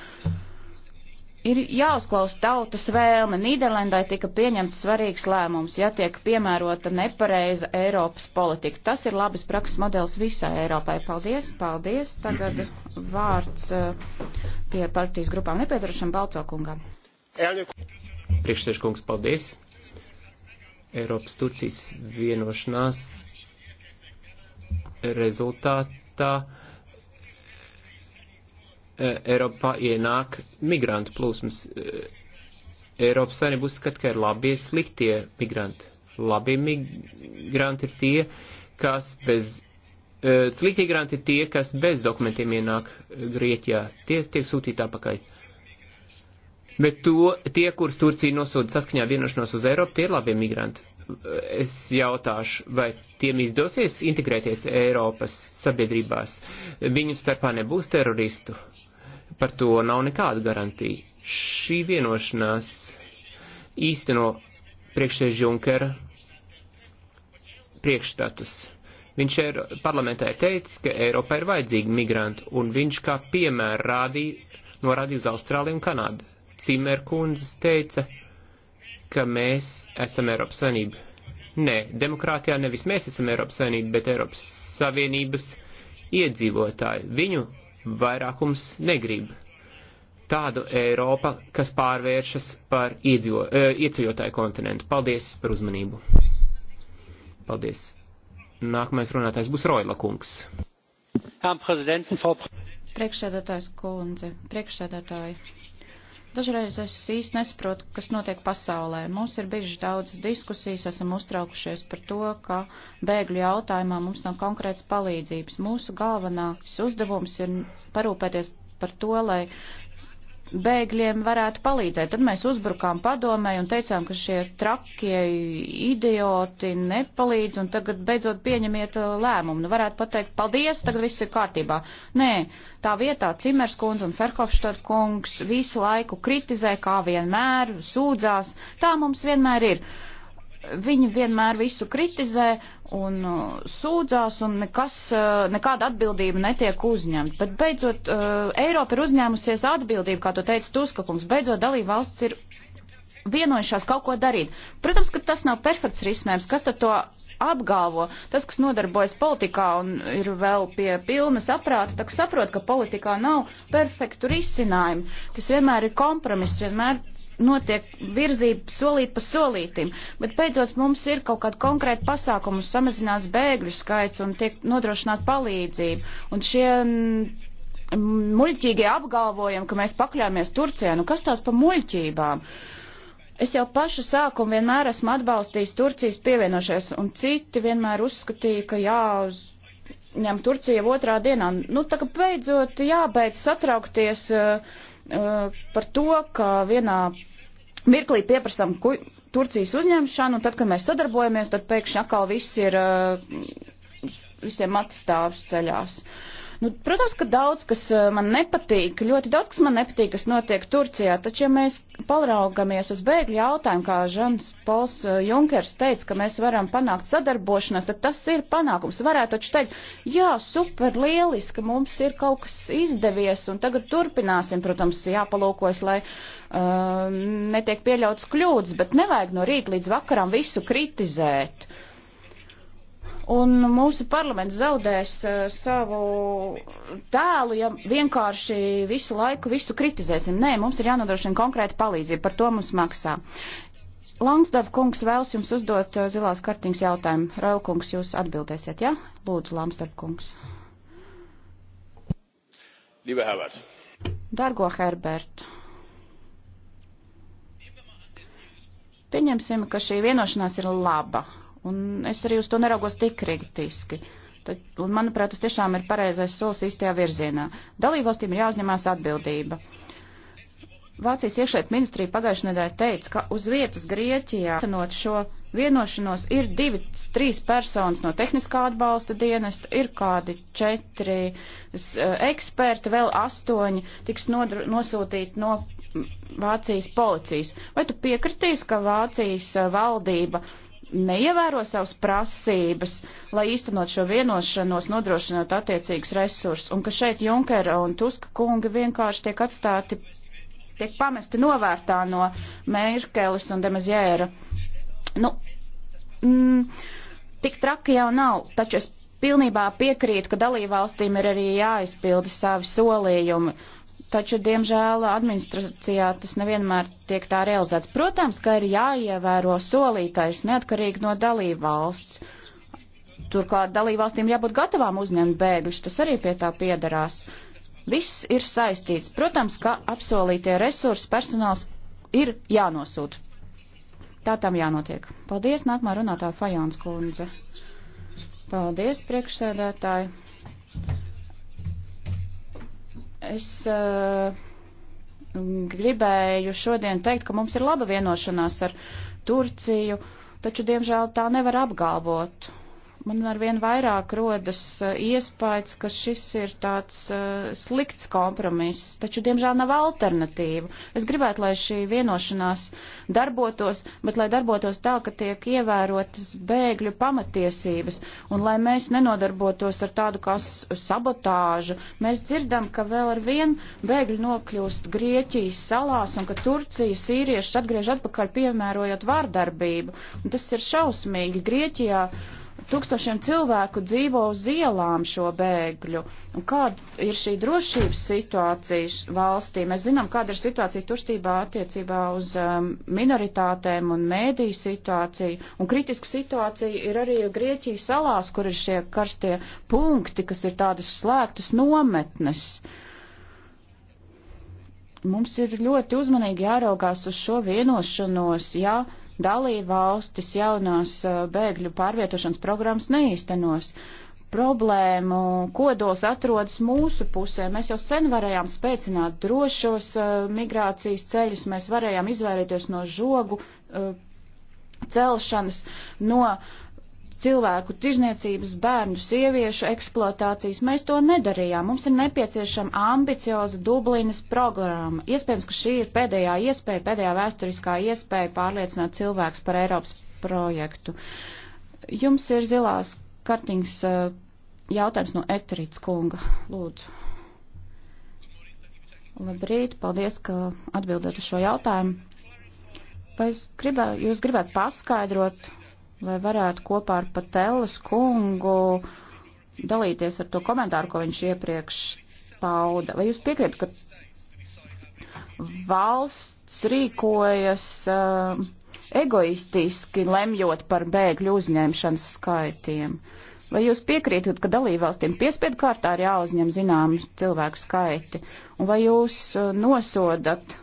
Ir jāuzklaus tautas vēlme. Nīderlandai tika pieņemts svarīgs lēmums, ja tiek piemērota nepareiza Eiropas politika. Tas ir labas prakses modelis visai Eiropai. Paldies, paldies. Tagad vārds eh, pie partijas grupām nepiedarušam Balcokungam. Priekšsēžkungs, paldies. Eiropas Turcijas vienošanās rezultātā e, Eiropā ienāk migrantu plūsmas. E, Eiropas Savienība uzskata, ka ir labie sliktie migranti. Labie migranti ir tie, kas bez. E, sliktie migranti ir tie, kas bez dokumentiem ienāk Grieķijā. Tie tiek sūtīti apakaļ. Uh, Bet to, tie, kurus Turcija nosūta saskaņā vienošanos uz Eiropu, tie ir labie migranti. Es jautāšu, vai tiem izdosies integrēties Eiropas sabiedrībās. Viņu starpā nebūs teroristu. Par to nav nekāda garantija. Šī vienošanās īsteno priekšsēž Junkera priekšstatus. Viņš ir parlamentē teicis, ka Eiropā ir vajadzīgi migranti, un viņš kā piemēra rādīja, norādīja uz Austrāliju un Kanādu. Cimerkundzes teica, ka mēs esam Eiropas Savienība. Nē, demokrātijā nevis mēs esam Eiropas Savienība, bet Eiropas Savienības iedzīvotāji. Viņu vairākums negrib tādu Eiropu, kas pārvēršas par iedzīvo, e, ieceļotāju kontinentu. Paldies par uzmanību. Paldies. Nākamais runātājs būs Roila kungs. Priekšsēdētājs kundze, priekšsēdētāji. Dažreiz es īsti nesaprotu, kas notiek pasaulē. Mums ir bijušas daudzas diskusijas, esam uztraukušies par to, ka bēgļu jautājumā mums nav konkrēts palīdzības. Mūsu galvenais uzdevums ir parūpēties par to, lai bēgļiem varētu palīdzēt. Tad mēs uzbrukām padomē un teicām, ka šie trakie idioti nepalīdz un tagad beidzot pieņemiet uh, lēmumu. Nu, varētu pateikt, paldies, tagad viss ir kārtībā. Nē, tā vietā Cimers kundze un Ferhofštad kungs visu laiku kritizē, kā vienmēr, sūdzās. Tā mums vienmēr ir viņi vienmēr visu kritizē un uh, sūdzās, un nekas, uh, nekāda atbildība netiek uzņemta. Bet beidzot, uh, Eiropa ir uzņēmusies atbildību, kā to teica Tuskakungs, beidzot dalība valsts ir vienojušās kaut ko darīt. Protams, ka tas nav perfekts risinājums, kas tad to apgalvo. Tas, kas nodarbojas politikā un ir vēl pie pilnas aprāta, tak saprot, ka politikā nav perfektu risinājumu. Tas vienmēr ir kompromiss, vienmēr notiek virzība solīt pa solītim, bet beidzot mums ir kaut kāda konkrēta pasākuma, samazinās bēgļu skaits un tiek nodrošināta palīdzība. Un šie mm, muļķīgie apgalvojumi, ka mēs pakļāmies Turcijā, nu kas tās pa muļķībām? Es jau pašu sākumu vienmēr esmu atbalstījis Turcijas pievienošies, un citi vienmēr uzskatīja, ka jā, uz ņem Turcija otrā dienā. Nu, tā kā beidzot jābeidz satraukties. Uh, Uh, par to, ka vienā mirklī pieprasām Turcijas uzņemšanu, un tad, kad mēs sadarbojamies, tad pēkšņi atkal viss ir, uh, visiem atstāvs ceļās. Uh, Nu, protams, ka daudz, kas eh, man nepatīk, ļoti daudz, kas man nepatīk, kas notiek Turcijā, taču, ja mēs palraugamies uz bēgļu jautājumu, kā Žans Pols eh, Junkers teica, ka mēs varam panākt sadarbošanās, tad tas ir panākums. Varētu taču teikt, jā, super lieliski, mums ir kaut kas izdevies, un tagad turpināsim, protams, jāpalūkojas, lai uh, netiek pieļauts kļūdas, bet nevajag no rīta līdz vakaram visu kritizēt. Uh, Un mūsu parlaments zaudēs uh, savu tēlu, ja vienkārši visu laiku visu kritizēsim. Nē, mums ir jānodrošina konkrēta palīdzība, par to mums maksā. Langsdorf kungs vēlas jums uzdot uh, zilās kartiņas jautājumu. Rail kungs, jūs atbildēsiet, jā? Ja? Lūdzu, Langsdorf kungs. Liebe Herbert. Dargo Herbert. Pieņemsim, ka šī vienošanās ir laba Un es arī uz to neraugos tik kritiski. Tad, un, manuprāt, tas tiešām ir pareizais solis īstajā virzienā. Dalībvalstīm ir jāuzņemās atbildība. Vācijas iekšēt ministrija pagājušajā nedēļā teica, ka uz vietas Grieķijā cenot šo vienošanos ir divi, trīs personas no tehniskā atbalsta dienesta, ir kādi četri e, eksperti, vēl astoņi tiks nodru, nosūtīti no Vācijas policijas. Vai tu piekritīs, ka Vācijas e, valdība neievēro savas prasības, lai īstenot šo vienošanos, nodrošinot attiecīgus resursus, un ka šeit Junkera un Tuska kungi vienkārši tiek atstāti, tiek pamesti novērtā no Merkelis un Demezjēra. Nu, mm, tik traki jau nav, taču es pilnībā piekrītu, ka dalībvalstīm ir arī jāizpilda savi solījumi. Uh, taču, diemžēl, administrācijā tas nevienmēr tiek tā realizēts. Protams, ka ir jāievēro solītais neatkarīgi no dalību valsts. Turklāt dalību valstīm jābūt gatavām uzņemt bēgļus, tas arī pie tā piedarās. Viss ir saistīts. Protams, ka apsolītie resursi personāls ir jānosūta. Tā tam jānotiek. Paldies, nākamā runātāja Fajāns kundze. Paldies, priekšsēdētāji. Es uh, gribēju šodien teikt, ka mums ir laba vienošanās ar Turciju, taču, diemžēl, tā nevar apgalvot. Man ar vien vairāk rodas uh, iespējas, ka šis ir tāds uh, slikts kompromiss, taču, diemžēl, nav alternatīvu. Es gribētu, lai šī vienošanās darbotos, bet lai darbotos tā, ka tiek ievērotas bēgļu pamatiesības, un lai mēs nenodarbotos ar tādu kā sabotāžu. Mēs dzirdam, ka vēl ar vien bēgļi nokļūst Grieķijas salās, un ka Turcija sīriešus atgriež atpakaļ, piemērojot vārdarbību. Un tas ir šausmīgi. Grieķijā tūkstošiem cilvēku dzīvo uz ielām šo bēgļu. Un kāda ir šī drošības situācija valstī? Mēs zinām, kāda ir situācija turstībā attiecībā uz um, minoritātēm un mēdīju situāciju. Un kritiska situācija ir arī Grieķijas salās, kur ir šie karstie punkti, kas ir tādas slēgtas nometnes. Mums ir ļoti uzmanīgi jāraugās uz šo vienošanos, jā. Ja dalībvalstis jaunās eh, bēgļu pārvietošanas programmas neīstenos. Problēmu kodols atrodas mūsu pusē. Mēs jau sen varējām spēcināt drošos uh, migrācijas ceļus, mēs varējām izvairīties no žogu uh, celšanas, no uh, cilvēku tirzniecības, bērnu, sieviešu eksploatācijas. Mēs to nedarījām. Mums ir nepieciešama ambicioza Dublinas programma. Iespējams, ka šī ir pēdējā iespēja, pēdējā vēsturiskā iespēja pārliecināt cilvēks par Eiropas projektu. Jums ir zilās kartiņas eh, jautājums no Eterīts kunga. Lūdzu. Labrīt, paldies, ka atbildat uz šo jautājumu. Vai jūs gribētu, jūs gribētu paskaidrot, lai varētu kopā ar Patelas kungu dalīties ar to komentāru, ko viņš iepriekš pauda. Vai jūs piekrītat, ka valsts rīkojas uh, egoistiski lemjot par bēgļu uzņemšanas skaitiem? Vai jūs piekrītat, ka dalībvalstīm piespiedu kārtā ir jāuzņem zināmi cilvēku skaiti? Un vai jūs uh, nosodat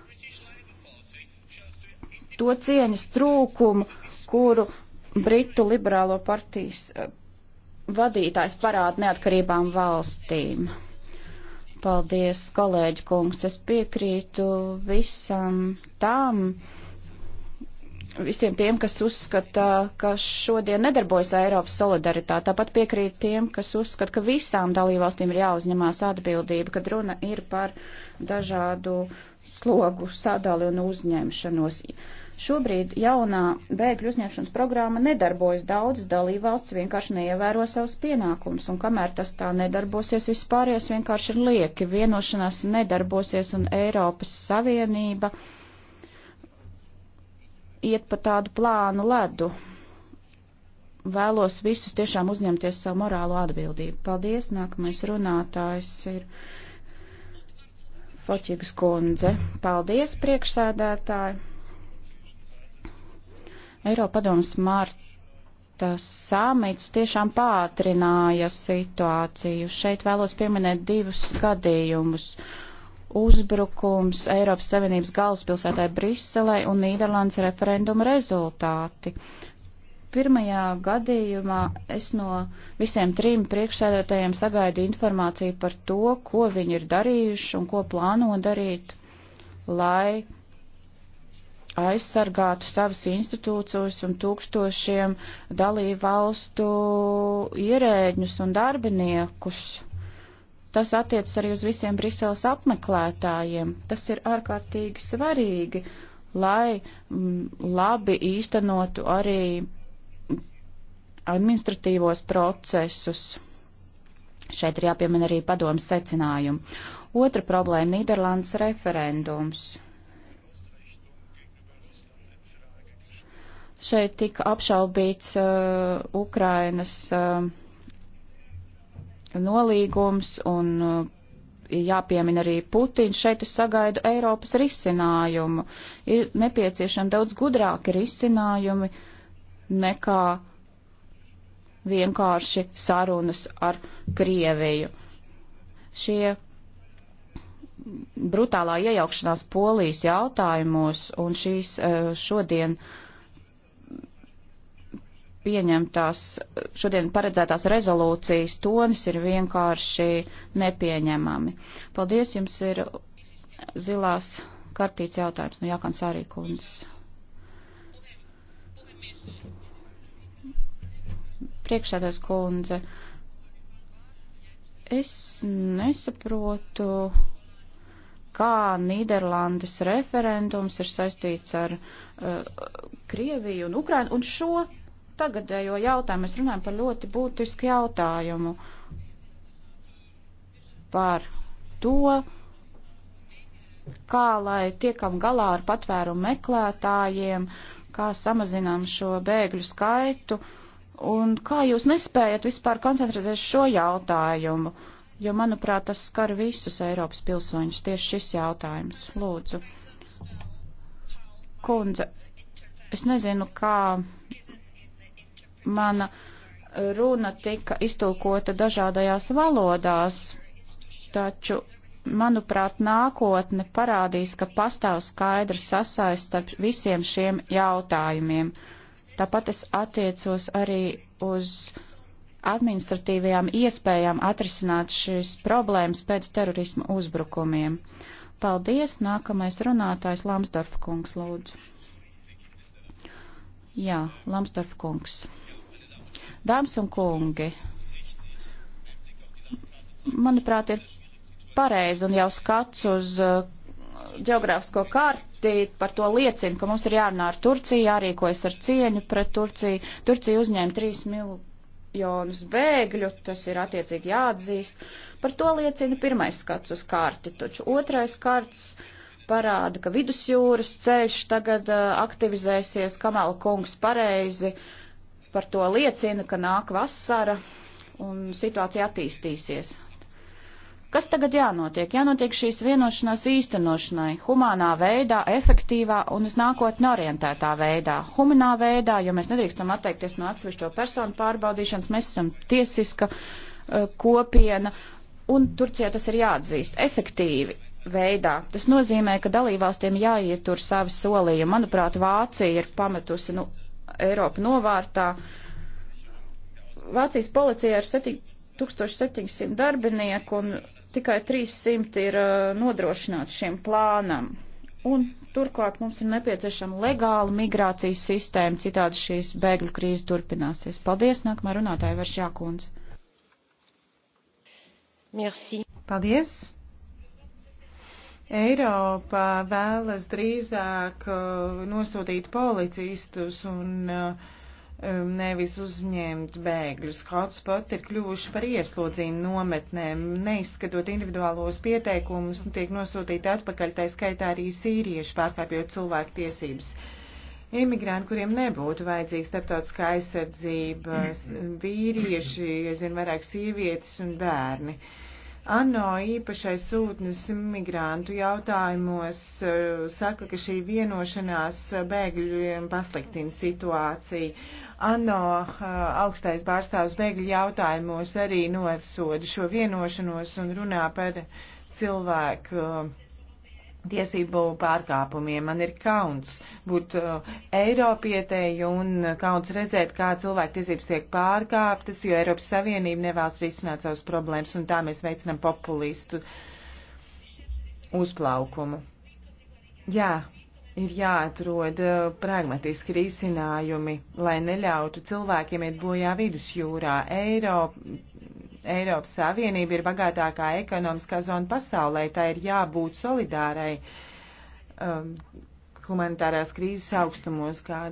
to cieņas trūkumu, kuru Britu liberālo partijas eh, vadītājs parāda neatkarībām valstīm. Paldies, kolēģi kungs, es piekrītu visam tam, visiem tiem, kas uzskata, ka šodien nedarbojas Eiropas solidaritāte. Tāpat piekrīt tiem, kas uzskata, ka visām dalībvalstīm ir jāuzņemās atbildība, kad runa ir par dažādu slogu sadali un uzņemšanos. Uh, Šobrīd jaunā bēgļu uzņemšanas programma nedarbojas. Daudzas dalībvalsts vienkārši neievēro savus pienākumus, un kamēr tas tā nedarbosies, vispārējais vienkārši ir lieki. Vienošanās nedarbosies, un Eiropas Savienība iet pa tādu plānu ledu. Vēlos visus tiešām uzņemties savu morālo atbildību. Paldies, nākamais runātājs ir Foķigas kundze. Paldies, priekšsēdētāji! Eiropadoms Marta samits tiešām pātrināja situāciju. Šeit vēlos pieminēt divus gadījumus. Uzbrukums Eiropas Savienības galvaspilsētai Briselei un Nīderlandes referenduma rezultāti pirmajā gadījumā es no visiem trim priekšsēdētājiem sagaidu informāciju par to, ko viņi ir darījuši un ko plāno darīt, lai aizsargātu savas institūcijas un tūkstošiem dalību valstu ierēģņus un darbiniekus. Tas attiecas arī uz visiem Briseles apmeklētājiem. Tas ir ārkārtīgi svarīgi, lai m, mm, labi īstenotu arī administratīvos procesus. Šeit ir jāpiemina arī padomas secinājumi. Otra problēma - Nīderlandes referendums. Šeit tika apšaubīts uh, Ukrainas uh, nolīgums un uh, jāpiemina arī Putins. Šeit es sagaidu Eiropas risinājumu. Ir nepieciešami daudz gudrāki risinājumi nekā vienkārši sarunas ar Krieviju. Šie brutālā iejaukšanās polijas jautājumos un šīs uh, šodien uh, pieņemtās, šodien paredzētās rezolūcijas tonis ir vienkārši nepieņemami. Paldies, jums ir zilās kartīts jautājums no nu, Jākans Arīkundas. Priekšsēdās kundze, es nesaprotu, kā Nīderlandes referendums ir saistīts ar uh, Krieviju un Ukrainu un šo tagadējo jautājumu. Mēs runājam par ļoti būtisku jautājumu par to, kā lai tiekam galā ar patvērumu meklētājiem, kā samazinām šo bēgļu skaitu, un kā jūs nespējat vispār koncentrēties šo jautājumu, jo, manuprāt, tas skar visus Eiropas pilsoņus, tieši šis jautājums. Lūdzu. Kundze, es nezinu, kā mana runa tika iztulkota dažādajās valodās, taču, manuprāt, nākotne parādīs, ka pastāv skaidra sasaist starp visiem šiem jautājumiem. Tāpat es attiecos arī uz administratīvajām iespējām atrisināt šīs problēmas pēc terorisma uzbrukumiem. Paldies, nākamais runātājs Lamsdorf kungs, lūdzu. Jā, Lamsdorf kungs. Dāmas un kungi, manuprāt, ir pareizi un jau skats uz ģeogrāfisko uh, karti par to liecina, ka mums ir jārunā ar Turciju, jārīkojas ar cieņu pret Turciju. Turcija uzņēma 3 miljonus bēgļu, tas ir attiecīgi jāatzīst. Par to liecina pirmais skats uz karti, taču otrais karts parāda, ka vidusjūras ceļš tagad uh, aktivizēsies, kamēl kungs pareizi uh, par to liecina, ka nāk vasara un situācija attīstīsies. Kas tagad jānotiek? Jānotiek šīs vienošanās īstenošanai, humānā veidā, efektīvā un uz nākotni orientētā veidā. Humanā veidā, jo mēs nedrīkstam atteikties no atsevišķo personu pārbaudīšanas, mēs esam tiesiska uh, kopiena, un Turcija tas ir jāatzīst. Efektīvi, veidā. Tas nozīmē, ka dalībvalstiem jāietur savi solījumi. Manuprāt, Vācija ir pametusi nu, Eiropu novārtā. Vācijas policija ir 1700 darbinieku un tikai 300 ir uh, nodrošināti šiem plānam. Un turklāt mums ir nepieciešama legāla migrācijas sistēma, citādi šīs bēgļu krīze turpināsies. Paldies, nākamā runātāja Varšjākundze. Merci. Paldies. Eiropā vēlas drīzāk uh, nosūtīt policistus un uh, um, nevis uzņemt bēgļus. Hotspot ir kļuvuši par ieslodzījumu nometnēm, neizskatot individuālos pieteikumus, un tiek nosūtīti atpakaļ, tā skaitā arī sīrieši pārkāpjot cilvēku tiesības. Imigranti, kuriem nebūtu vajadzīga starptautiskā aizsardzība, vīrieši, es zinu, vairāk sievietes un bērni. Uh, ANO īpašais sūtnis migrantu jautājumos eh, saka, ka šī vienošanās bēgļiem pasliktina situāciju. ANO eh, augstais pārstāvs bēgļu jautājumos arī nosoda šo vienošanos un runā par cilvēku tiesību pārkāpumiem. Man ir kauns būt uh, Eiropietēji un kauns redzēt, kā cilvēku tiesības tiek pārkāptas, jo Eiropas Savienība nevēlas risināt savas problēmas, un tā mēs veicinām populistu uzplaukumu. Jā, ir jāatrod uh, pragmatiski risinājumi, lai neļautu cilvēkiem iet bojā vidusjūrā. Eiropa Eiropas Savienība ir bagātākā ekonomiskā zona pasaulē, tā ir jābūt solidārai um, humanitārās krīzes augstumos, kā,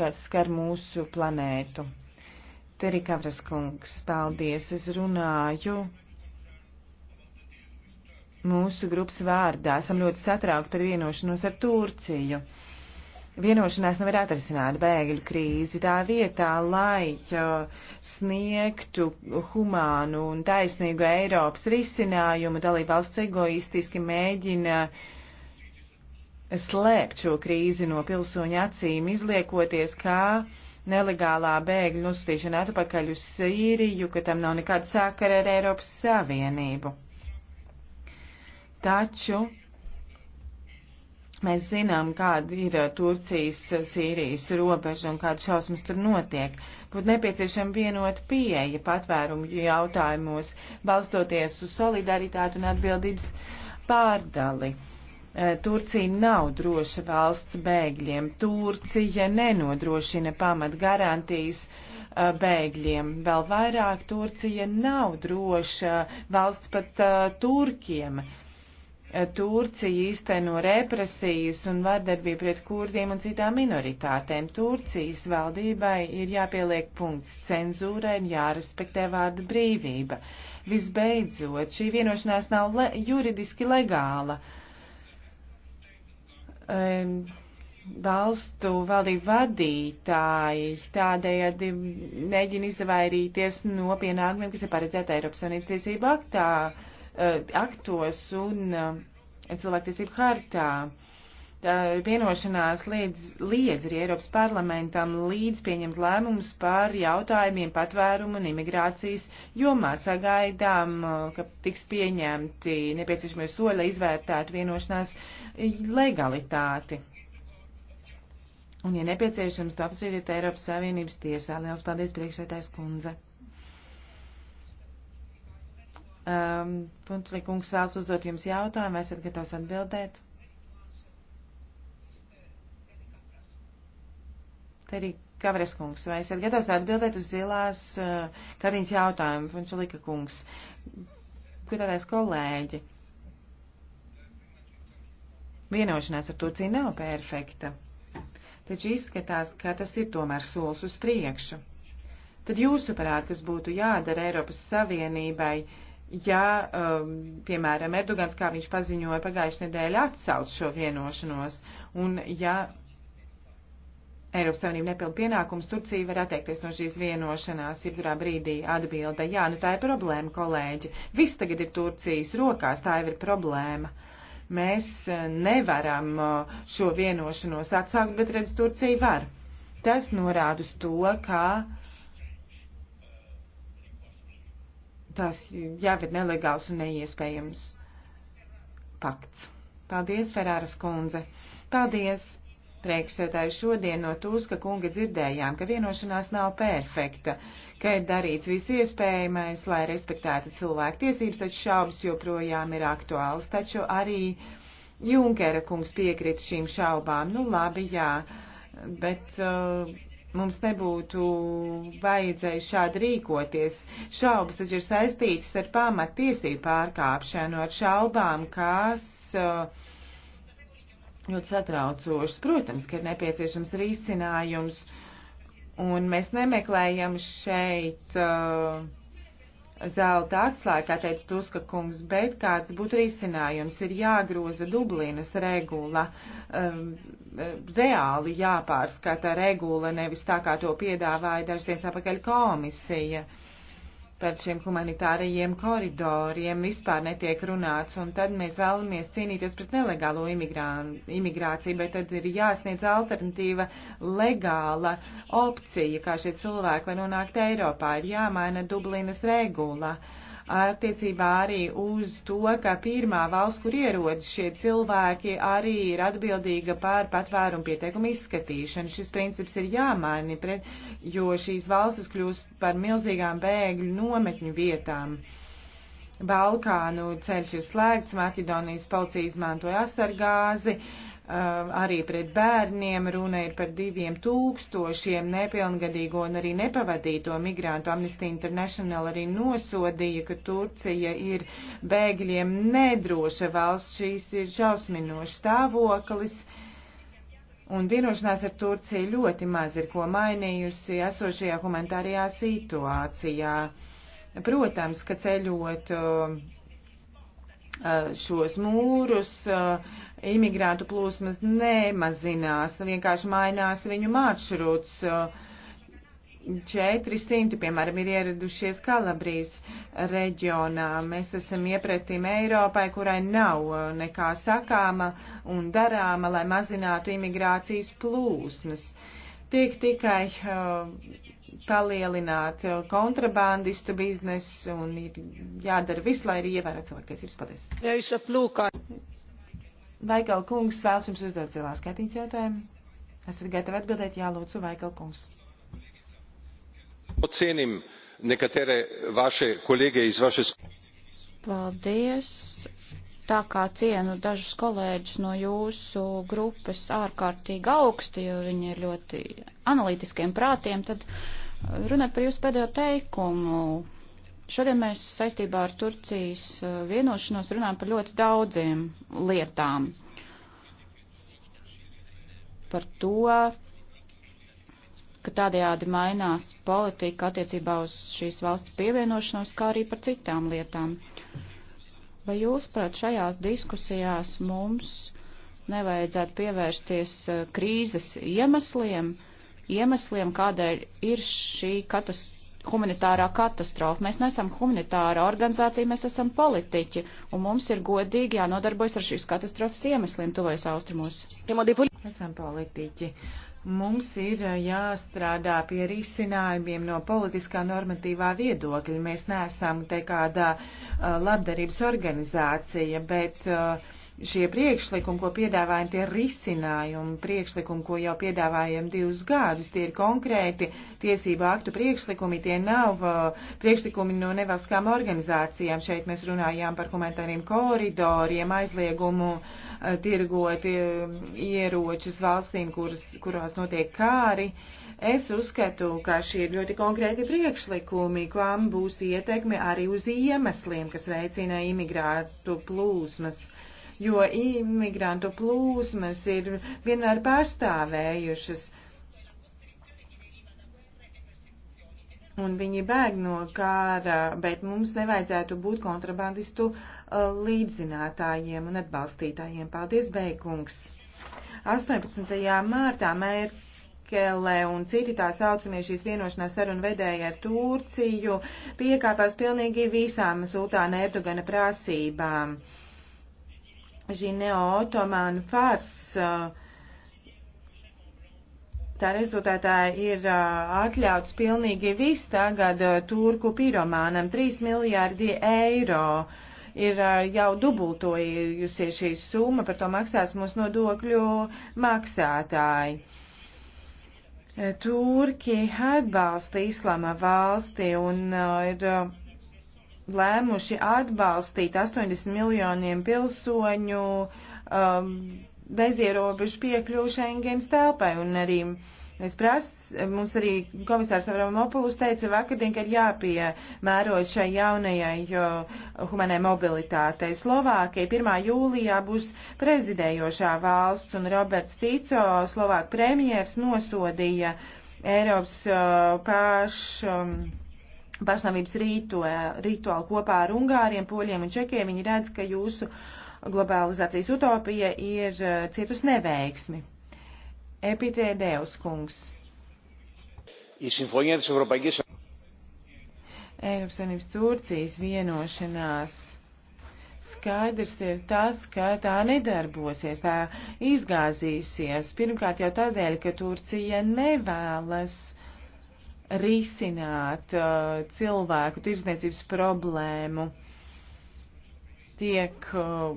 kas skar mūsu planētu. Terikavras kungs, paldies, es runāju mūsu grupas vārdā. Esam ļoti satraukti par vienošanos ar Turciju. Uh, Vienošanās nevar atrisināt bēgļu krīzi tā vietā, lai sniegtu humānu un taisnīgu Eiropas risinājumu. Dalībvalsts egoistiski mēģina slēpt šo krīzi no pilsoņu acīm, izliekoties, kā nelegālā bēgļu nosūtīšana atpakaļ uz Sīriju, ka tam nav nekāda sākara ar Eiropas Savienību. Taču Mēs zinām, kāda ir uh, Turcijas, uh, Sīrijas robeža un kāda šausmas tur notiek. Būtu nepieciešama vienota pieeja patvērumu jautājumos, balstoties uz solidaritāti un atbildības pārdali. Uh, Turcija nav droša valsts bēgļiem. Turcija nenodrošina pamat garantijas bēgļiem. Vēl vairāk Turcija nav droša valsts pat uh, turkiem. Uh, Turcija īsteno represijas un vardarbību pret kurdiem un citām minoritātēm. Turcijas valdībai ir jāpieliek punkts cenzūrai un jārespektē vārda brīvība. Visbeidzot, šī vienošanās nav le juridiski legāla. Um, valstu valdību vadītāji tādējādi mēģina izvairīties no pienākumiem, kas ir paredzēta Eiropas Savienības tiesību aktā. Uh, Eh, aktos un eh, cilvēktiesību hartā. Vienošanās liedz, liedz arī Eiropas parlamentam līdz pieņemt lēmumus par jautājumiem patvērumu un imigrācijas jomā. Sagaidām, eh, ka tiks pieņemti nepieciešamie soļi, lai izvērtētu vienošanās legalitāti. Un, ja nepieciešams, to apsvēriet Eiropas Savienības tiesā. Liels paldies, priekšētājs kundze! Um, Puntlīkungs vēlas uzdot jums jautājumu, esat gatavs atbildēt? Te arī Kavres kungs, vai esat gatavs atbildēt uz zilās uh, Kariņas jautājumu, Puntlīka kungs? Gudātais kolēģi, vienošanās ar Turciju nav perfekta, taču izskatās, ka tas ir tomēr solis uz priekšu. Tad jūsuprāt, kas būtu jādara Eiropas Savienībai? ja, um, piemēram, Erdogans, kā viņš paziņoja pagājušajā nedēļā, atsauc šo vienošanos, un ja Eiropas Savienība nepilda pienākums, Turcija var atteikties no šīs vienošanās, jebkurā brīdī atbilda, jā, nu tā ir problēma, kolēģi, viss tagad ir Turcijas rokās, tā jau ir problēma. Mēs uh, nevaram uh, šo vienošanos atsaukt, bet redz, Turcija var. Tas norāda uz to, ka uh, tās jau ir nelegāls un neiespējams pakts. Paldies, Ferāras kundze! Paldies! Priekšsētāji šodien no Tūska kunga dzirdējām, ka vienošanās nav perfekta, ka ir darīts viss iespējamais, lai respektētu cilvēku tiesības, taču šaubas joprojām ir aktuāls, taču arī Junkera kungs piekrita šīm šaubām. Nu labi, jā, bet. Uh, mums nebūtu vajadzēja šādi rīkoties. Šaubas taču ir saistītas ar pamattiesību pārkāpšanu, ar šaubām, kas eh, ļoti satraucošas. Protams, ka ir nepieciešams risinājums, un mēs nemeklējam šeit. Uh, zelta atslēga, kā teica Tuska kungs, bet kāds būtu risinājums, ir jāgroza Dublinas regula, um, reāli jāpārskata regula, nevis tā kā to piedāvāja dažs dienas apakaļ komisija. Uh, par šiem humanitārajiem koridoriem vispār netiek runāts, un tad mēs vēlamies cīnīties pret nelegālo imigrāciju, bet tad ir jāsniedz alternatīva legāla opcija, kā šie cilvēki var nonākt Eiropā, ir jāmaina Dublinas regula. Uh, attiecībā arī uz to, ka pirmā valsts, kur ierodas šie cilvēki, arī ir atbildīga par patvērumu pieteikumu izskatīšanu. Šis princips ir jāmaini, pret, jo šīs valstis kļūst par milzīgām bēgļu nometņu vietām. Balkānu ceļš ir slēgts, Maķedonijas policija izmantoja asargāzi. Uh, Um, arī pret bērniem. Runa ir par diviem tūkstošiem nepilngadīgo un arī nepavadīto migrantu. Amnesty International arī nosodīja, ka Turcija ir bēgļiem nedroša valsts. Šīs ir šausminošs stāvoklis. Un vienošanās ar Turciju ļoti maz ir ko mainījusi esošajā humanitārajā situācijā. Protams, ka ceļot uh, uh, šos mūrus, uh, imigrantu plūsmas nemazinās, vienkārši mainās viņu maršruts. 400, piemēram, ir ieradušies Kalabrijas reģionā. Mēs esam iepretim Eiropai, kurai nav nekā sakāma un darāma, lai mazinātu imigrācijas plūsmas. Tiek tikai uh, palielināt uh, kontrabandistu biznesu un ir jādara viss, lai arī ievērot cilvēku tiesības. Paldies. Vaikala kungs vēlas jums uzdot zilās skatīts jautājumu. Esat gatavi atbildēt? Jā, lūdzu, Vaikala kungs. Ocenim nekatere vaše kolēģe iz vašas. Paldies. Tā kā cienu dažus kolēģus no jūsu grupas ārkārtīgi augsti, jo viņi ir ļoti analītiskiem prātiem, tad runāt par jūsu pēdējo teikumu Šodien mēs saistībā ar Turcijas uh, vienošanos runājam par ļoti daudziem lietām. Par to, ka tādējādi mainās politika attiecībā uz šīs valsts pievienošanos, kā arī par citām lietām. Vai jūs, prāt, šajās diskusijās mums nevajadzētu pievērsties uh, krīzes iemesliem, iemesliem, kādēļ ir šī katastrofa? humanitārā katastrofa. Mēs nesam humanitāra organizācija, mēs esam politiķi, un mums ir godīgi jānodarbojas ar šīs katastrofas iemesliem tuvojas austrumos. Esam politiķi. Mums ir eh, jāstrādā pie risinājumiem no politiskā normatīvā viedokļa. Mēs neesam te kādā eh, labdarības organizācija, bet uh, šie priekšlikumi, ko piedāvājam, tie risinājumi priekšlikumi, ko jau piedāvājam divus gadus, tie ir konkrēti tiesību aktu priekšlikumi, tie nav uh, priekšlikumi no nevalstiskām organizācijām. Šeit mēs runājām par humanitāriem koridoriem, aizliegumu uh, tirgot uh, ieročus valstīm, kuras, kurās notiek kāri. Es uzskatu, ka šie ir ļoti konkrēti priekšlikumi, kam būs ietekme arī uz iemesliem, kas veicina imigrātu plūsmas jo imigrantu plūsmas ir vienmēr pārstāvējušas. Un viņi bēg no kāra, bet mums nevajadzētu būt kontrabandistu uh, līdzzinātājiem un atbalstītājiem. Paldies, Beigungs! 18. mārtā mērķi. Merkele un citi tā saucamie šīs vienošanās sarunu vedēja ar Turciju piekāpās pilnīgi visām Sultāna Erdogana prasībām šī neo-otomānu fars. Tā rezultātā ir atļauts pilnīgi viss tagad turku piromānam 3 miljārdi eiro. Ir jau dubultojusies šī summa, par to maksās mūsu nodokļu maksātāji. Turki atbalsta islāma valsti un ir. Uh, lēmuši atbalstīt 80 miljoniem pilsoņu um, bezierobežu piekļuvu Schengens telpai un arī Es prasu, mums arī komisārs Avramopoulos teica vakardien, ka ir jāpiemērojas šai jaunajai humanai mobilitātei. Slovākija 1. jūlijā būs prezidējošā valsts un Roberts Fico, Slovāk premjers, nosodīja Eiropas uh, pašu um, pašnāvības e, rituāli kopā ar Ungāriem, Poļiem un Čekiem. Viņi redz, ka jūsu globalizācijas utopija ir e, cietus neveiksmi. Epitēdeus kungs. Eiropas Savienības Turcijas vienošanās skaidrs ir tas, ka tā nedarbosies, tā izgāzīsies. Pirmkārt jau tādēļ, ka Turcija nevēlas risināt uh, cilvēku tirdzniecības problēmu. Tiek uh,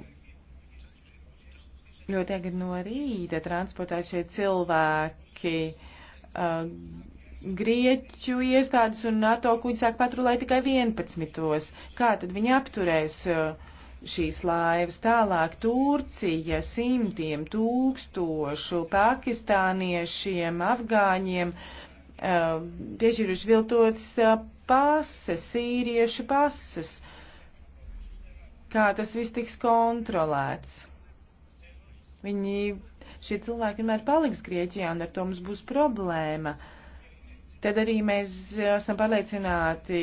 ļoti agri no rīta transportēt šie cilvēki. Uh, Grieķu iestādes un NATO kuģi sāk patrulēt tikai 11. Kā tad viņi apturēs uh, šīs laivas tālāk Turcija simtiem tūkstošu pakistāniešiem, afgāņiem uh, Tieši um, ir izviltotas uh, pases, sīriešu pases. Kā tas viss tiks kontrolēts? Viņi, šie cilvēki vienmēr paliks Grieķijā, un ar to mums būs problēma. Tad arī mēs uh, esam pārliecināti,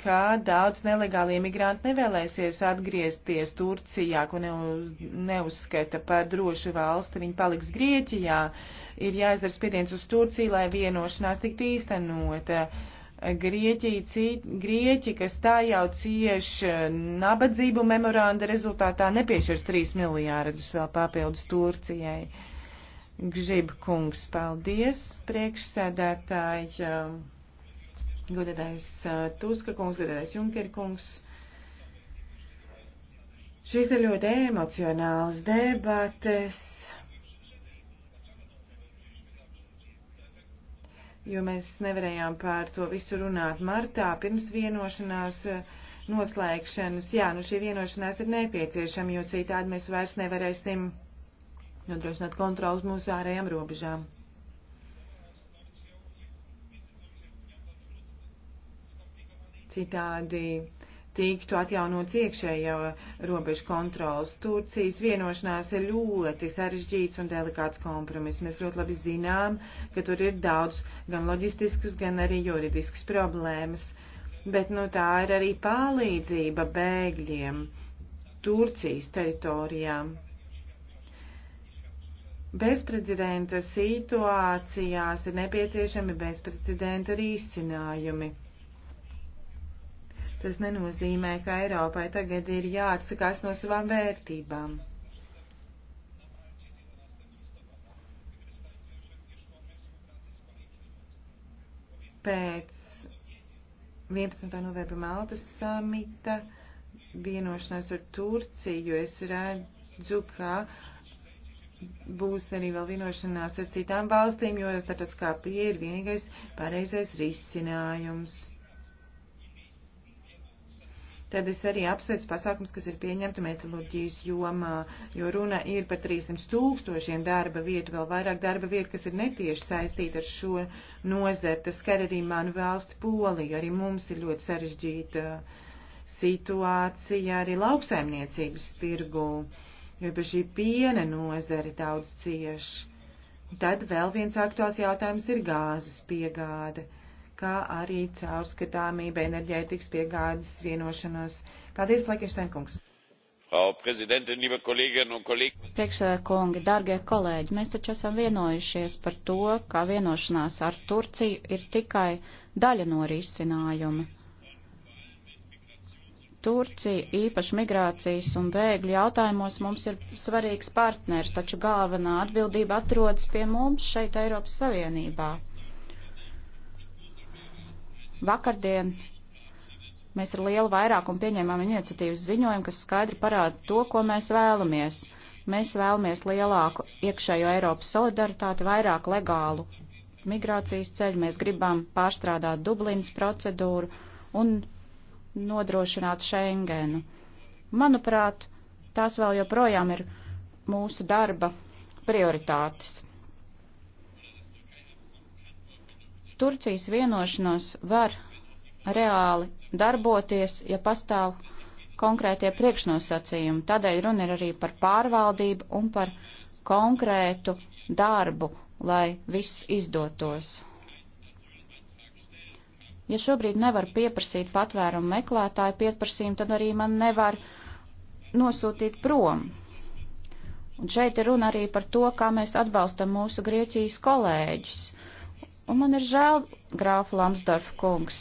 ka daudz nelegāli imigranti nevēlēsies atgriezties Turcijā, ko neuzskata par drošu valsti. Viņi paliks Grieķijā. Ir jāizdara spiediens uz Turciju, lai vienošanās tiktu īstenota. Grieķija, cīt, Grieķi, kas tā jau cieši nabadzību memoranda rezultātā, nepiešķirs 3 miljārdus vēl papildus Turcijai. Gžib kungs, paldies, priekšsēdētāji godētais uh, Tuska kungs, godētais Junker kungs. Šīs ir ļoti emocionāls debates, jo mēs nevarējām pār to visu runāt martā pirms vienošanās uh, noslēgšanas. Jā, nu šī vienošanās ir nepieciešama, jo citādi mēs vairs nevarēsim nodrošināt kontrolas mūsu ārējām robežām. citādi tiktu atjaunots iekšējo robežu kontrols. Turcijas vienošanās ir ļoti sarežģīts un delikāts kompromiss. Mēs ļoti labi zinām, ka tur ir daudz gan loģistiskas, gan arī juridiskas problēmas. Bet nu, tā ir arī palīdzība bēgļiem Turcijas teritorijām. Bezprecedenta situācijās ir nepieciešami bezprecedenta risinājumi. Tas nenozīmē, ka Eiropai tagad ir jāatsakās no savām vērtībām. Pēc 11. novembra Maltas samita vienošanās ar Turciju es redzu, ka būs arī vēl vienošanās ar citām valstīm, jo starptautiskā pieeja ir vienīgais pareizais risinājums. Tad es arī apsveicu pasākums, kas ir pieņemta metalurģijas jomā, jo runa ir par 300 tūkstošiem darba vietu, vēl vairāk darba vietu, kas ir netieši saistīta ar šo nozeru. Tas skar arī manu valsti Poliju, arī mums ir ļoti sarežģīta uh, situācija arī lauksaimniecības tirgu, jo par šī piena nozari daudz cieši. Tad vēl viens aktuāls jautājums ir gāzes piegāde kā arī caurskatāmība enerģētikas piegādes vienošanos. Paldies, Lekištenkungs! Priekšsēdētāji, darbie kolēģi, mēs taču esam vienojušies par to, ka vienošanās ar Turciju ir tikai daļa no risinājuma. Turcija īpaši migrācijas un bēgļu jautājumos mums ir svarīgs partners, taču galvenā atbildība atrodas pie mums šeit Eiropas Savienībā. Vakardien mēs ar lielu vairākumu pieņēmām iniciatīvas ziņojumu, kas skaidri parāda to, ko mēs vēlamies. Mēs vēlamies lielāku iekšējo Eiropas solidaritāti, vairāk legālu migrācijas ceļu, mēs gribam pārstrādāt Dublinas procedūru un nodrošināt Schengenu. Manuprāt, tās vēl joprojām ir mūsu darba prioritātes. Turcijas vienošanos var reāli darboties, ja pastāv konkrētie priekšnosacījumi. Tādēļ runa ir arī par pārvaldību un par konkrētu darbu, lai viss izdotos. Ja šobrīd nevar pieprasīt patvērumu meklētāju pieprasījumu, tad arī man nevar nosūtīt prom. Un šeit ir runa arī par to, kā mēs atbalstam mūsu Grieķijas kolēģus. Un man ir žēl, grāfa Lamsdorf kungs,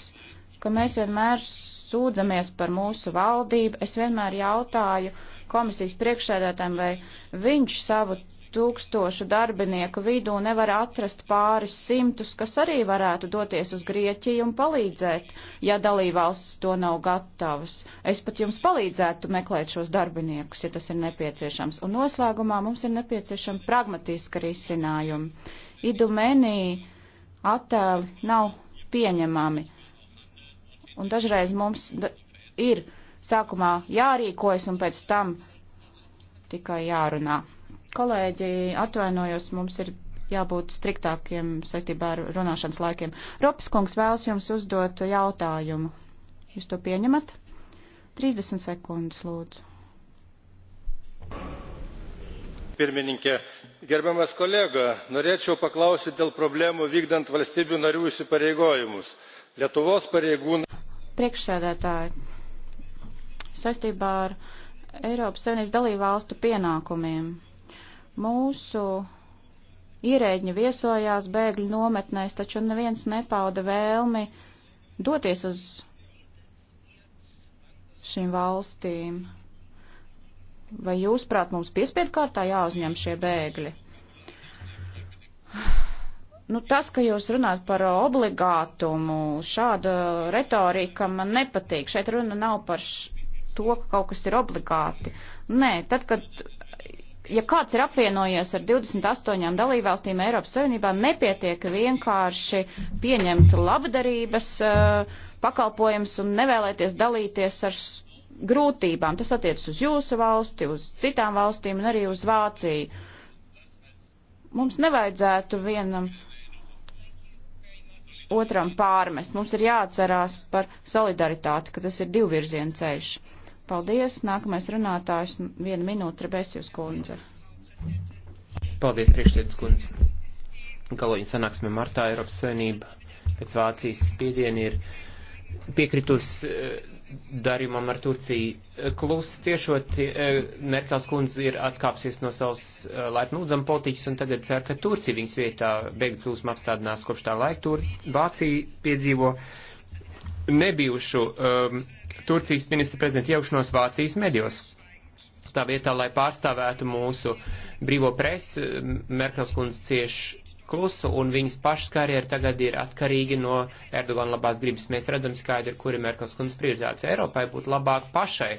ka mēs vienmēr sūdzamies par mūsu valdību. Es vienmēr jautāju komisijas priekšsēdētājiem, vai viņš savu tūkstošu darbinieku vidū nevar atrast pāris simtus, kas arī varētu doties uz Grieķiju un palīdzēt, ja dalībvalsts to nav gatavas. Es pat jums palīdzētu meklēt šos darbiniekus, ja tas ir nepieciešams. Un noslēgumā mums ir nepieciešama pragmatiska risinājuma. Idumēnija attēli nav pieņemami. Un dažreiz mums ir sākumā jārīkojas un pēc tam tikai jārunā. Kolēģi, atvainojos, mums ir jābūt striktākiem saistībā ar runāšanas laikiem. Ropas kungs vēlas jums uzdot jautājumu. Jūs to pieņemat? 30 sekundes, lūdzu gerbiamas kolega norėčiau paklausti dėl problemų vykdant valstybių narių įsipareigojimus. lietuvos pareigūnai. priekšsēdētāji saistībā ar Eiropas Savienības dalību valstu pienākumiem mūsu ierēģi viesojās bēgļu nometnēs, taču neviens nepauda vēlmi doties uz šīm valstīm. Vai jūs, prāt, mums piespiedu kārtā jāuzņem šie bēgļi? Nu, tas, ka jūs runājat par obligātumu, šāda retorika man nepatīk. Šeit runa nav par to, ka kaut kas ir obligāti. Nē, tad, kad, ja kāds ir apvienojies ar 28 dalībvalstīm Eiropas Savienībā, nepietiek vienkārši pieņemt labdarības uh, eh, pakalpojums un nevēlēties dalīties ar grūtībām. Tas attiecas uz jūsu valsti, uz citām valstīm un arī uz Vāciju. Mums nevajadzētu vienam otram pārmest. Mums ir jāatcerās par solidaritāti, ka tas ir divvirziena ceļš. Paldies. Nākamais runātājs viena minūte Rebesijas kundze. Paldies, priekšlietas kundze. Galoņa sanāksme martā Eiropas savienība pēc Vācijas spiediena ir piekritus. Uh, darījumam ar Turciju. Klusi ciešot, eh, Merkels kundze ir atkāpsies no savas eh, laipni lūdzama politikas un tagad cer, ka Turcija viņas vietā beigu plūsmu apstādinās kopš tā laika. Tur Vācija piedzīvo nebijušu um, Turcijas ministra prezidenta iejaukšanos Vācijas medijos. Tā vietā, lai pārstāvētu mūsu brīvo presi, Merkels kundze cieš klusu, un viņas pašas karjera tagad ir atkarīgi no Erdogana labās gribas. Mēs redzam skaidri, kuri Merkels kundas prioritātes Eiropai būtu labāk pašai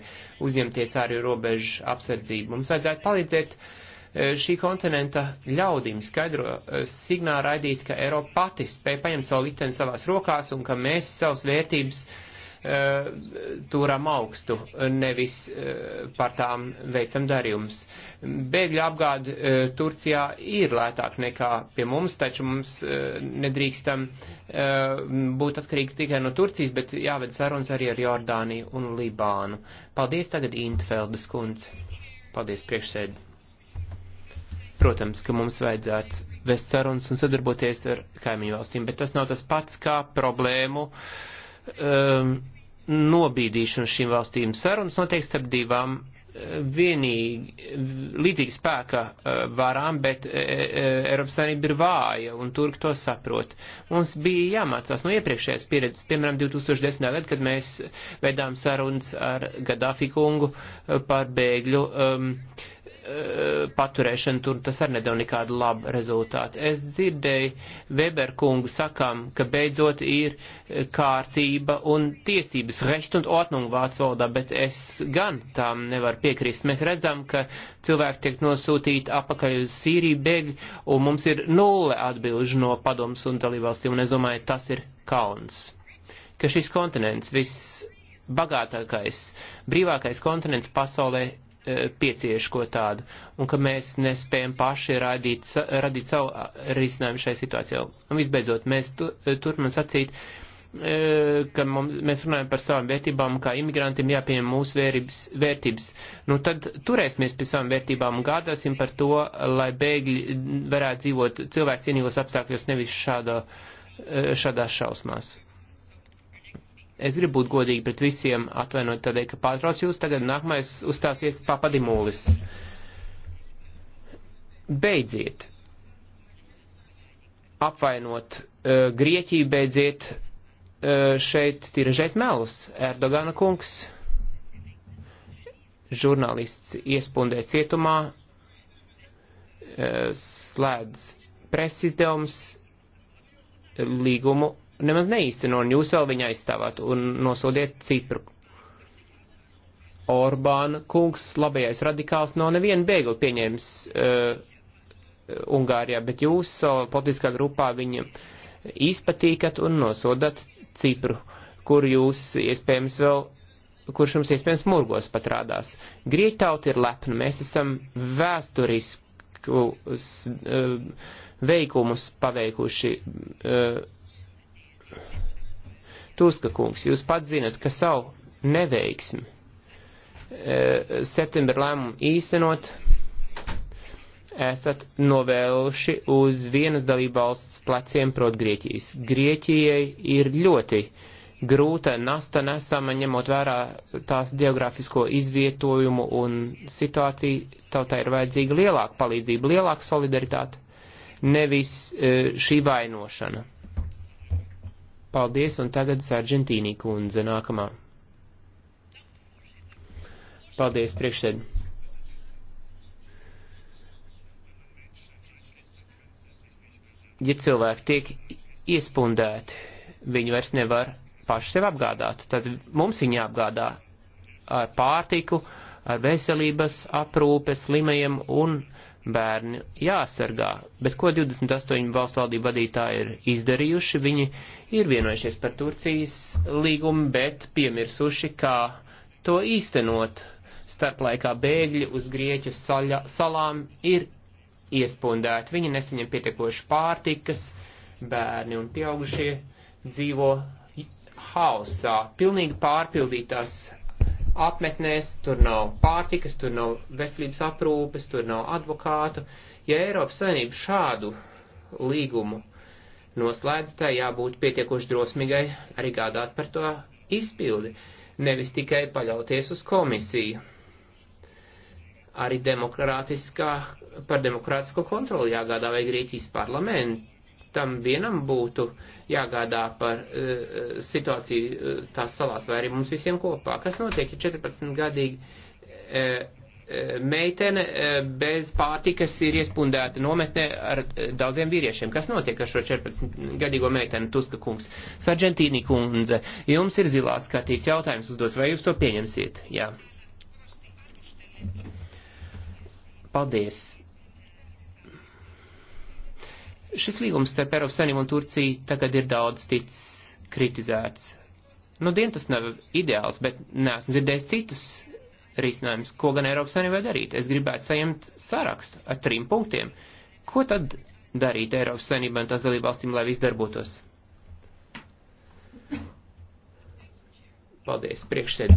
uzņemties arī robežu apsardzību. Mums vajadzētu palīdzēt e, šī kontinenta ļaudīm skaidro e, signālu raidīt, ka Eiropa pati spēja paņemt savu likteni savās rokās un ka mēs savas vērtības uh, Eh, turam augstu, nevis eh, par tām veicam darījumus. Bēgļu apgāde eh, Turcijā ir lētāk nekā pie mums, taču mums nedrīkstam būt atkarīgi tikai no Turcijas, bet jāved sarunas arī ar Jordāniju un Libānu. Paldies tagad Intfeldes kundze. Paldies priekšsēdi. Protams, ka mums vajadzētu vest sarunas un sadarboties ar kaimiņu valstīm, bet tas nav tas pats kā problēmu uh, um, nobīdīšanu šīm valstīm. Sarunas notiek starp divām uh, vienīgi līdzīgi spēka uh, varām, bet uh, Eiropas Savienība ir vāja un turki to saprot. Mums bija jāmācās no iepriekšējās pieredzes, piemēram, 2010. gada, kad mēs veidām sarunas ar Gaddafi kungu par bēgļu um, Eh, paturēšanu tur, tas arī nedod nekādu labu rezultātu. Es dzirdēju Weberkungu sakām, ka beidzot ir eh, kārtība un tiesības, recht un ordnung vācu valodā, bet es gan tām nevaru piekrist. Mēs redzam, ka cilvēki tiek nosūtīti apakaļ uz Sīriju bēgļi, un mums ir nulle atbilžu no padoms un dalībvalstīm, un es domāju, tas ir kauns. Ka šis kontinents, viss bagātākais, brīvākais kontinents pasaulē E, piecieš ko tādu, un ka mēs nespējam paši radīt, radīt savu risinājumu šai situācijai. Un visbeidzot, mēs tu, e, turpinam sacīt, e, ka mums, mēs runājam par savām vērtībām, kā imigrantiem jāpieņem mūsu vērības, vērtības. Nu tad turēsimies pie savām vērtībām un gādāsim par to, lai bēgļi varētu dzīvot cilvēku cienīgos apstākļos, nevis šādā, šādās šausmās. Es gribu būt godīgi pret visiem, atvainojot tādēļ, ka pārtrauc jūs tagad nākamais uzstāsies papadimūlis. Beidziet apvainot uh, Grieķiju, beidziet uh, šeit tiražēt melus. Erdogana kungs, žurnālists iespundē cietumā, uh, slēdz presizdevums, līgumu nemaz neīsteno, un jūs vēl viņu aizstāvāt un nosodiet Cipru. Orbāna kungs, labajais radikāls, nav no nevienu bēglu pieņēmis uh, Ungārijā, bet jūs savā politiskā grupā viņu izpatīkat un nosodat Cipru, kur jūs iespējams vēl kurš jums iespējams murgos patrādās. Grieķtauta ir lepna, mēs esam vēsturiskus uh, veikumus paveikuši. Uh, Tuska kungs, jūs pats zinat, ka savu neveiksmi e, septembra lēmumu īstenot esat novēluši uz vienas dalībvalsts pleciem, prot Grieķijas. Grieķijai ir ļoti grūta nasta nesama, ņemot vērā tās geogrāfisko izvietojumu un situāciju, tautai ir vajadzīga lielāka palīdzība, lielāka solidaritāte, nevis e, šī vainošana. Paldies, un tagad Sargentīnī kundze nākamā. Paldies, priekšsēd. Ja cilvēki tiek iespundēti, viņi vairs nevar paši sev apgādāt, tad mums viņi apgādā ar pārtiku, ar veselības aprūpes, slimajiem un uh, bērni jāsargā. Bet ko 28 valstu valdību vadītāji ir izdarījuši? Viņi ir vienojušies par Turcijas līgumu, bet piemirsuši, kā to īstenot. Starplaikā bēgļi uz Grieķu saļa, salām ir iespundēti. Viņi nesaņem pietiekoši pārtikas, bērni un pieaugušie dzīvo hausā, pilnīgi pārpildītās apmetnēs, tur nav pārtikas, tur nav veselības aprūpes, tur nav advokātu. Ja Eiropas Savienība šādu līgumu noslēdz, tai jābūt pietiekoši drosmīgai arī gādāt par to izpildi, nevis tikai paļauties uz komisiju. Arī demokrātiskā, par demokrātisko kontroli jāgādā vai Grieķijas parlamentu tam vienam būtu jāgādā par uh, situāciju uh, tās salās, vai arī mums visiem kopā. Kas notiek, ja 14-gadīgi uh, meitene bez pārtikas ir iespundēta nometnē ar daudziem vīriešiem. Kas notiek ar šo 14-gadīgo meiteni, Tuska kungs? Sargentīni kundze, jums ir zilās skatīts jautājums uzdots, vai jūs to pieņemsiet? Jā. Paldies. Šis līgums starp Eiropas Savienību un Turciju tagad ir daudz ticis kritizēts. Nu, dien tas nav ideāls, bet neesmu dzirdējis citus risinājumus, ko gan Eiropas Savienībai darīt. Es gribētu saņemt sarakstu ar trim punktiem. Ko tad darīt Eiropas Savienībai un tās dalībvalstīm, lai viss darbotos? Paldies, priekšsēd.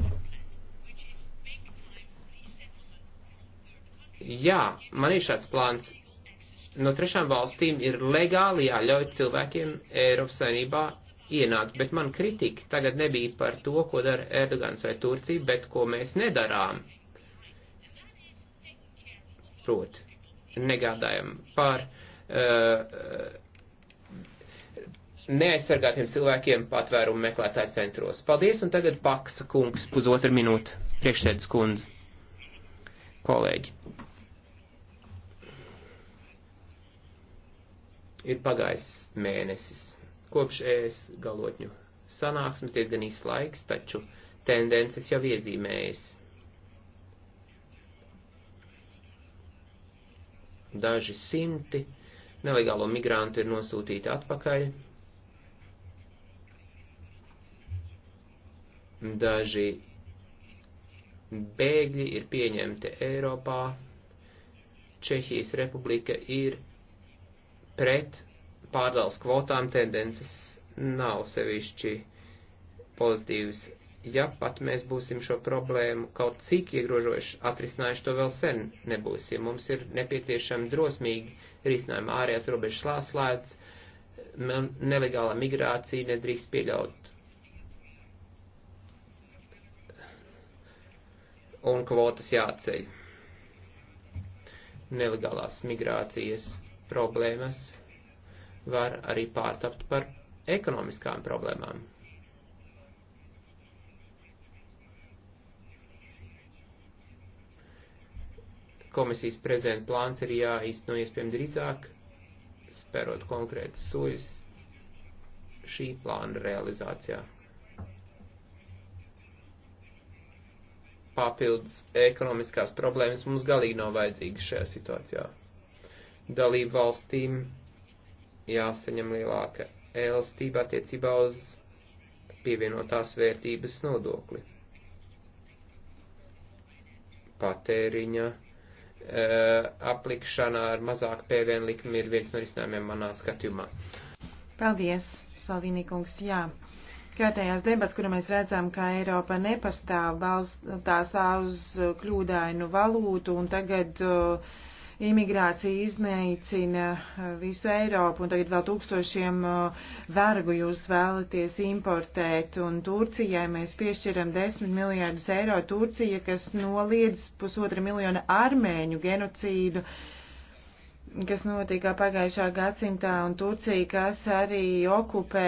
Jā, man ir šāds plāns no trešām valstīm ir legāli jāļauj cilvēkiem Eiropas saimnībā ienākt, bet man kritika tagad nebija par to, ko dara Erdogans vai Turcija, bet ko mēs nedarām. Prot, negādājam par uh, neaizsargātiem cilvēkiem patvērumu meklētāju centros. Paldies, un tagad Paksa kungs pusotru minūtu priekšsēdus kundze. Kolēģi. Ir pagājis mēnesis kopš ēs galotņu sanāksmes, diezgan īsts laiks, taču tendences jau iezīmējas. Daži simti nelegālo migrantu ir nosūtīti atpakaļ, daži bēgļi ir pieņemti Eiropā, Čehijas republika ir pret pārdales kvotām tendences nav sevišķi pozitīvas. Ja pat mēs būsim šo problēmu kaut cik iegrožojuši, atrisinājuši to vēl sen nebūsim. Mums ir nepieciešama drosmīgi risinājuma ārējās robežas lāslēdz, nelegālā migrācija nedrīkst pieļaut. Un kvotas jāceļ. Nelegālās migrācijas problēmas var arī pārtapt par ekonomiskām problēmām. Komisijas prezidenta plāns ir jāīsteno iespējami drīzāk, spērot konkrētas soļus šī plāna realizācijā. Papildus ekonomiskās problēmas mums galīgi nav vajadzīgas šajā situācijā dalību valstīm jāsaņem lielāka elastība attiecībā uz pievienotās vērtības nodokli. Patēriņa e, aplikšana ar mazāku PVN likmi ir viens no risinājumiem manā skatījumā. Paldies, Salvīnīkungs, jā. Kārtējās debats, kura mēs redzam, ka Eiropa nepastāv balstās uz kļūdainu valūtu un tagad uh, imigrācija iznīcina uh, visu Eiropu, un tagad vēl tūkstošiem uh, vergu jūs vēlaties importēt, un Turcijai mēs piešķiram 10 miljārdus eiro. Turcija, kas noliedz pusotra miljona armēņu genocīdu, kas notika pagājušā gadsimtā, un Turcija, kas arī okupē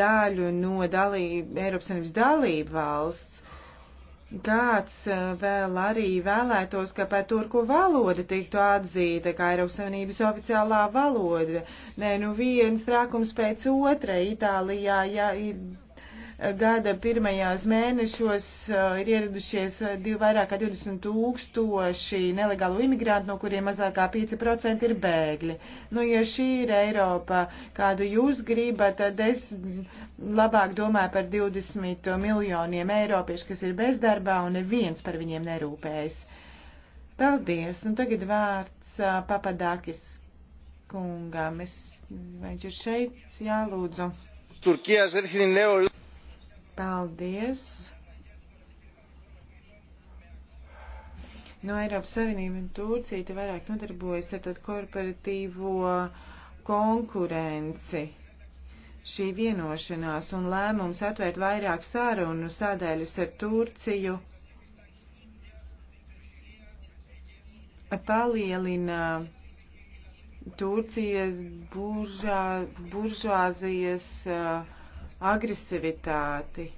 daļu no dalību, Eiropas Savienības dalību valsts Kāds eh, vēl arī vēlētos, ka pēc turku valoda tiktu atzīta kā Eiropas Savienības oficiālā valoda. Nē, nu viens trākums pēc otra Itālijā, ja gada pirmajās mēnešos uh, ir ieradušies uh, div, vairāk kā 20 tūkstoši nelegālu imigrantu, no kuriem mazāk kā 5% ir bēgļi. Nu, ja šī ir Eiropa, kādu jūs gribat, tad es labāk domāju par 20 miljoniem eiropiešu, kas ir bezdarbā un neviens par viņiem nerūpējas. Paldies, un tagad vārds uh, Papadākis kungam. Es, viņš ir šeit, jā, lūdzu. Turkijas ir neo. Paldies! No Eiropas Savienība un Turcija te vairāk nodarbojas ar tādu korporatīvo konkurenci. Šī vienošanās un lēmums atvērt vairāk sarunu sādēļus ar Turciju palielina Turcijas buržā, buržāzijas uh, agresivitāti.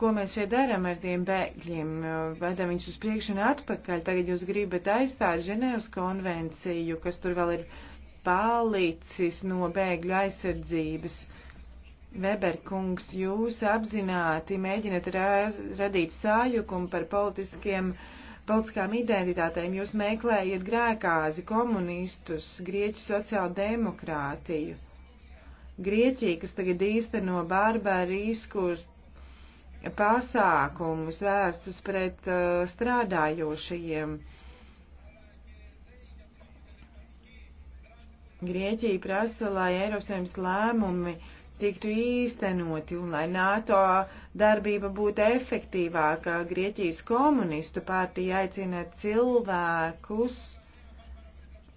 Ko mēs šeit darām ar tiem bēgļiem? Vedam viņus uz priekšu un atpakaļ. Tagad jūs gribat aizstāt Ženēvas konvenciju, kas tur vēl ir palicis no bēgļu aizsardzības. Weberkungs, jūs apzināti mēģinat ra radīt sājukumu par politiskiem, politiskām identitātēm. Jūs meklējat grēkāzi, komunistus, grieķu sociāldemokrātiju. Grieķija, kas tagad īsteno barbārīskus pasākumus vērstus pret uh, strādājošajiem. Grieķija prasa, lai Eiropas Savienības lēmumi tiktu īstenoti un lai NATO darbība būtu efektīvāka. Grieķijas komunistu partija aicina cilvēkus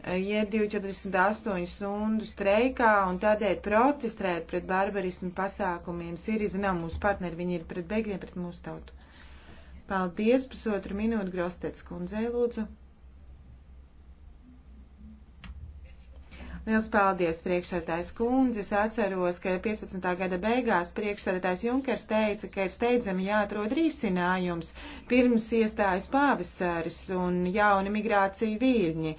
iet 248 stundu streikā un tādēļ protestēt pret barbarismu pasākumiem. Sīriza nav mūsu partneri, viņi ir pret bēgļiem, pret mūsu tautu. Paldies, pusotru minūtu, Grostets kundzei, lūdzu. Liels paldies, priekšsēdētājs kundze. Es atceros, ka 15. gada beigās priekšsēdētājs Junkers teica, ka ir steidzami jāatrod risinājums pirms iestājas pavasaris un jauni migrācija vīrņi.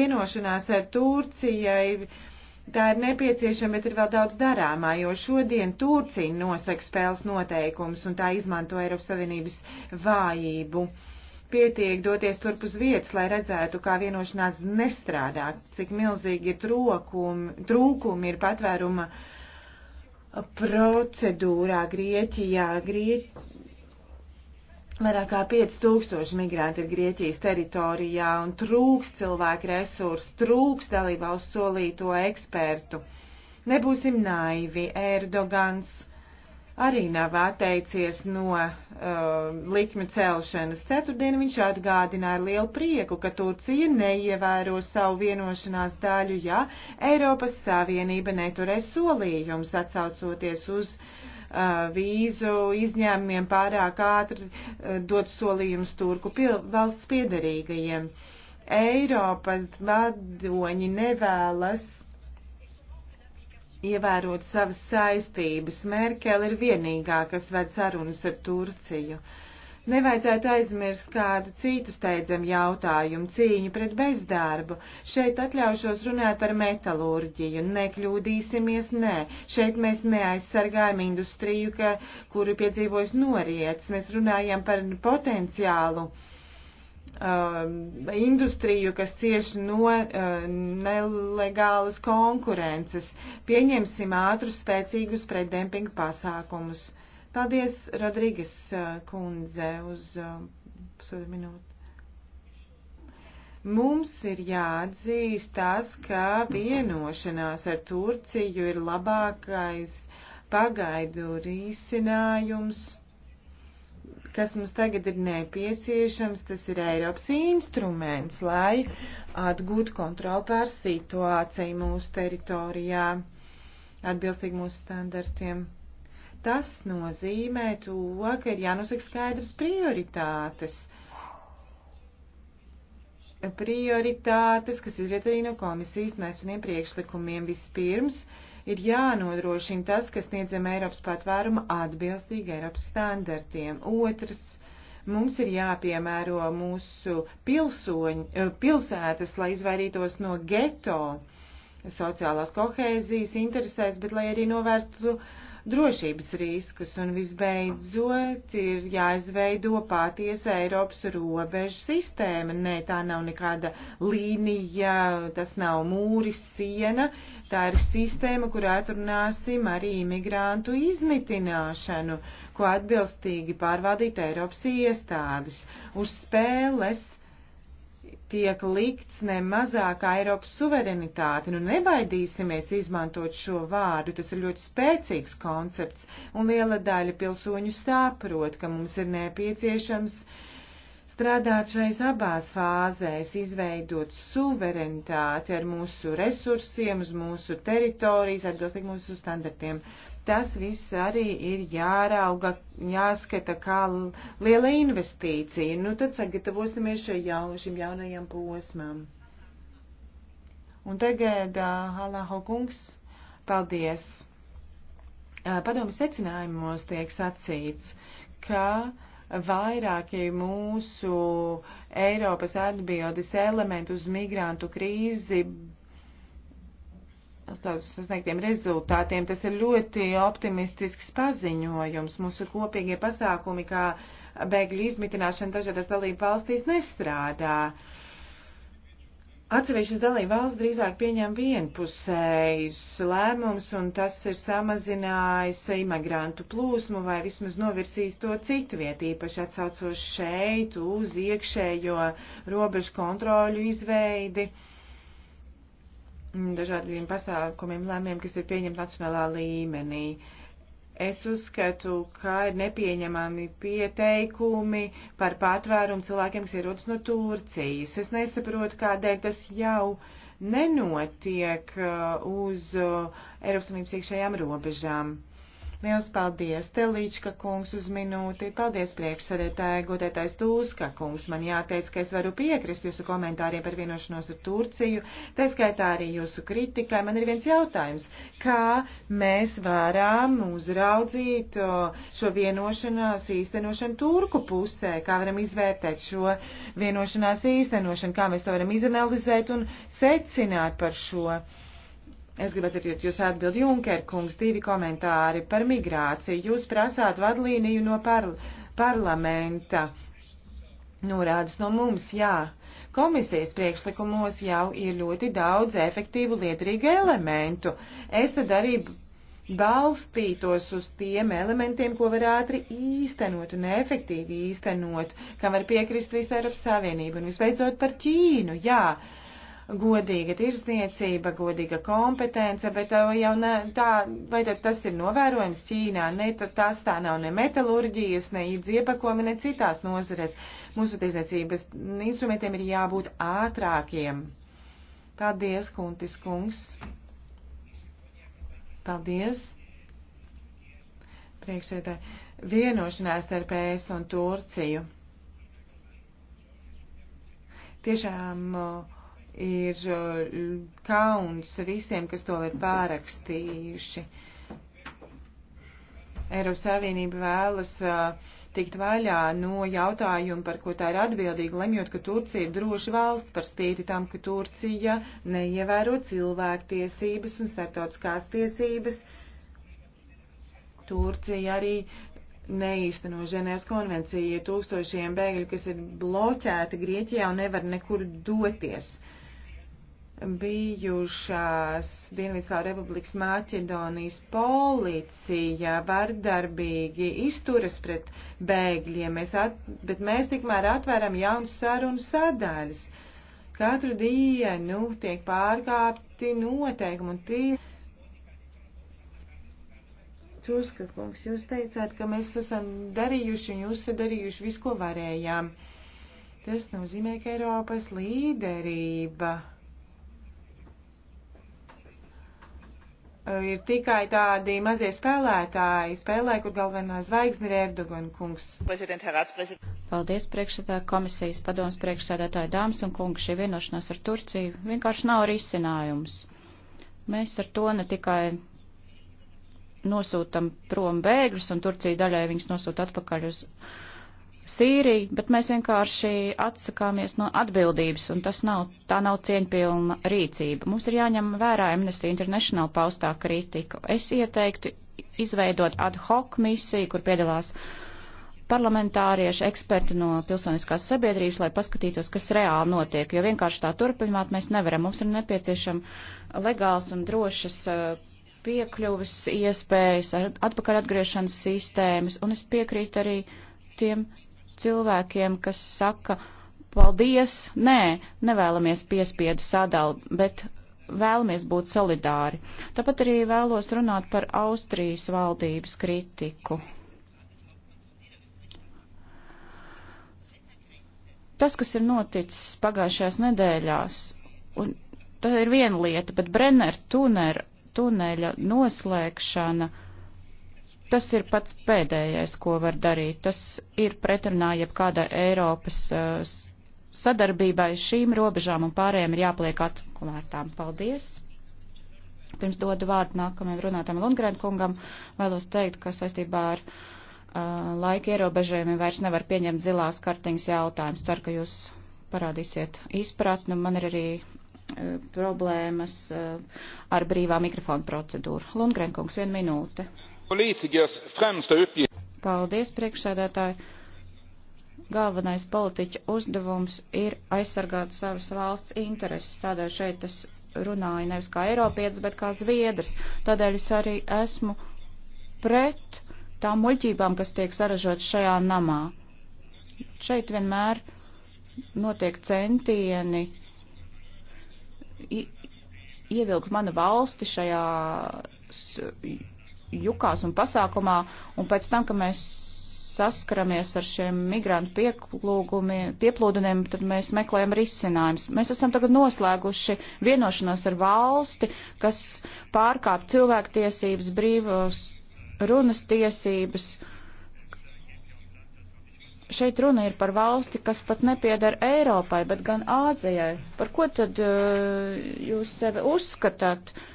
Vienošanās ar Turcijai. Tā ir nepieciešama, bet ir vēl daudz darāmā, jo šodien Turcija nosaka spēles noteikumus un tā izmanto Eiropas Savienības vājību. Uh, pietiek doties turp uz vietas, lai redzētu, kā vienošanās nestrādā, cik milzīgi trūkumi, trūkumi ir patvēruma procedūrā Grieķijā. Grie... Vairāk kā 5000 migranti ir Grieķijas teritorijā un trūks cilvēku resursu, trūks dalībvalsts solīto ekspertu. Nebūsim naivi, Erdogans arī nav atteicies no uh, likmju celšanas. Ceturtdien viņš atgādināja ar lielu prieku, ka Turcija neievēro savu vienošanās daļu, ja Eiropas Savienība neturēs solījums atsaucoties uz uh, vīzu izņēmumiem pārāk ātri uh, dot solījums turku pil, valsts piedarīgajiem. Eiropas vadoņi nevēlas ievērot savas saistības. Merkele ir vienīgā, kas ved sarunas ar Turciju. Nevajadzētu aizmirst kādu citu steidzamu jautājumu - cīņu pret bezdarbu. Šeit atļaušos runāt par metalurģiju. Nekļūdīsimies, nē. Šeit mēs neaizsargājam industriju, ka, kuru piedzīvojas noriets. Mēs runājam par potenciālu uh, Um, industriju, kas cieš no uh, nelegālas konkurences. Pieņemsim ātrus, spēcīgus pretdempinga pasākumus. Paldies, Rodrīgas uh, kundze, uz uh, pusotru minūti. Mums ir jāatzīst tas, ka vienošanās ar Turciju ir labākais pagaidu risinājums kas mums tagad ir nepieciešams, tas ir Eiropas instruments, lai atgūtu kontroli pār situāciju mūsu teritorijā, atbilstīgi mūsu standartiem. Tas nozīmē to, ka ir jānosaka skaidrs prioritātes prioritātes, kas izriet arī no komisijas neseniem priekšlikumiem. Vispirms ir jānodrošina tas, kas sniedzam Eiropas patvēruma atbilstīgi Eiropas standartiem. Otrs, mums ir jāpiemēro mūsu pilsoņi, eh, pilsētas, lai izvairītos no geto sociālās kohēzijas interesēs, bet lai arī novērstu uh, drošības riskus. Un visbeidzot ir jāizveido patiesa Eiropas robežu sistēma. Nē, tā nav nekāda līnija, tas nav mūris, siena. Tā ir sistēma, kurā atrunāsim arī imigrantu izmitināšanu, ko atbilstīgi pārvaldīt Eiropas iestādes. Uz spēles tiek likts ne mazākā Eiropas suverenitāte. Nu, nebaidīsimies izmantot šo vārdu, tas ir ļoti spēcīgs koncepts, un liela daļa pilsoņu saprot, ka mums ir nepieciešams strādāt šais abās fāzēs, izveidot suverenitāti ar mūsu resursiem, uz mūsu teritorijas, atbilstīgi mūsu standartiem. Uh, Tas viss arī ir jārauga, jāskata kā liela investīcija. Nu, tad sagatavosimies jau, šim jaunajam posmam. Un tagad, uh, Alāho kungs, paldies. Uh, padomu secinājumos tiek sacīts, ka vairākie mūsu Eiropas atbildes elementi uz migrantu krīzi sasniegtiem rezultātiem. Tas ir ļoti optimistisks paziņojums. Mūsu kopīgie pasākumi, kā bēgļu izmitināšana dažādās dalību valstīs, nestrādā. Atsevišķas dalība valsts drīzāk pieņem vienpusējus lēmumus, un tas ir samazinājis imigrantu plūsmu vai vismaz novirsīs to citu vietu, īpaši atsaucos šeit uz iekšējo robežu kontroļu izveidi. Uh, dažādiem pasākumiem, lēmiem, kas ir pieņemti nacionālā līmenī. Es uzskatu, ka ir nepieņemami pieteikumi par patvērumu cilvēkiem, kas ierodas no Turcijas. Es nesaprotu, kādēļ tas jau nenotiek uh, uz uh, Eiropas Unības iekšējām robežām. Liels paldies, Telīčka kungs, uz minūti. Paldies priekšsēdētāji, godētais Tūska kungs. Man jāteic, ka es varu piekrist jūsu komentāriem par vienošanos ar Turciju. Tā skaitā arī jūsu kritikai. Man ir viens jautājums. Kā mēs varam uzraudzīt šo vienošanās īstenošanu Turku pusē? Kā varam izvērtēt šo vienošanās īstenošanu? Kā mēs to varam izanalizēt un secināt par šo? Es gribētu dzirdēt jūs atbildi Junker kungs, divi komentāri par migrāciju. Jūs prasāt vadlīniju no par parlamenta. Norādes no mums, jā. Komisijas priekšlikumos jau ir ļoti daudz efektīvu lietrīgu elementu. Es tad arī balstītos uz tiem elementiem, ko var ātri īstenot un efektīvi īstenot, kam var piekrist visai Eiropas Savienība. Un visbeidzot par Ķīnu, jā. Uh, godīga tirsniecība, godīga kompetence, bet uh, jau ne, tā, vai tad tas ir novērojams Ķīnā? Ne, tad tas tā nav ne metalurģijas, ne dziepakojumi, ne citās nozares. Mūsu tirsniecības instrumentiem ir jābūt ātrākiem. Paldies, Kuntis kungs. Paldies. Priekšsēdētāji. Vienošanās starp ES un Turciju. Tiešām uh, ir eh, kauns visiem, kas to ir pārakstījuši. Eiropas Savienība vēlas eh, tikt vaļā no jautājuma, par ko tā ir atbildīga, lemjot, ka Turcija ir droša valsts par spīti tam, ka Turcija neievēro cilvēktiesības un starptautiskās tiesības. Turcija arī neīsteno Ženēvas konvenciju, ir tūkstošiem bēgļu, kas ir bloķēti Grieķijā un nevar nekur doties. Uh, bijušās Dienvidslā republikas Maķedonijas policija vardarbīgi izturas pret bēgļiem, mēs at, bet mēs tikmēr atveram jaunas sarunas sadaļas. Katru dienu tiek pārkāpti noteikumi un tīri. Čuska kungs, jūs teicāt, ka mēs esam darījuši un jūs esat darījuši visu, ko varējām. Tas nozīmē, ka Eiropas līderība ir tikai tādi mazie spēlētāji, spēlē, kur galvenā zvaigzne ir Erdogan kungs. Paldies, priekšsēdā komisijas padoms priekšsēdētāji dāmas un kungi, šī vienošanās ar Turciju vienkārši nav risinājums. Mēs ar to ne tikai nosūtam prom bēgļus, un Turcija daļai viņus nosūta atpakaļ uz Sīriju, bet mēs vienkārši atsakāmies no atbildības, un tas nav, tā nav cieņpilna rīcība. Mums ir jāņem vērā Amnesty International paustā kritika. Es ieteiktu izveidot ad hoc misiju, kur piedalās parlamentārieši, eksperti no pilsoniskās sabiedrības, lai paskatītos, kas reāli notiek, jo vienkārši tā turpināt mēs nevaram. Mums ir nepieciešama legāls un drošas uh, piekļuvis iespējas, atpakaļ atgriešanas sistēmas, un es piekrītu arī tiem cilvēkiem, kas saka, paldies, nē, nevēlamies piespiedu sadalu, bet vēlamies būt solidāri. Tāpat arī vēlos runāt par Austrijas valdības kritiku. Tas, kas ir noticis pagājušajās nedēļās, un tā ir viena lieta, bet Brenner tuner, tuneļa noslēgšana – Tas ir pats pēdējais, ko var darīt. Tas ir pretrunā jebkādai Eiropas uh, sadarbībai šīm robežām un pārējiem ir jāpliek atklātām. Paldies! Pirms dodu vārdu nākamajam runātājam Lundgren kungam, vēlos teikt, ka saistībā ar uh, laika ierobežojumiem vairs nevar pieņemt zilās kartiņas jautājumus. Ceru, ka jūs parādīsiet izpratni. Man ir arī uh, problēmas uh, ar brīvā mikrofona procedūru. Lundgren kungs, viena minūte politikers fremsta uppgift. Paldies, priekšsēdētāji. Galvenais politiķa uzdevums ir aizsargāt savas valsts intereses. Tādēļ šeit es runāju nevis kā Eiropietis, bet kā Zviedrs. Tādēļ es arī esmu pret tām muļķībām, kas tiek saražotas šajā namā. Šeit vienmēr notiek centieni ievilkt manu valsti šajā jukās un pasākumā, un pēc tam, ka mēs saskaramies ar šiem migrantu pieplūdumiem, tad mēs meklējam risinājumus. Mēs esam tagad noslēguši vienošanos ar valsti, kas pārkāp cilvēktiesības, brīvos runas tiesības. Šeit runa ir par valsti, kas pat nepiedara Eiropai, bet gan Āzijai. Par ko tad uh, jūs sevi uzskatāt? Uh,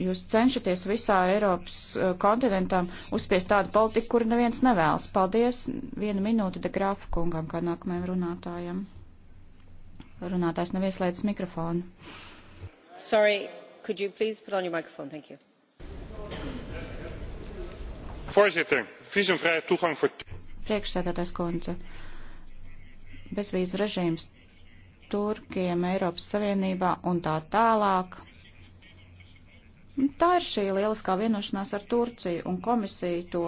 jūs cenšaties visā Eiropas eh, kontinentam uzspiest tādu politiku, kur neviens nevēlas. Paldies. Viena minūte de Grāfa kungam, kā nākamajam runātājam. Runātājs nav ieslēdzis mikrofonu. Sorry, could you please put on your microphone? Thank you. Voorzitter, visumvrije toegang voor. Priekšsēdētājs kundze. Bezvīzu režīms Turkiem Eiropas Savienībā un tā tālāk Tā ir šī lieliskā vienošanās ar Turciju, un komisija to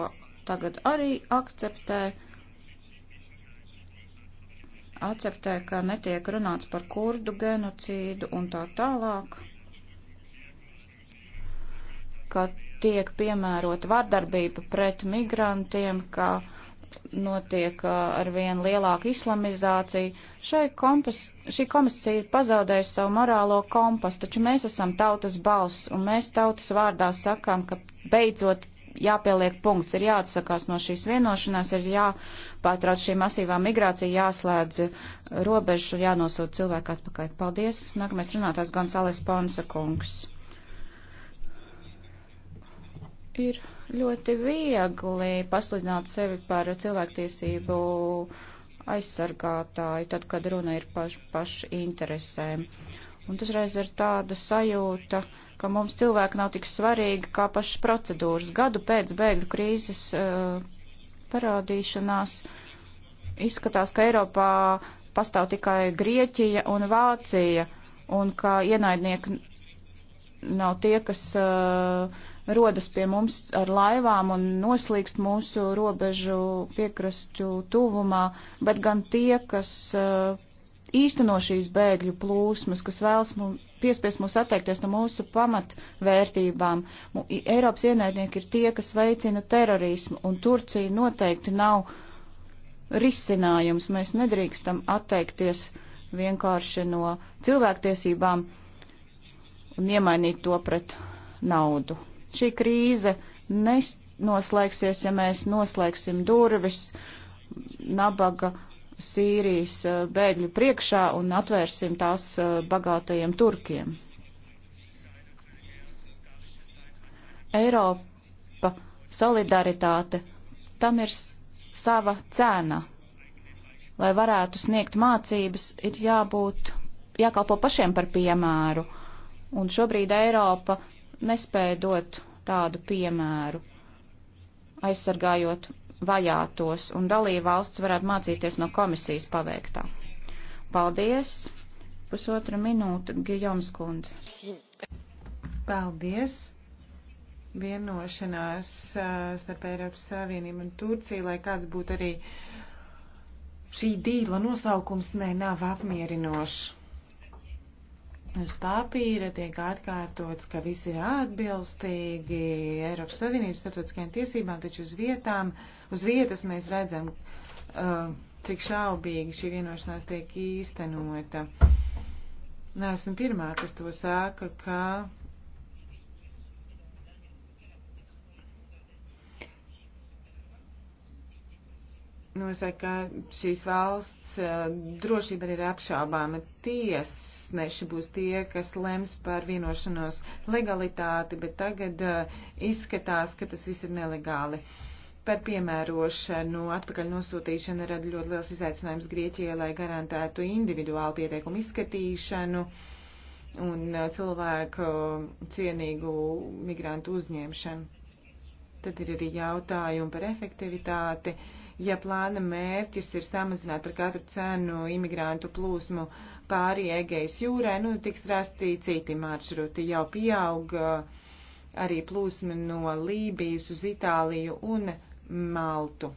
tagad arī akceptē. Akceptē, ka netiek runāts par kurdu genocīdu un tā tālāk, ka tiek piemērota vardarbība pret migrantiem, ka notiek uh, ar vien lielāku islamizāciju. Šai kompas, šī komisija ir pazaudējusi savu morālo kompasu, taču mēs esam tautas balss, un mēs tautas vārdā sakām, ka beidzot jāpieliek punkts, ir jāatsakās no šīs vienošanās, ir jāpārtrauc šī masīvā migrācija, jāslēdz robežu, jānosūt cilvēku atpakaļ. Paldies. Nākamais runātājs Gonzales Ponsa kungs. Ir ļoti viegli pasludināt sevi par cilvēktiesību aizsargātāju, tad, kad runa ir par pašu interesēm. Un dažreiz ir tāda sajūta, ka mums cilvēki nav tik svarīgi kā pašas procedūras. Gadu pēc bēgļu krīzes uh, parādīšanās izskatās, ka Eiropā pastāv tikai Grieķija un Vācija, un ka ienaidnieki nav tie, kas uh, rodas pie mums ar laivām un noslīkst mūsu robežu piekrastu tuvumā, bet gan tie, kas uh, īsteno šīs bēgļu plūsmas, kas vēlas mums piespies mūs atteikties no mūsu pamatvērtībām. Eiropas ienaidnieki ir tie, kas veicina terorismu, un Turcija noteikti nav risinājums. Mēs nedrīkstam atteikties vienkārši no cilvēktiesībām un iemainīt to pret naudu. Šī krīze noslēgsies, ja mēs noslēgsim durvis nabaga Sīrijas eh, bēgļu priekšā un atvērsim tās eh, bagātajiem turkiem. Eiropa, solidaritāte, tam ir sava cena. Lai varētu sniegt mācības, ir jābūt, jākalpo pašiem par piemēru. Un šobrīd Eiropa nespēja dot tādu piemēru, aizsargājot vajātos, un dalība valsts varētu mācīties no komisijas paveiktā. Paldies! Pusotra minūte, Gijoms kundze. Paldies! Vienošanās starp Eiropas Savienību un Turciju, lai kāds būtu arī šī dīla nosaukums, ne, nav apmierinošs uz papīra tiek atkārtots, ka visi ir atbilstīgi Eiropas Savienības starptautiskajām tiesībām, taču uz vietām, uz vietas mēs redzam, uh, cik šaubīgi šī vienošanās tiek īstenota. Nē, esmu pirmā, kas to saka, ka nosaka, ka šīs valsts eh, drošība arī ir apšaubāma. Tiesneši būs tie, kas lems par vienošanos legalitāti, bet tagad eh, izskatās, ka tas viss ir nelegāli. Par piemērošanu atpakaļ nosūtīšana rada ļoti liels izaicinājums Grieķijai, lai garantētu individuālu pieteikumu izskatīšanu un eh, cilvēku cienīgu migrantu uzņemšanu. Tad ir arī jautājumi par efektivitāti. Uh, ja plāna mērķis ir samazināt par katru cenu imigrantu plūsmu pāri Egejas jūrai, nu tiks rasti citi maršruti. Jau pieauga arī plūsma no Lībijas uz Itāliju un Maltu.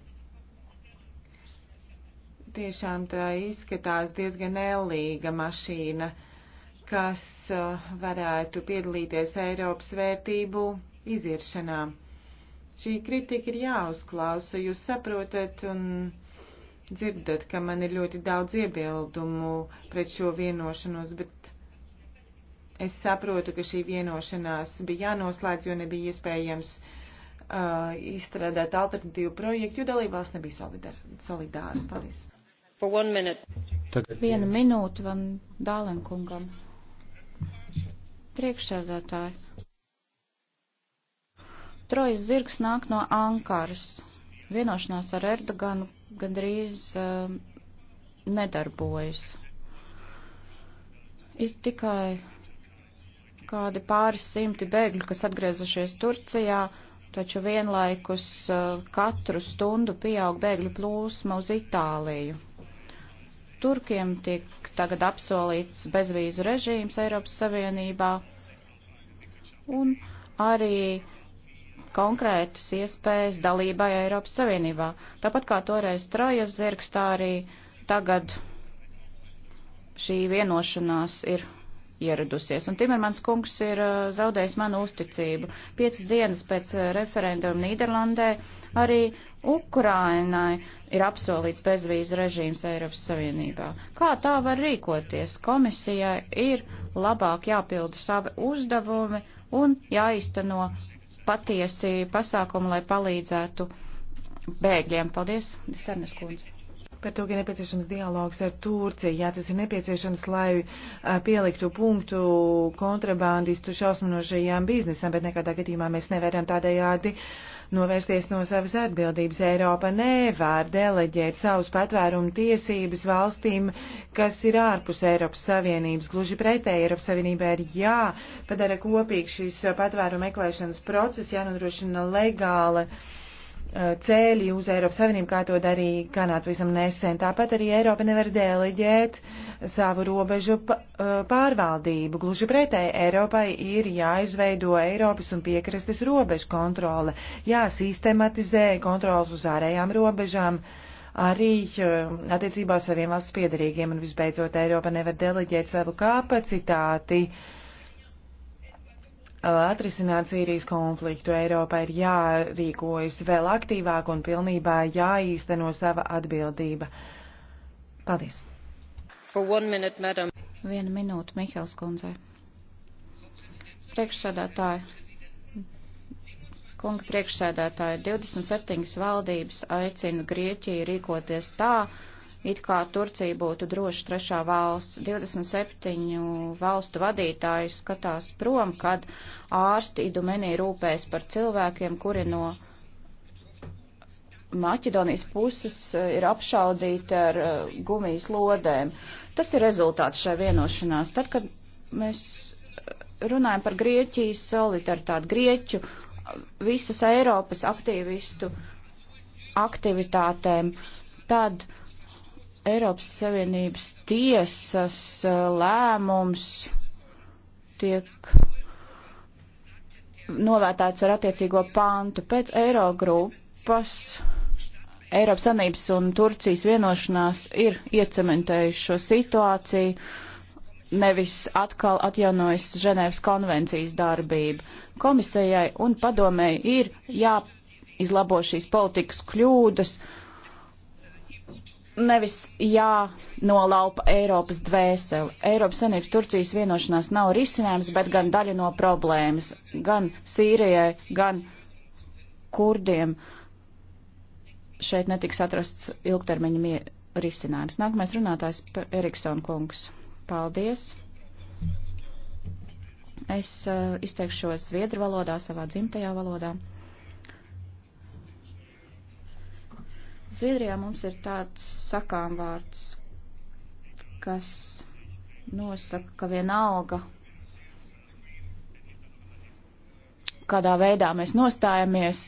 Tiešām tā izskatās diezgan ellīga mašīna, kas uh, varētu piedalīties Eiropas vērtību iziršanā. Šī kritika ir jāuzklausa, jūs saprotat un dzirdat, ka man ir ļoti daudz iebildumu pret šo vienošanos, bet es saprotu, ka šī vienošanās bija jānoslēdz, jo nebija iespējams uh, izstrādāt alternatīvu projektu, jo dalībās nebija solidar, solidāras. Paldies. Tagad... Viena minūte Van Dālenkungam. Priekšsēdētāji. Trojas zirgs nāk no Ankaras. Vienošanās ar Erdoganu gandrīz uh, nedarbojas. Ir tikai kādi pāris simti bēgļu, kas atgriezušies Turcijā, taču vienlaikus uh, katru stundu pieaug bēgļu plūsma uz Itāliju. Turkiem tiek tagad apsolīts bezvīzu režīms Eiropas Savienībā un arī uh, konkrētas iespējas dalībai Eiropas Savienībā. Tāpat kā toreiz Trojas zirgs, tā arī tagad šī vienošanās ir ieradusies. Un Timermans kungs ir uh, zaudējis manu uzticību. Piecas dienas pēc uh, referenduma Nīderlandē arī Ukrainai ir apsolīts bezvīzu režīms Eiropas Savienībā. Kā tā var rīkoties? Komisijai ir labāk jāpilda savi uzdevumi un jāizteno patiesi pasākumi, lai palīdzētu bēgļiem. Paldies, Sarnes kundze. Par to, ka nepieciešams dialogs ar Turciju, jā, tas ir nepieciešams, lai a, pieliktu punktu kontrabandistu šausminošajām biznesam, bet nekādā gadījumā mēs nevaram tādējādi uh, novērsties no savas atbildības. Eiropa nevar deleģēt savus patvērumu tiesības valstīm, kas ir ārpus Eiropas Savienības. Gluži pretēji Eiropas Savienībai ir jāpadara kopīgi šis patvērumu meklēšanas process, jānodrošina legāli. Uh, Eh, ceļi uz Eiropas Savienību, kā to darīja Kanāda visam nesen. Tāpat arī Eiropa nevar deleģēt savu robežu eh, pārvaldību. Gluži pretēji, Eiropai ir jāizveido Eiropas un piekrastes robežu kontrole, jāsistematizē kontrols uz ārējām robežām, arī eh, attiecībā uz saviem valsts piedarīgiem, un visbeidzot, Eiropa nevar deleģēt savu kapacitāti uh, atrisināt Sīrijas konfliktu. Eiropā ir jārīkojas vēl aktīvāk un pilnībā jāīsteno sava atbildība. Paldies. Minute, madam. Viena minūte, Mihels kundzei. Priekšsēdētāji, kunga priekšsēdētāji, 27 valdības aicina Grieķiju rīkoties tā, it kā Turcija būtu droša trešā valsts. 27 valstu vadītāji skatās prom, kad ārsti idumenī rūpēs par cilvēkiem, kuri no Maķedonijas puses e, ir apšaudīti ar e, gumijas lodēm. Tas ir rezultāts šai vienošanās. Tad, kad mēs runājam par Grieķijas solidaritāti, Grieķu visas Eiropas aktīvistu aktivitātēm, tad uh, Eiropas Savienības tiesas eh, lēmums tiek novērtēts ar attiecīgo pāntu pēc Eirogrupas. Eiropas Sanības un Turcijas vienošanās ir iecementējuši šo situāciju, nevis atkal atjaunojas Ženēvas konvencijas darbība. Komisējai un padomēji ir jāizlabo šīs politikas kļūdas, uh, nevis jānolaupa Eiropas dvēseli. Eiropas Sanības Turcijas vienošanās nav risinājums, bet gan daļa no problēmas gan Sīrijai, gan kurdiem. Šeit netiks atrasts ilgtermiņa risinājums. Nākamais runātājs Eriksona kungs. Paldies. Es uh, izteikšos zviedru valodā, savā dzimtajā valodā. Zviedrijā mums ir tāds sakāmvārds, kas nosaka, ka vienalga, kādā veidā mēs nostājamies,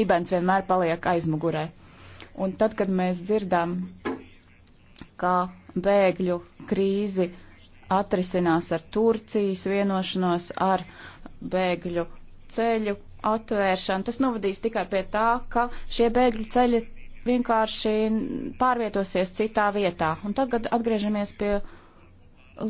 dibens vienmēr paliek aizmugurē. Un tad, kad mēs dzirdam, ka bēgļu krīzi atrisinās ar Turcijas vienošanos, ar bēgļu ceļu atvēršanu. Tas novadīs tikai pie tā, ka šie bēgļu ceļi vienkārši pārvietosies citā vietā. Un tagad atgriežamies pie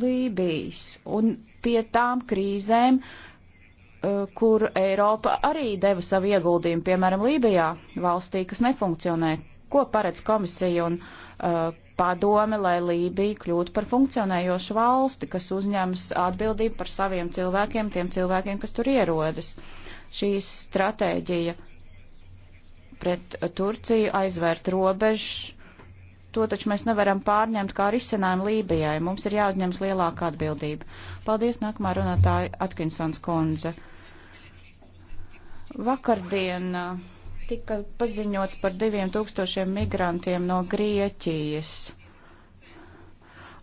Lībijas un pie tām krīzēm, eh, kur Eiropa arī deva savu ieguldījumu, piemēram, Lībijā, valstī, kas nefunkcionē. Ko paredz komisija un uh, padome, lai Lībija kļūtu par funkcionējošu valsti, kas uzņems atbildību par saviem cilvēkiem, tiem cilvēkiem, kas tur ierodas? Uh, šī stratēģija pret Turciju aizvērt robežu. To taču mēs nevaram pārņemt kā risinājumu Lībijai. Mums ir jāuzņems lielāka atbildība. Paldies, nākamā runātāja Atkinsons kundze. Vakardien uh, tika paziņots par diviem tūkstošiem migrantiem no Grieķijas.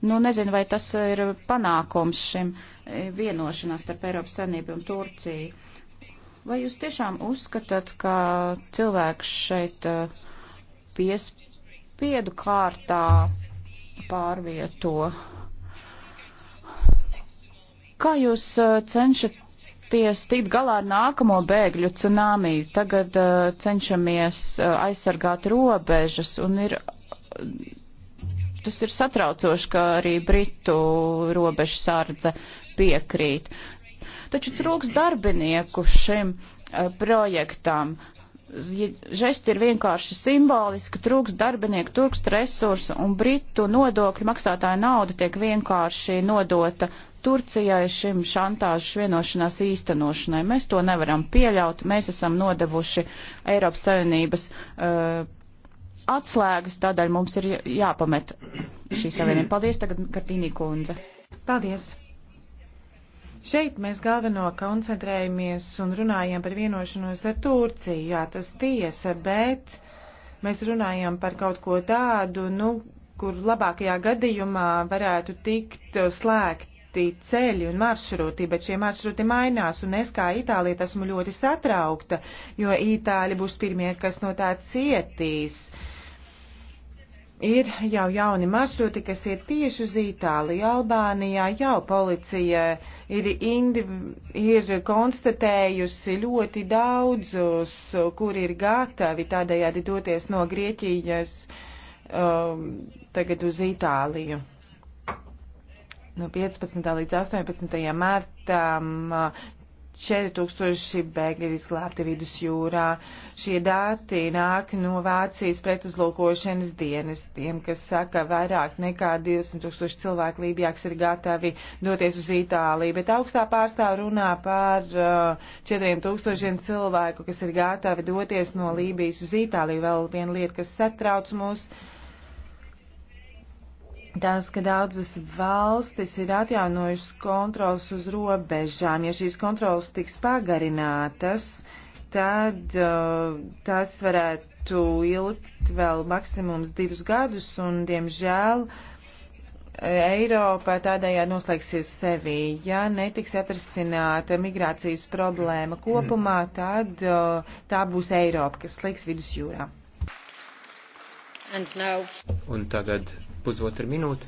Nu, nezinu, vai tas ir panākums šim eh, vienošanās starp Eiropas Sanību un Turciju Vai jūs tiešām uzskatāt, ka cilvēks šeit eh, piespiedu kārtā pārvieto? Kā jūs eh, cenšaties tikt galā ar nākamo bēgļu cunāmī? Tagad eh, cenšamies aizsargāt robežas un ir tas ir satraucoši, ka arī Britu robežsardze piekrīt taču trūks darbinieku šim uh, projektam. Žesti ir vienkārši simboliski, trūks darbinieku, trūks resursu un Britu nodokļu maksātāja nauda tiek vienkārši nodota Turcijai šim šantāžu vienošanās īstenošanai. Mēs to nevaram pieļaut, mēs esam nodevuši Eiropas Savienības uh, atslēgas, tādēļ mums ir jāpamet šī savienība. Paldies tagad, Kartīnī kundze. Paldies. Šeit mēs galveno koncentrējamies un runājam par vienošanos ar Turciju, jā, tas tiesa, bet mēs runājam par kaut ko tādu, nu, kur labākajā gadījumā varētu tikt slēgt citi ceļi un maršruti, bet šie maršruti mainās, un es kā Itālija esmu ļoti satraukta, jo Itāļi būs pirmie, kas no tā cietīs. Uh, ir jau jauni maršruti, kas ir tieši uz Itāliju, Albānijā. Jau policija ir, indi, ir konstatējusi ļoti daudzus, kuri ir gatavi tādējādi doties no Grieķijas um, tagad uz Itāliju. No 15. līdz 18. martam 4000 bēgļi ir izglābti vidusjūrā. Šie dati nāk no Vācijas pretuzlūkošanas dienestiem, kas saka, vairāk nekā 200 tūkstoši cilvēku Lībijāks ir gatavi doties uz Itāliju, bet augstā pārstāv runā par uh, 4000 cilvēku, kas ir gatavi doties no Lībijas uz Itāliju. Vēl viena lieta, kas satrauc mūs. Uh, Tās, ka daudzas valstis ir atjaunojušas kontrols uz robežām, ja šīs kontrols tiks pagarinātas, tad uh, tas varētu ilgt vēl maksimums divus gadus, un, diemžēl, Eiropā tādējādi noslēgsies sevi. Ja netiks atrasināta migrācijas problēma kopumā, mm. tad uh, tā būs Eiropa, kas slīgs vidusjūrā. Now... Un tagad pusotru minūti.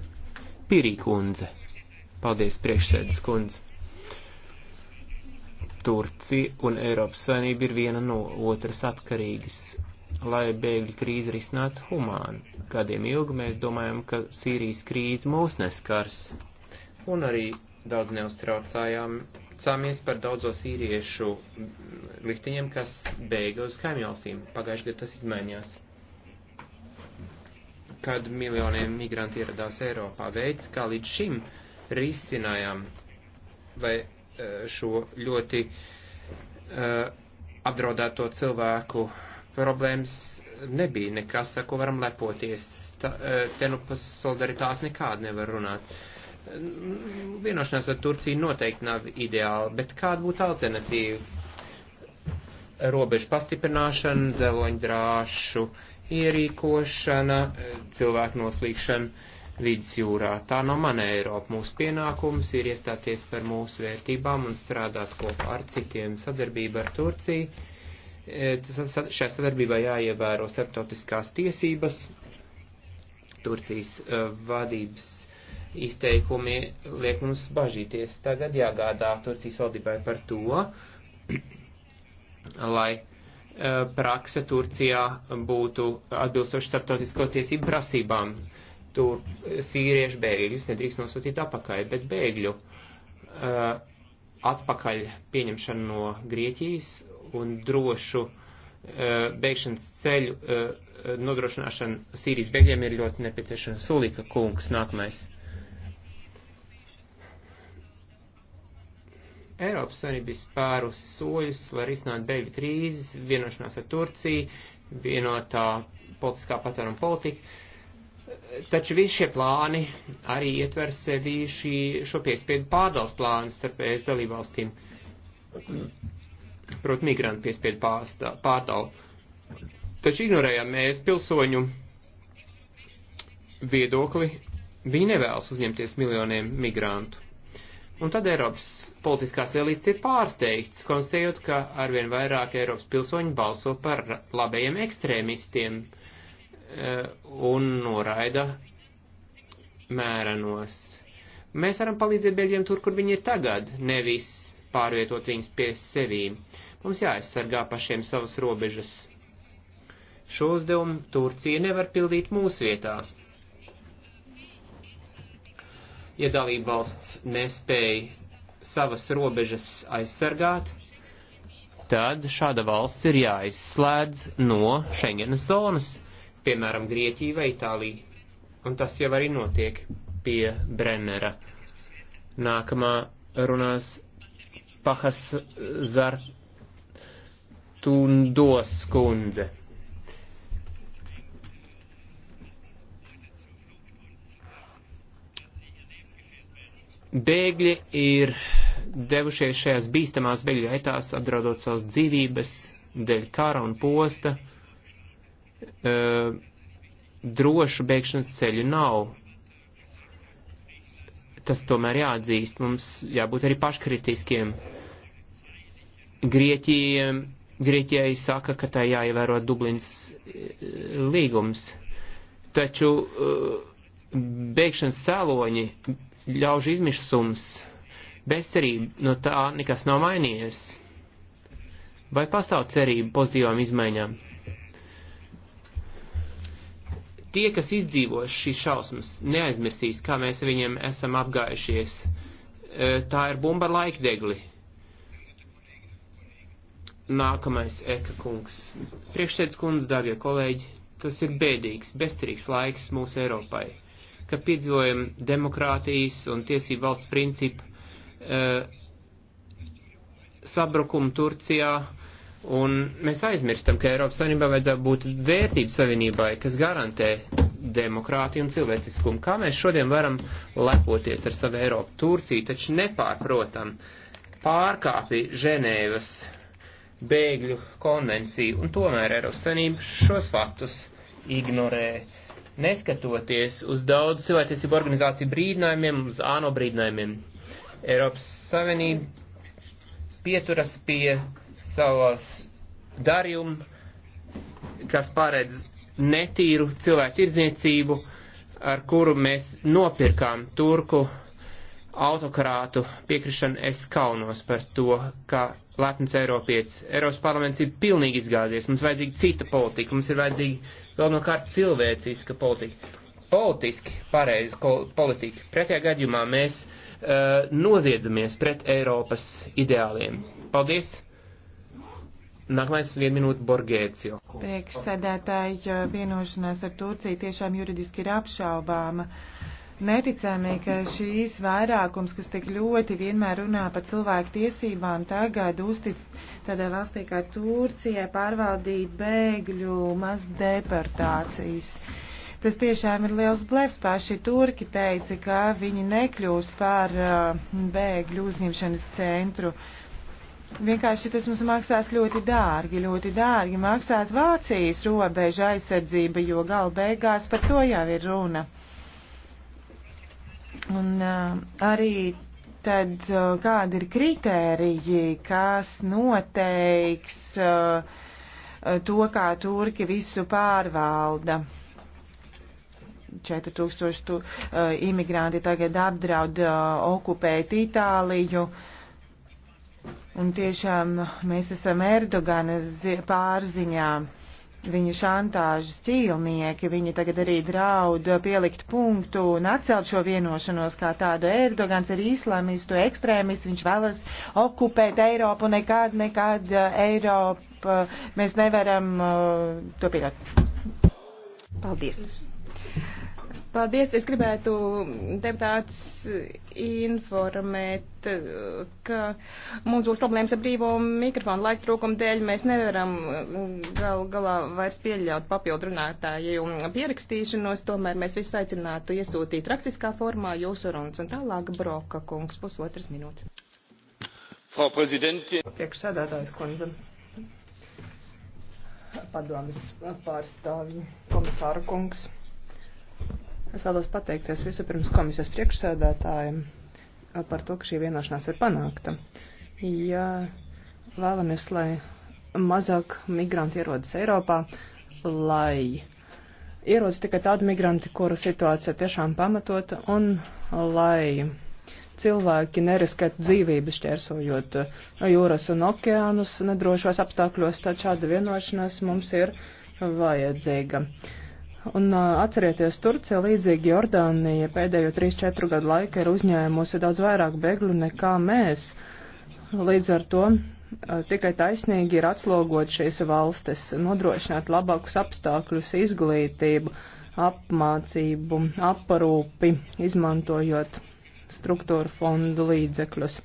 Pirī kundze. Paldies, priekšsēdes kundze. Turcija un Eiropas Savienība ir viena no otras atkarīgas, lai bēgļu krīzi risinātu humāni. Gadiem ilgi mēs domājam, ka Sīrijas krīze mūs neskars. Un arī daudz neuztraucājām cāmies par daudzo sīriešu likteņiem, kas bēga uz kaimjālsīm. Pagājušajā gadā tas izmainījās kad miljoniem migranti ieradās Eiropā. Veids, kā līdz šim risinājām vai eh, šo ļoti uh, apdraudēto cilvēku problēmas, nebija nekas, ar ko varam lepoties. Ta, eh, te nu par solidaritāti nekādu nevar runāt. Vienošanās ar Turciju noteikti nav ideāla, bet kāda būtu alternatīva? Robežu pastiprināšana, dzeloņdrāšu, uh, ierīkošana, cilvēku noslīgšana vidas jūrā. Tā nav no mana Eiropa. Mūsu pienākums ir iestāties par mūsu vērtībām un strādāt kopā ar citiem sadarbību ar Turciju. E, šajā sadarbībā jāievēro starptautiskās tiesības, Turcijas e, vadības izteikumi liek mums bažīties. Tagad jāgādā Turcijas valdībai par to, lai Eh, prakse Turcijā būtu atbilstoši starptautisko tiesību prasībām. Tur eh, sīriešu bēgļus nedrīkst nosūtīt apakai, bet bēgļu eh, atpakaļ pieņemšanu no Grieķijas un drošu bēgšanas ceļu nodrošināšanu Sīrijas bēgļiem ir ļoti nepieciešama. Sulika kungs nākamais. Eiropas Savienība ir spērusi soļus, lai risinātu bēgļu krīzes, vienošanās ar Turciju, vienotā politiskā patvēruma politika. Taču visi šie plāni arī ietver sevi šī, šo piespiedu pārdals plānu starp ES dalībvalstīm. Protams, migrantu piespiedu pārdalu. Taču ignorējām mēs pilsoņu viedokli. Viņi nevēlas uzņemties miljoniem migrantu Un tad Eiropas politiskās elites ir pārsteigts, konstatējot, ka arvien vairāk Eiropas pilsoņu balso par labajiem ekstrēmistiem eh, un noraida mērenos. Mēs varam palīdzēt bēgļiem tur, kur viņi ir tagad, nevis pārvietot viņus pie sevīm. Mums jāaizsargā pašiem savas robežas. Šo uzdevumu Turcija nevar pildīt mūsu vietā ja dalība valsts nespēja savas robežas aizsargāt, tad šāda valsts ir jāizslēdz no Schengenas zonas, piemēram, Grieķija vai Itālija. Un tas jau arī notiek pie Brennera. Nākamā runās Pahas Zartundos kundze. Bēgļi ir devušies šajās bīstamās bēgļu aitās, apdraudot savas dzīvības, dēļ kara un posta. E, drošu bēgšanas ceļu nav. Tas tomēr jāatzīst, mums jābūt arī paškritiskiem. Grieķijiem, Grieķijai saka, ka tai jāievēro Dublins līgums, taču e, bēgšanas cēloņi ļaužu izmišsums, bezcerība no tā nekas nav mainījies. Vai pastāv cerība pozitīvām izmaiņām? Tie, kas izdzīvos šīs šausmas, neaizmirsīs, kā mēs viņiem esam apgājušies. E, tā ir bumba laikdegli. Nākamais Eka kungs. Priekšsēdz kundze, dārgie kolēģi, tas ir bēdīgs, bezcerīgs laiks mūsu Eiropai ka piedzīvojam demokrātijas un tiesību valsts principu uh, sabrukumu Turcijā, un mēs aizmirstam, ka Eiropas Savienībā vajadzētu būt vērtības savienībai, kas garantē demokrātiju un cilvēciskumu. Kā mēs šodien varam lepoties ar savu Eiropu? Turcija taču nepārprotam pārkāpi Ženēvas bēgļu konvenciju, un tomēr Eiropas Savienība šos faktus ignorē. Uh, neskatoties uz daudz cilvēktiesību organizāciju brīdinājumiem, uz ANO brīdinājumiem. Eiropas Savienība pieturas pie savas darījuma, kas paredz netīru cilvēku tirdzniecību, ar kuru mēs nopirkām turku autokrātu piekrišanu. Es kaunos par to, ka lepns Eiropietis. Eiropas parlaments ir pilnīgi izgāzies. Mums vajadzīga cita politika. Mums ir vajadzīga galvenokārt cilvēciska politika. Politiski pareiza politika. Pretējā gadījumā mēs uh, eh, noziedzamies pret Eiropas ideāliem. Paldies! Nākamais vienu minūtu Borgēcio. Priekšsēdētāji eh, vienošanās ar Turciju tiešām juridiski ir apšaubāma. Uh, Neticami, ka šīs vairākums, kas tik ļoti vienmēr runā par cilvēku tiesībām, tagad uztic tādā valstī kā Turcija pārvaldīt bēgļu mazdeportācijas. Tas tiešām ir liels blefs. Paši turki teica, ka viņi nekļūs par uh, bēgļu uzņemšanas centru. Vienkārši tas mums maksās ļoti dārgi, ļoti dārgi maksās Vācijas robeža aizsardzība, jo galu beigās par to jau ir runa. Un uh, arī tad uh, kādi ir kritēriji, kas noteiks uh, to, kā turki visu pārvalda. 4000 tu, uh, imigranti tagad apdraud, uh, okupēt Itāliju. Un tiešām mēs esam Erdogana pārziņā viņu šantāžas cīlnieki. Viņi tagad arī draud pielikt punktu un atcelt šo vienošanos kā tādu. Erdogans ir islamistu ekstrēmists, viņš vēlas okupēt Eiropu, nekad, nekad eh, Eiropu mēs nevaram eh, to pieļaut. Paldies! Paldies. Es gribētu deputāts informēt, ka mums būs problēmas ar brīvo mikrofonu laika trūkumu dēļ. Mēs nevaram mm, gal galā vairs pieļaut papildu runātāju pierakstīšanos. Tomēr mēs visus aicinātu iesūtīt rakstiskā formā jūsu runas. Un tālāk Broka kungs pusotras minūtes. Frau Präsidentin. Priekšsēdētājs kundze padomas pārstāvji, komisāra kungs. Es vēlos pateikties vispirms komisijas priekšsēdētājiem par to, ka šī vienošanās ir panākta. Ja vēlamies, lai mazāk migranti ierodas Eiropā, lai ierodas tikai tādi migranti, kuru situācija tiešām pamatota, un lai cilvēki neriskētu dzīvības šķērsojot jūras un okeānus nedrošos apstākļos, tad šāda vienošanās mums ir vajadzīga. Uh, Un atcerieties, Turcija līdzīgi Jordānija pēdējo 3-4 gadu laikā ir uzņēmusi daudz vairāk bēgļu nekā mēs. Līdz ar to tikai taisnīgi ir atslogot šīs valstis, nodrošināt labākus apstākļus, izglītību, apmācību, aparūpi, izmantojot struktūra fondu līdzekļus.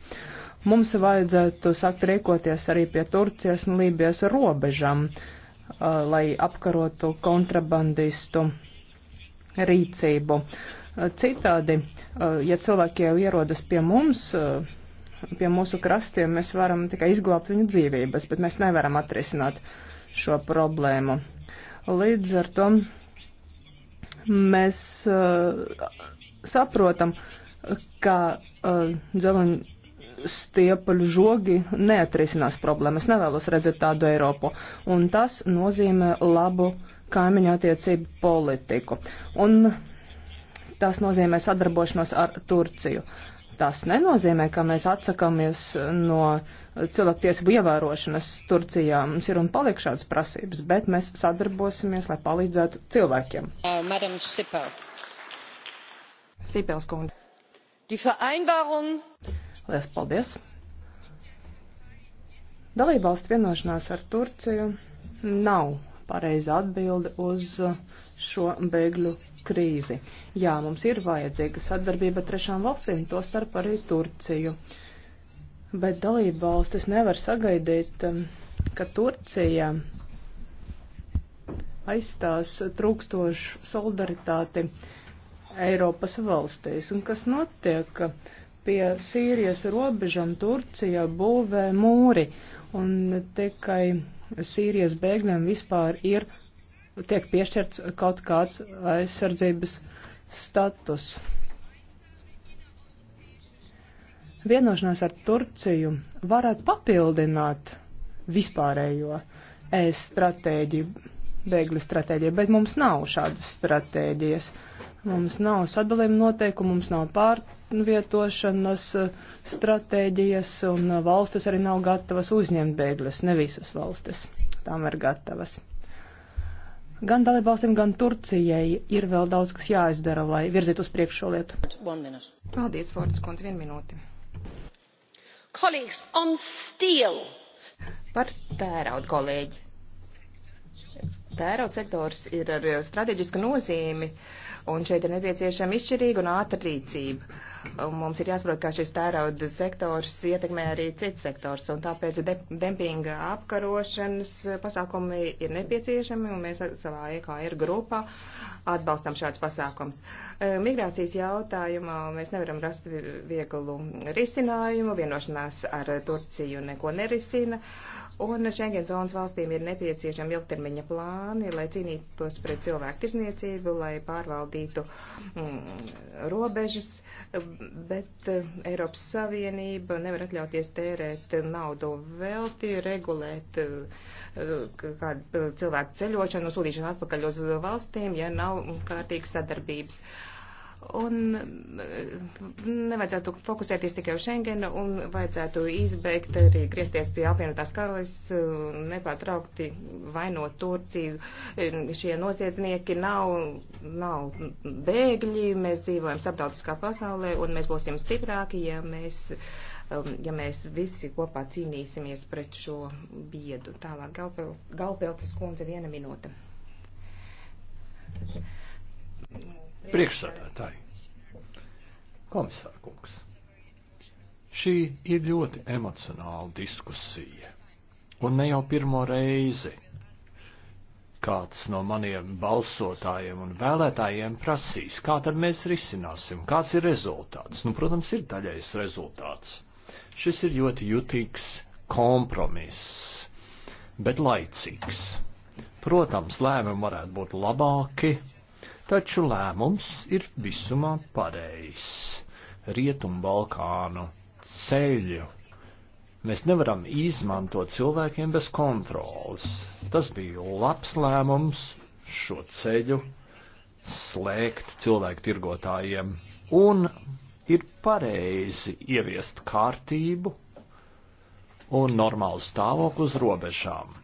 Mums vajadzētu sākt rīkoties arī pie Turcijas un Lībijas robežām. Uh, Uh, lai apkarotu kontrabandistu rīcību. Uh, citādi, uh, ja cilvēki jau ierodas pie mums, pie mūsu krastiem, mēs varam tikai izglābt viņu dzīvības, bet mēs nevaram atrisināt šo problēmu. Līdz ar to mēs saprotam, ka dzeleni stiepaļu žogi neatrisinās problēmas. Nevēlos redzēt tādu Eiropu. Un tas nozīmē labu kaimiņu attiecību politiku. Un tas nozīmē sadarbošanos ar Turciju. Tas nenozīmē, ka mēs atsakāmies no cilvēktiesību ievērošanas Turcijā. Mums ir un paliek šādas prasības, bet mēs sadarbosimies, lai palīdzētu cilvēkiem. Uh, Sipels kundze. Die Vereinbarung Lielas paldies! Dalībvalstu vienošanās ar Turciju nav pareiza atbilde uz šo bēgļu krīzi. Jā, mums ir vajadzīga sadarbība trešām valstīm, to starp arī Turciju. Bet dalībvalstis nevar sagaidīt, um, ka Turcija aizstās trūkstošu solidaritāti Eiropas valstīs. Un kas notiek? Uh, pie Sīrijas robežam Turcija būvē mūri, un tikai Sīrijas bēgļiem vispār ir, tiek piešķirts kaut kāds aizsardzības status. Vienošanās ar Turciju varētu papildināt vispārējo ES stratēģiju, bēgļu stratēģiju, bet mums nav šādas stratēģijas. Mums nav sadalījuma noteikumu, mums nav pār pārvietošanas eh, stratēģijas, un eh, valstis arī nav gatavas uzņemt bēgļus, ne visas valstis tām ir gatavas. Gan dalībvalstīm, gan Turcijai ir vēl daudz, kas jāizdara, lai virzītu uz priekšu šo lietu. Paldies, Fordas kundze, vienu minūti. Kolēģis, on steel! Par tēraudu, kolēģi tērauda sektors ir ar strateģisku nozīmi, un šeit ir nepieciešama izšķirīga un ātra rīcība mums ir jāsaprot, kā šis tērauda sektors ietekmē arī cits sektors, un tāpēc de dempinga apkarošanas pasākumi ir nepieciešami, un mēs savā EKR grupā atbalstam šāds pasākums. E, migrācijas jautājumā mēs nevaram rast vieglu risinājumu, vienošanās ar Turciju neko nerisina. Uh, Un Schengen zonas valstīm ir nepieciešami ilgtermiņa plāni, lai cīnītos pret cilvēku tirzniecību, lai pārvaldītu mm, robežas, bet eh, Eiropas Savienība nevar atļauties tērēt naudu velti, regulēt eh, kādu eh, cilvēku ceļošanu, sūtīšanu atpakaļ uz valstīm, ja nav kārtīgas sadarbības. Uh, Un eh, nevajadzētu fokusēties tikai uz Schengenu un vajadzētu izbeigt arī griezties pie apvienotās karalīs, eh, nepārtraukti vainot Turciju. Eh, šie noziedznieki nav, nav bēgļi, mēs dzīvojam starptautiskā pasaulē un mēs būsim stiprāki, ja mēs, um, ja mēs visi kopā cīnīsimies pret šo biedu. Tālāk, Galpel, Galpeltas kundze, viena minūte. Thank you. Priekšsēdētāji, komisārkungs, šī ir ļoti emocionāla diskusija, un ne jau pirmo reizi kāds no maniem balsotājiem un vēlētājiem prasīs, kā tad mēs risināsim, kāds ir rezultāts. Nu, protams, ir daļais rezultāts. Šis ir ļoti jutīgs kompromiss, bet laicīgs. Protams, lēmumi varētu būt labāki, taču lēmums ir visumā pareizs. Rietumu Balkānu ceļu mēs nevaram izmantot cilvēkiem bez kontrolas. Tas bija labs lēmums šo ceļu slēgt cilvēku tirgotājiem un ir pareizi ieviest kārtību un normālu stāvokli uz robežām.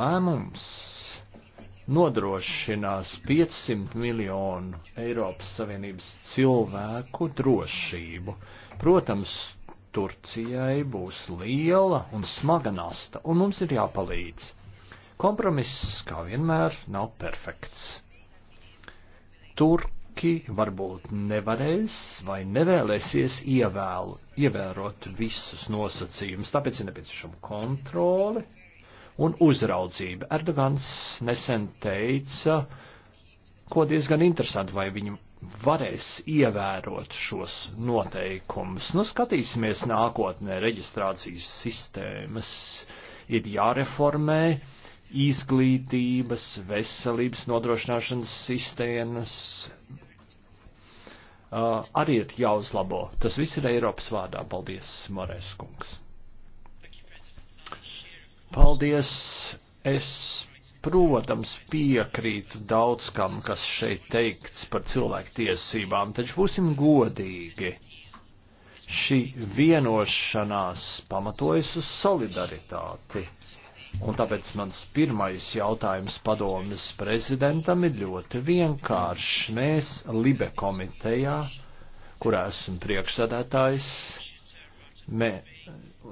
Lēmums nodrošinās 500 miljonu Eiropas Savienības cilvēku drošību. Protams, Turcijai būs liela un smaga nasta, un mums ir jāpalīdz. Kompromiss, kā vienmēr, nav perfekts. Turki varbūt nevarēs vai nevēlēsies ievēlu, ievērot visus nosacījumus, tāpēc ir nepieciešama kontrole, un uzraudzība. Erdogans nesen teica, ko diezgan interesanti, vai viņi varēs ievērot šos noteikumus. Nu, skatīsimies nākotnē, reģistrācijas sistēmas ir jāreformē, izglītības, veselības nodrošināšanas sistēmas uh, arī ir jāuzlabo. Tas viss ir Eiropas vārdā. Paldies, Morēs kungs! Paldies! Es, protams, piekrītu daudz kam, kas šeit teikts par cilvēku tiesībām, taču būsim godīgi. Šī vienošanās pamatojas uz solidaritāti. Un tāpēc mans pirmais jautājums padomjas prezidentam ir ļoti vienkāršs. Mēs Libe komitejā, kurā esmu priekšsēdētājs, Mē,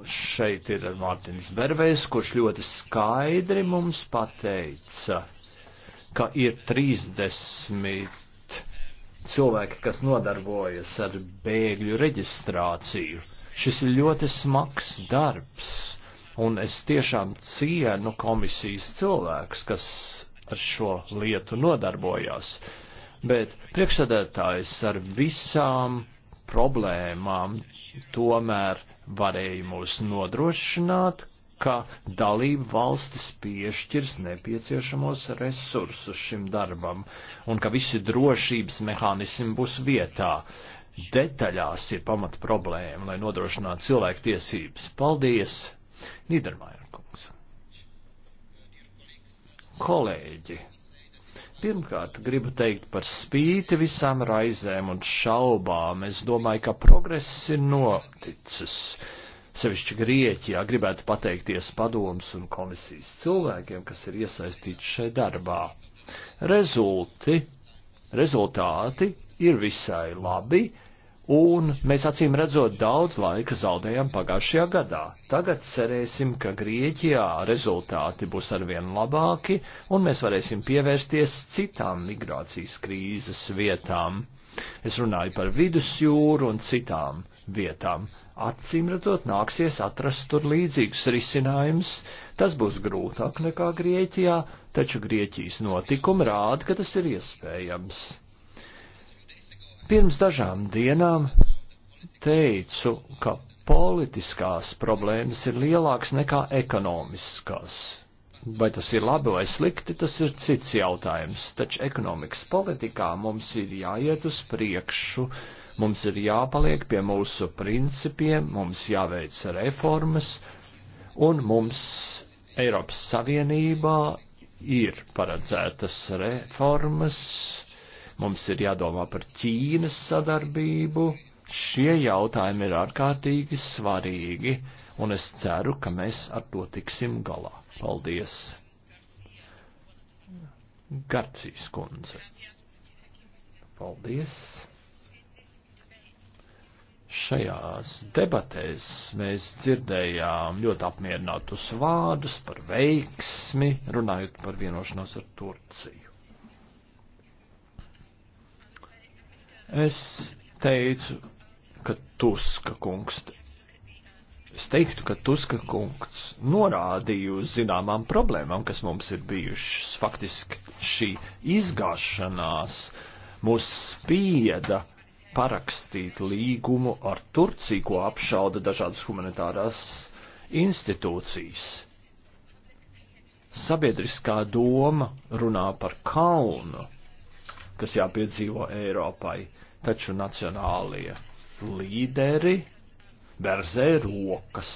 Šeit ir Mārtiņš Bervejs, kurš ļoti skaidri mums pateica, ka ir 30 cilvēki, kas nodarbojas ar bēgļu reģistrāciju. Šis ir ļoti smags darbs, un es tiešām cienu komisijas cilvēkus, kas ar šo lietu nodarbojās. Bet priekšsēdētājs ar visām problēmām tomēr varēja mūs nodrošināt, ka dalību valstis piešķirs nepieciešamos resursus šim darbam un ka visi drošības mehānismi būs vietā. Detaļās ir pamat problēma, lai nodrošinātu cilvēku tiesības. Paldies, Nīdermājer kungs! Kolēģi! Pirmkārt, gribu teikt par spīti visām raizēm un šaubām. Es domāju, ka progress ir noticis. Sevišķi Grieķijā gribētu pateikties padomus un komisijas cilvēkiem, kas ir iesaistīti šajā darbā. Rezulti, rezultāti ir visai labi, un mēs acīm redzot daudz laika zaudējam pagājušajā gadā. Tagad cerēsim, ka Grieķijā rezultāti būs arvien labāki, un mēs varēsim pievērsties citām migrācijas krīzes vietām. Es runāju par vidusjūru un citām vietām. Acīm redzot, nāksies atrast tur līdzīgus risinājumus. Tas būs grūtāk nekā Grieķijā, taču Grieķijas notikumi rāda, ka tas ir iespējams Pirms dažām dienām teicu, ka politiskās problēmas ir lielākas nekā ekonomiskās. Vai tas ir labi vai slikti, tas ir cits jautājums, taču ekonomikas politikā mums ir jāiet uz priekšu, mums ir jāpaliek pie mūsu principiem, mums jāveic reformas, un mums Eiropas Savienībā ir paredzētas reformas, Mums ir jādomā par Ķīnas sadarbību. Šie jautājumi ir ārkārtīgi svarīgi, un es ceru, ka mēs ar to tiksim galā. Paldies! Garcīs kundze. Paldies! šajās debatēs mēs dzirdējām ļoti apmierinātus vārdus par veiksmi, runājot par vienošanos ar Turciju. Es teicu, ka Tuska kungs. Es teiktu, ka Tuska kungs norādīja uz zināmām problēmām, kas mums ir bijušas. Faktiski šī izgāšanās mūs spieda parakstīt līgumu ar Turciju, ko apšauda dažādas humanitārās institūcijas. Sabiedriskā doma runā par kaunu kas jāpiedzīvo Eiropai. Taču nacionālie līderi berzē rokas.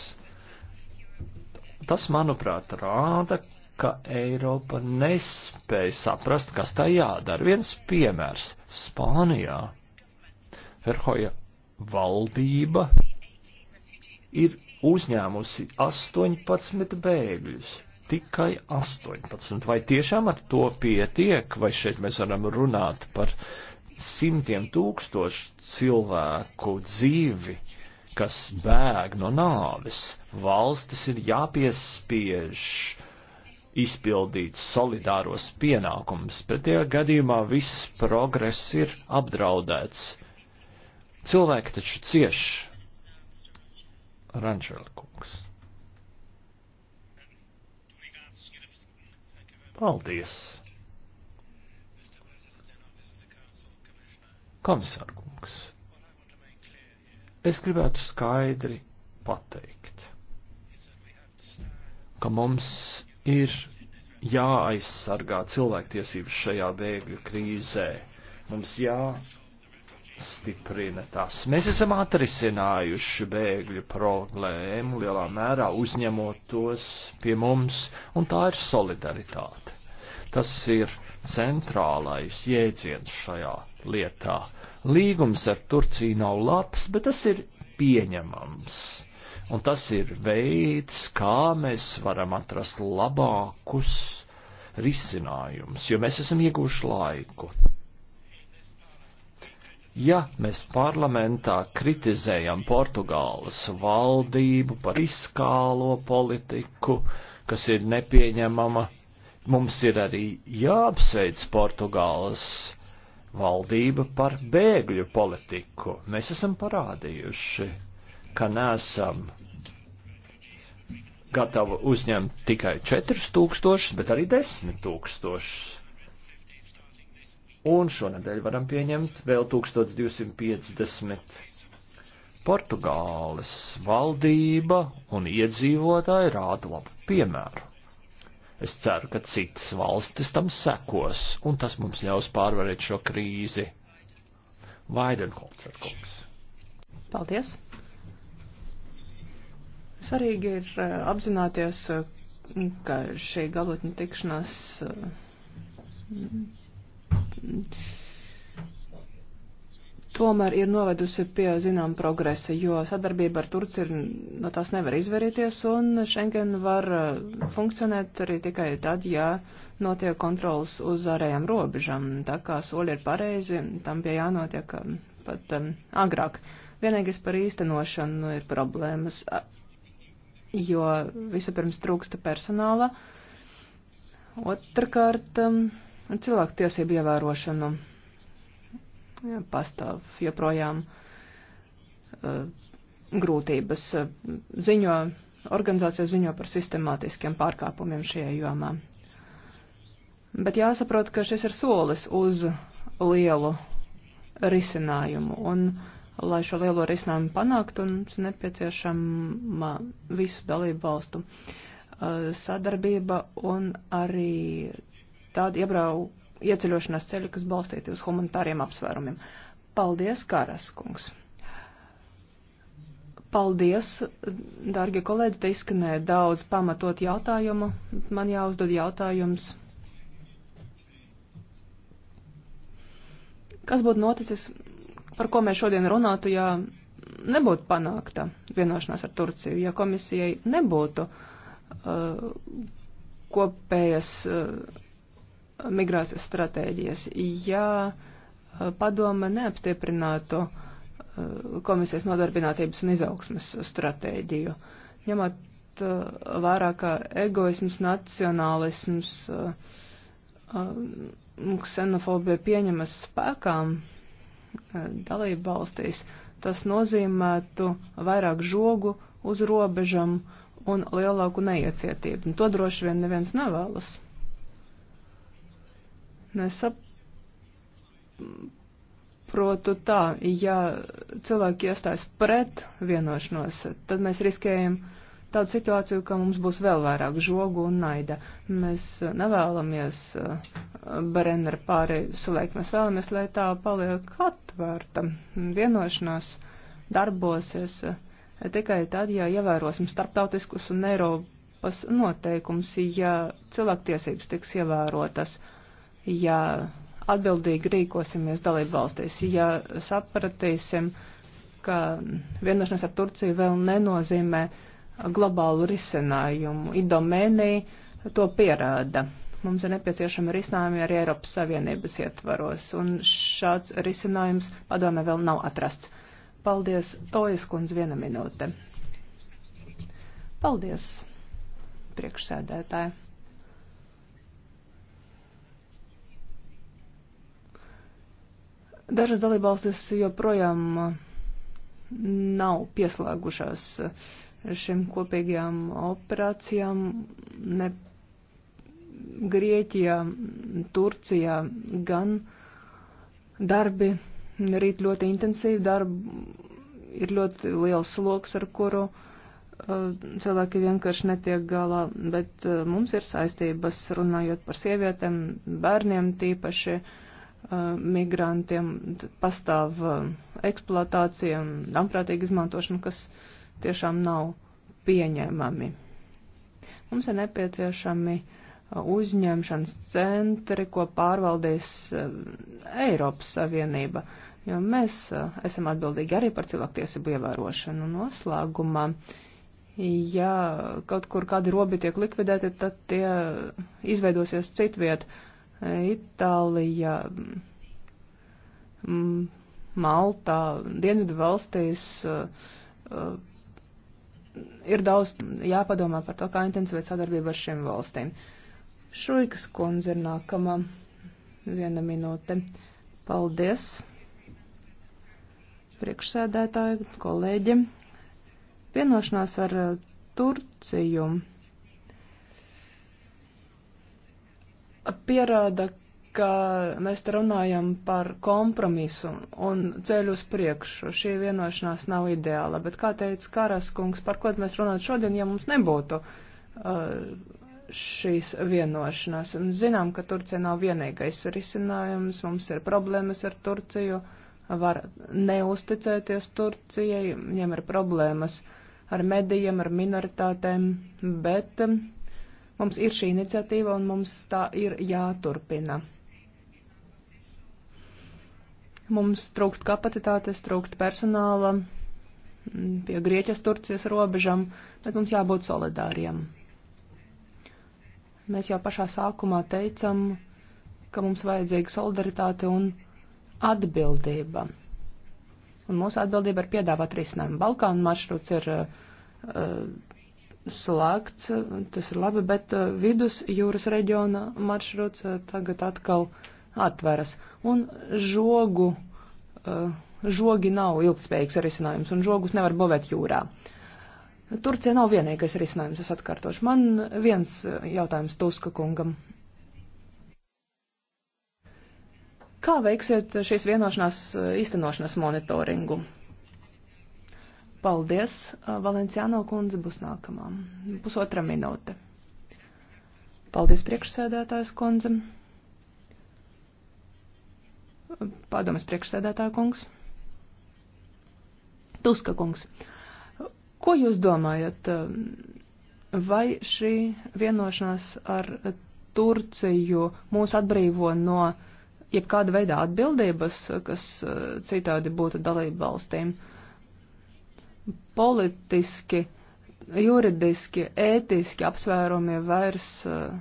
Tas, manuprāt, rāda, ka Eiropa nespēja saprast, kas tā jādara. Viens piemērs - Spānijā. Ferhoja valdība ir uzņēmusi 18 bēgļus tikai 18. Vai tiešām ar to pietiek, vai šeit mēs varam runāt par simtiem tūkstošu cilvēku dzīvi, kas bēg no nāves? Valstis ir jāpiespiež izpildīt solidāros pienākumus, pretējā gadījumā viss progress ir apdraudēts. Cilvēki taču cieš. Rančēlkungs. Paldies! Komisārkungs, es gribētu skaidri pateikt, ka mums ir jāaizsargā cilvēktiesības šajā bēgļu krīzē. Mums jā stiprina tas. Mēs esam atrisinājuši bēgļu problēmu lielā mērā uzņemot tos pie mums, un tā ir solidaritāte. Tas ir centrālais jēdziens šajā lietā. Līgums ar Turciju nav labs, bet tas ir pieņemams. Un tas ir veids, kā mēs varam atrast labākus risinājumus, jo mēs esam ieguvuši laiku. Ja mēs parlamentā kritizējam Portugāles valdību par fiskālo politiku, kas ir nepieņemama, mums ir arī jāapsveic Portugāles valdība par bēgļu politiku. Mēs esam parādījuši, ka nesam gatavi uzņemt tikai 4000, bet arī 10 000 un šonadēļ varam pieņemt vēl 1250. Portugāles valdība un iedzīvotāji rāda labu piemēru. Es ceru, ka citas valstis tam sekos, un tas mums ļaus pārvarēt šo krīzi. Vaidenholzer kungs. Paldies! Svarīgi ir eh, apzināties, eh, ka šī galotņa tikšanās eh, tomēr ir novedusi pie zinām progresa, jo sadarbība ar Turciju no tās nevar izvairīties, un Schengen var eh, funkcionēt arī tikai tad, ja notiek kontrols uz ārējām robežām. Tā kā soļi ir pareizi, tam bija jānotiek eh, pat um, agrāk. Vienīgais par īstenošanu ir problēmas, jo vispirms trūksta personāla. Otrakārt. Um, mm, Un cilvēku tiesību ievērošanu jā, pastāv joprojām uh, grūtības. Eh, ziņo, organizācija ziņo par sistemātiskiem pārkāpumiem šajā jomā. Bet jāsaprot, ka šis ir solis uz lielu risinājumu. Un, lai šo lielo risinājumu panāktu, mums nepieciešama visu dalību valstu eh, sadarbība un arī tādu iebrau ieceļošanās ceļu, kas balstīti uz humanitāriem apsvērumiem. Paldies, Kāras kungs! Paldies, dārgie kolēģi, te izskanēja daudz pamatot jautājumu. Man jāuzdod jautājums. Kas būtu noticis, par ko mēs šodien runātu, ja nebūtu panākta vienošanās ar Turciju, ja komisijai nebūtu uh, kopējas uh, migrācijas stratēģijas. Ja eh, padome neapstiprinātu eh, komisijas nodarbinātības un izaugsmes stratēģiju, ņemot eh, vērā, ka egoisms, nacionālisms, ksenofobija pieņemas spēkām dalību valstīs, tas nozīmētu vairāk žogu uz robežam un lielāku neiecietību. Un to droši vien neviens nevēlas nesaprotu tā, ja cilvēki iestājas pret vienošanos, tad mēs riskējam tādu situāciju, ka mums būs vēl vairāk žogu un naida. Mēs nevēlamies Brenner pārēju slēgt, mēs vēlamies, lai tā paliek atvērta. Vienošanās darbosies tikai tad, ja ievērosim starptautiskus un Eiropas noteikums, ja cilvēktiesības tiks ievērotas ja atbildīgi rīkosimies dalību valstīs, ja sapratīsim, ka vienošanās ar Turciju vēl nenozīmē globālu risinājumu. Idomēnī to pierāda. Mums ir nepieciešami risinājumi arī Eiropas Savienības ietvaros, un šāds risinājums padomē vēl nav atrasts. Paldies, Tojas kundz, viena minūte. Paldies, priekšsēdētāji. Dažas dalībvalstis joprojām mm, nav pieslēgušās eh, šiem kopīgajām operācijām. Ne Grieķijā, Turcijā gan darbi rīt ļoti intensīvi, darbi ir ļoti liels sloks, ar kuru eh, cilvēki vienkārši netiek galā, bet eh, mums ir saistības runājot par sievietēm, bērniem tīpaši. Uh, Uh, migrantiem pastāv uh, eksploatācija un ļaunprātīga izmantošana, kas tiešām nav pieņēmami. Mums ir nepieciešami uh, uzņemšanas centri, ko pārvaldīs Eiropas Savienība, jo mēs esam atbildīgi arī par cilvēktiesību ievērošanu noslēgumā. Ja kaut kur kādi robi tiek likvidēti, tad tie izveidosies citviet. vieta Itālija, mm, Maltā, Dienvidu valstīs eh, eh, ir daudz jāpadomā par to, kā intensivēt sadarbību ar šiem valstīm. Šuikas kundze ir nākamā. Viena minūte. Paldies. Priekšsēdētāji, kolēģi. Vienošanās ar eh, Turciju. pierāda, ka mēs te runājam par kompromisu un ceļu uz priekšu. Šī vienošanās nav ideāla, bet, kā teica Kāras kungs, par ko mēs runātu šodien, ja mums nebūtu uh, šīs vienošanās. Un zinām, ka Turcija nav vienīgais risinājums, mums ir problēmas ar Turciju, var neusticēties Turcijai, viņiem ir problēmas ar medijiem, ar minoritātēm, bet. Um, Mums ir šī iniciatīva un mums tā ir jāturpina. Mums trūkst kapacitātes, trūkst personāla mm, pie Grieķijas, Turcijas robežam, bet mums jābūt solidāriem. Mēs jau pašā sākumā teicam, ka mums vajadzīga solidaritāte un atbildība. Un mūsu atbildība ir piedāvāt risinājumu. Balkānu maršruts ir uh, slēgts, tas ir labi, bet uh, vidus jūras reģiona maršruts uh, tagad atkal atveras. Un žogu, uh, žogi nav ilgspējīgs risinājums, un žogus nevar bovēt jūrā. Turcija nav vienīgais risinājums, es atkārtošu. Man viens jautājums Tuska kungam. Kā veiksiet šīs vienošanās īstenošanas monitoringu? Paldies, Valenciāno kundze būs nākamā. Pusotra minūte. Paldies, priekšsēdētājs kundze. Padomas priekšsēdētāja kungs. Tuska kungs. Ko jūs domājat, vai šī vienošanās ar Turciju mūs atbrīvo no jebkāda veida atbildības, kas citādi būtu dalību valstīm? Uh, politiski, juridiski, ētiski apsvērumi vairs eh,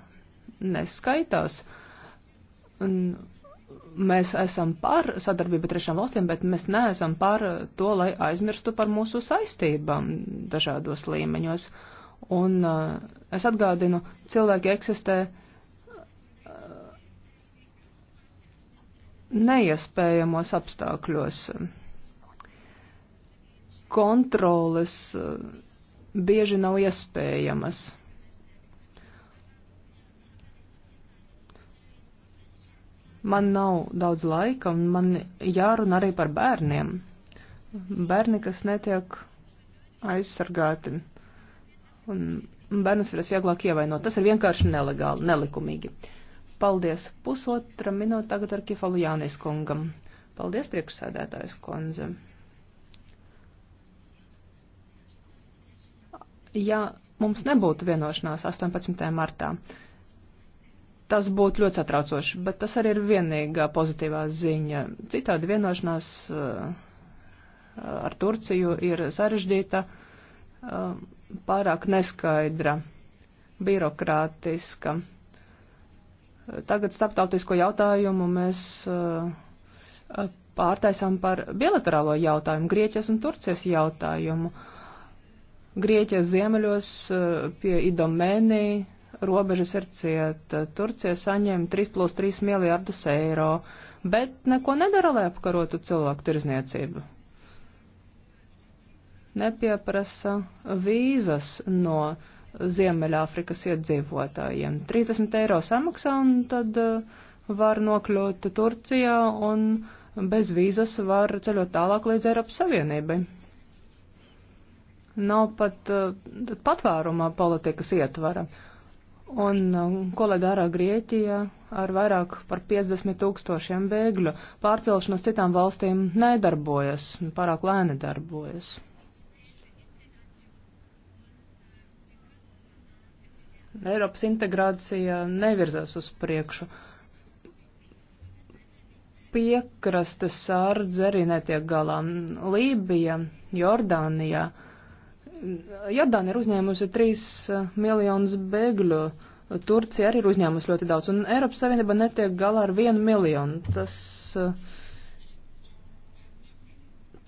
neskaitās. Un mēs esam par sadarbību trešām valstīm, bet mēs neesam par to, lai aizmirstu par mūsu saistībām dažādos līmeņos. Un eh, es atgādinu, cilvēki eksistē eh, neiespējamos apstākļos kontroles eh, bieži nav iespējamas. Man nav daudz laika, un man jārunā arī par bērniem. Bērni, kas netiek aizsargāti, un bērnus ir visvieglāk ievainot. Tas ir vienkārši nelegāli, nelikumīgi. Paldies pusotra minūte tagad ar Kifalu Jānis kungam. Paldies, priekšsēdētājs konzem. ja mums nebūtu vienošanās 18. martā. Tas būtu ļoti satraucoši, bet tas arī ir vienīgā pozitīvā ziņa. Citādi vienošanās eh, ar Turciju ir sarežģīta, eh, pārāk neskaidra, birokrātiska. Tagad starptautisko jautājumu mēs eh, pārtaisām par bilaterālo jautājumu, Grieķijas un Turcijas jautājumu. Uh, Grieķijas ziemeļos eh, pie Idomēnī robežas ir cieta. Turcija saņem 3 plus 3 miljārdus eiro, bet neko nedara, lai apkarotu cilvēku tirzniecību. Nepieprasa vīzas no Ziemeļāfrikas iedzīvotājiem. 30 eiro samaksā un tad eh, var nokļūt Turcijā un bez vīzas var ceļot tālāk līdz Eiropas Savienībai nav pat uh, patvērumā politikas ietvara. Un uh, ko lai dara Grieķija ar vairāk par 50 tūkstošiem bēgļu? Pārcelšanos citām valstīm nedarbojas, nu, pārāk lēni darbojas. Eiropas integrācija nevirzās uz priekšu. Piekrastes sārdz arī netiek galā. Lībija, Jordānijā. Uh, Jordāna ir uzņēmusi 3 eh, miljonus bēgļu, Turcija arī ir uzņēmusi ļoti daudz, un Eiropas Savienība netiek galā ar 1 miljonu. Tas eh,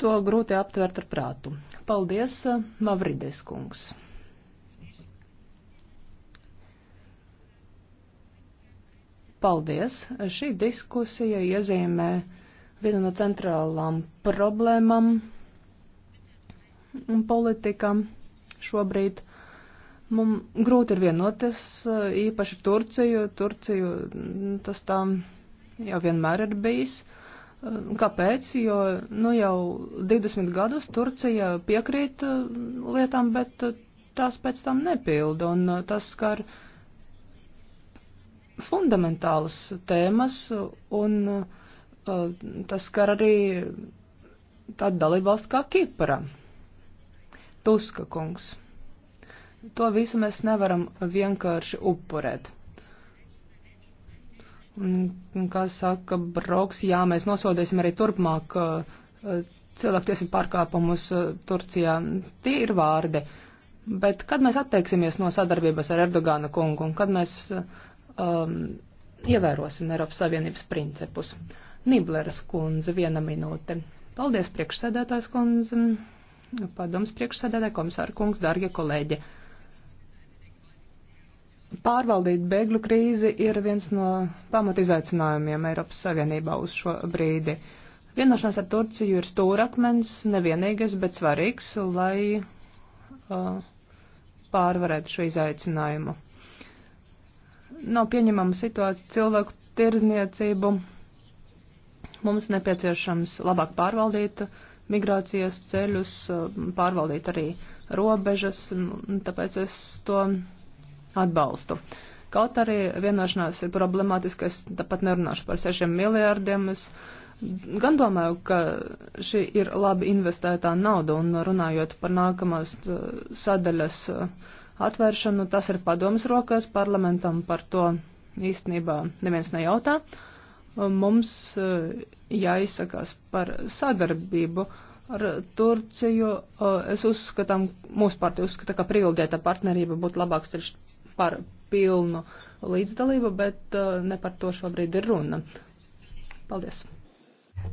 to grūti aptvert ar prātu. Paldies, eh, Mavrides kungs. Paldies! Šī diskusija iezīmē vienu no centrālām problēmām un politika šobrīd. Mums grūti ir vienoties, īpaši Turciju. Turciju tas tā jau vienmēr ir bijis. Kāpēc? Jo nu, jau 20 gadus Turcija piekrīt lietām, bet tās pēc tam nepilda. Un tas skar fundamentālas tēmas, un tas skar arī tādu dalībvalstu kā Kipra. Tuska kungs. To visu mēs nevaram vienkārši upurēt. Un, kā saka Broks, jā, mēs nosodīsim arī turpmāk uh, cilvēktiesību pārkāpumus uh, Turcijā. Tie ir vārdi. Bet kad mēs atteiksimies no sadarbības ar Erdogāna kungu un kad mēs uh, um, ievērosim Eiropas Savienības principus? Nibleras kundze, viena minūte. Paldies, priekšsēdētājs kundze. Padoms priekšsēdētāji, komisāra kungs, dārgie kolēģi. Pārvaldīt bēgļu krīzi ir viens no pamatizaicinājumiem Eiropas Savienībā uz šo brīdi. Vienošanās ar Turciju ir stūrakmens, nevienīgais, bet svarīgs, lai uh, pārvarētu šo izaicinājumu. Nav pieņemama situācija cilvēku tirzniecību. Mums nepieciešams labāk pārvaldīt uh, migrācijas ceļus, um, pārvaldīt arī robežas, tāpēc es to atbalstu. Kaut arī vienošanās ir problemātiska, es tāpat nerunāšu par sešiem miljārdiem. Es gan domāju, ka šī ir labi investētā nauda, un runājot par nākamās uh, sadaļas uh, atvēršanu, tas ir padomas rokās parlamentam par to īstenībā neviens nejautā. Uh, mums eh, jāizsakās par sadarbību ar Turciju. Eh, es uzskatām, mūsu partija uzskata, ka privilģēta partnerība būtu labāks ceļš par pilnu līdzdalību, bet eh, ne par to šobrīd ir runa. Paldies.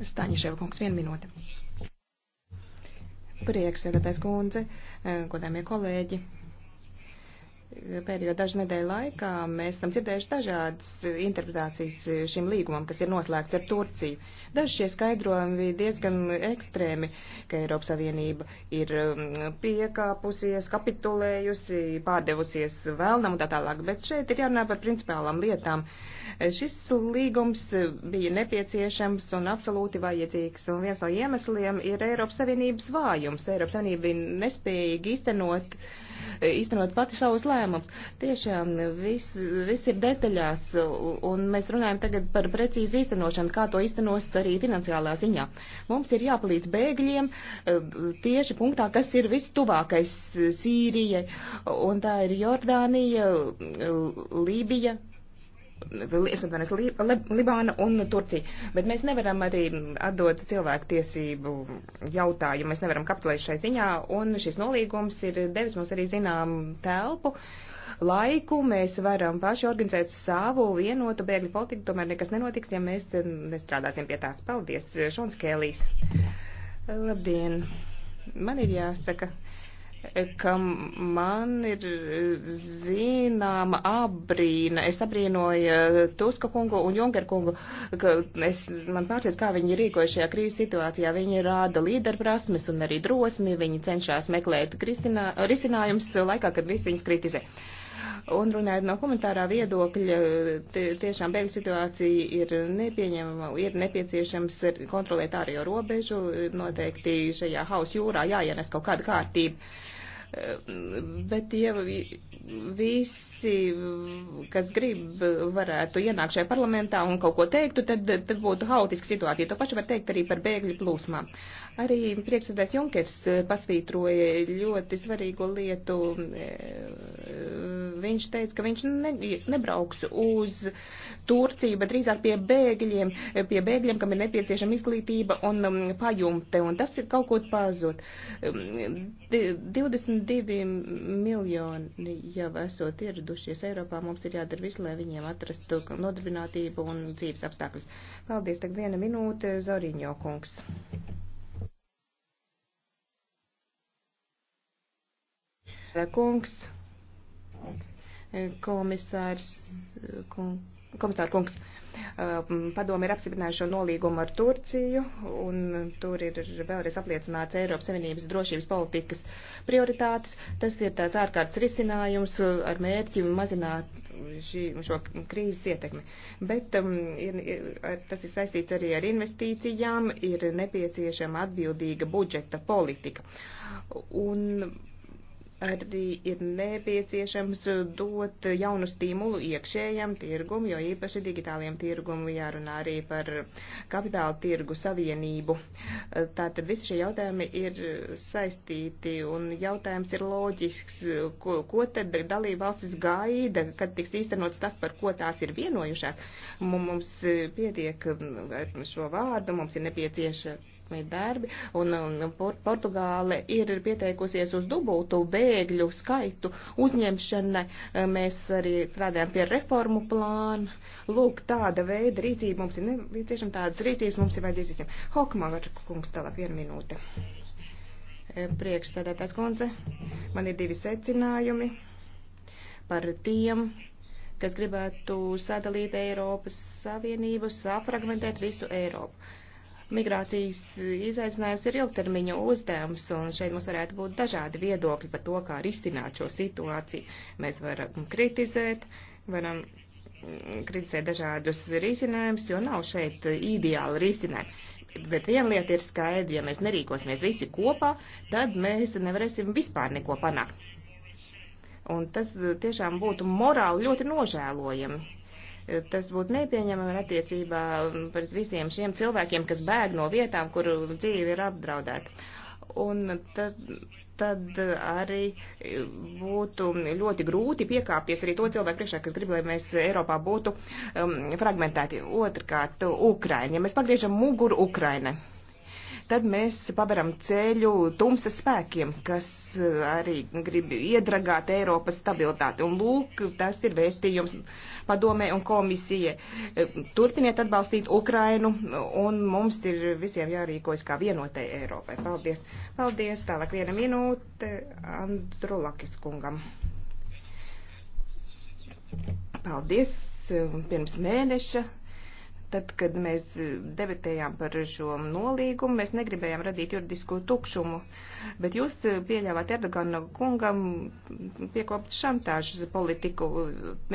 Staņišēva kungs, viena minūte. Prieks, sēdētais kundze, godāmie kolēģi. Pēdējo dažu nedēļu laikā mēs esam dzirdējuši dažādas interpretācijas šim līgumam, kas ir noslēgts ar Turciju. Daži šie skaidrojumi bija diezgan ekstrēmi, ka Eiropas Savienība ir um, piekāpusies, kapitulējusi, pārdevusies vēlnam un tā tālāk, bet šeit ir jārunā par principālām lietām. Šis līgums bija nepieciešams un absolūti vajadzīgs, un viens no iemesliem ir Eiropas Savienības vājums. Eiropas Savienība nespējīgi īstenot uh, īstenot pati savus lēmumus. Tiešām viss vis ir detaļās, un mēs runājam tagad par precīzu īstenošanu, kā to īstenos arī finansiālā ziņā. Mums ir jāpalīdz bēgļiem eh, tieši punktā, kas ir vistuvākais Sīrijai, un tā ir Jordānija, Lībija, es atvainojos, Lib Lib Libāna un Turcija. Bet mēs nevaram arī atdot cilvēktiesību jautājumu, mēs nevaram kapitulēt šai ziņā, un šis nolīgums ir devis mums arī zinām telpu. Laiku mēs varam paši organizēt savu vienotu bēgļu politiku, tomēr nekas nenotiks, ja mēs nestrādāsim pie tās. Paldies, Šons Kēlīs. Labdien! Man ir jāsaka ka man ir zināma abrīna. Es abrīnoju Tuska kungu un Junker kungu, ka es, man pārsteidz, kā viņi rīkojas šajā krīzes situācijā. Viņi rāda līderprasmes un arī drosmi, viņi cenšas meklēt krisinā, risinājums laikā, kad visi viņus kritizē. Un runājot no komentārā viedokļa, tiešām bēgļu situācija ir nepieņemama, ir nepieciešams kontrolēt ārējo robežu, noteikti šajā haus jūrā jāienes kaut kāda kārtība bet tie visi, kas grib, varētu ienākt šajā parlamentā un kaut ko teiktu, tad, tad būtu haotiska situācija. To pašu var teikt arī par bēgļu plūsmām. Uh, Arī priekšsēdēs Junkers eh, pasvītroja ļoti svarīgu lietu. Eh, viņš teica, ka viņš ne, nebrauks uz Turciju, bet drīzāk pie bēgļiem, eh, pie bēgļiem, kam ir nepieciešama izglītība un um, pajumte, un tas ir kaut ko pazud. Um, 22 miljoni jau esot ieradušies Eiropā, mums ir jādara visu, lai viņiem atrastu nodarbinātību un dzīves apstākļus. Paldies, tagad viena minūte, Zoriņo kungs. Kungs, komisārs, kung, komisāra kungs, um, padomi ir apstiprinājuši šo nolīgumu ar Turciju, un tur ir vēlreiz apliecināts Eiropas Savienības drošības politikas prioritātes. Tas ir tāds ārkārtas risinājums ar mērķi mazināt šī, šo krīzes ietekmi. Bet um, ir, ir, tas ir saistīts arī ar investīcijām, ir nepieciešama atbildīga budžeta politika. Un, arī ir nepieciešams dot jaunu stimulu iekšējam tirgum, jo īpaši digitāliem tirgum jārunā arī par kapitāla tirgu savienību. Tātad visi šie jautājumi ir saistīti un jautājums ir loģisks, ko, ko tad dalība valstis gaida, kad tiks īstenots tas, par ko tās ir vienojušās. Mums pietiek šo vārdu, mums ir nepieciešams darbi, un, un por, Portugāle ir pieteikusies uz dubultu bēgļu skaitu uzņemšanai. Mēs arī strādājam pie reformu plāna. Lūk, tāda veida rīcība mums ir nepieciešama, tādas rīcības mums ir vajadzīgas visiem. Hokmāgar kungs, tālāk viena minūte. Priekšsēdētājs kundze, man ir divi secinājumi par tiem, kas gribētu sadalīt Eiropas Savienību, safragmentēt visu Eiropu. Migrācijas izaicinājums ir ilgtermiņa uzdevums, un šeit mums varētu būt dažādi viedokļi par to, kā risināt šo situāciju. Mēs varam kritizēt, varam kritizēt dažādus risinājumus, jo nav šeit ideāla risinājuma. Bet viena lieta ir skaidra, ja mēs nerīkosimies visi kopā, tad mēs nevarēsim vispār neko panākt. Un tas tiešām būtu morāli ļoti nožēlojami Tas būtu nepieņemami attiecībā pret visiem šiem cilvēkiem, kas bēg no vietām, kur dzīve ir apdraudēta. Un tad, tad arī būtu ļoti grūti piekāpties arī to cilvēku priekšā, kas grib, lai mēs Eiropā būtu um, fragmentēti. Otrkārt, Ukraina. Ja mēs pagriežam muguru Ukrainai tad mēs paveram ceļu tumsas spēkiem, kas eh, arī grib iedragāt Eiropas stabilitāti. Un lūk, tas ir vēstījums padomē un komisija. Eh, turpiniet atbalstīt Ukrainu, un mums ir visiem jārīkojas kā vienotai Eiropai. Paldies. Paldies. Tālāk viena minūte Andrulakis kungam. Paldies. Pirms mēneša Tad, kad mēs e, debatējām par šo nolīgumu, mēs negribējām radīt juridisko tukšumu, bet jūs e, pieļāvāt Erdogana kungam piekopt šantāžas politiku.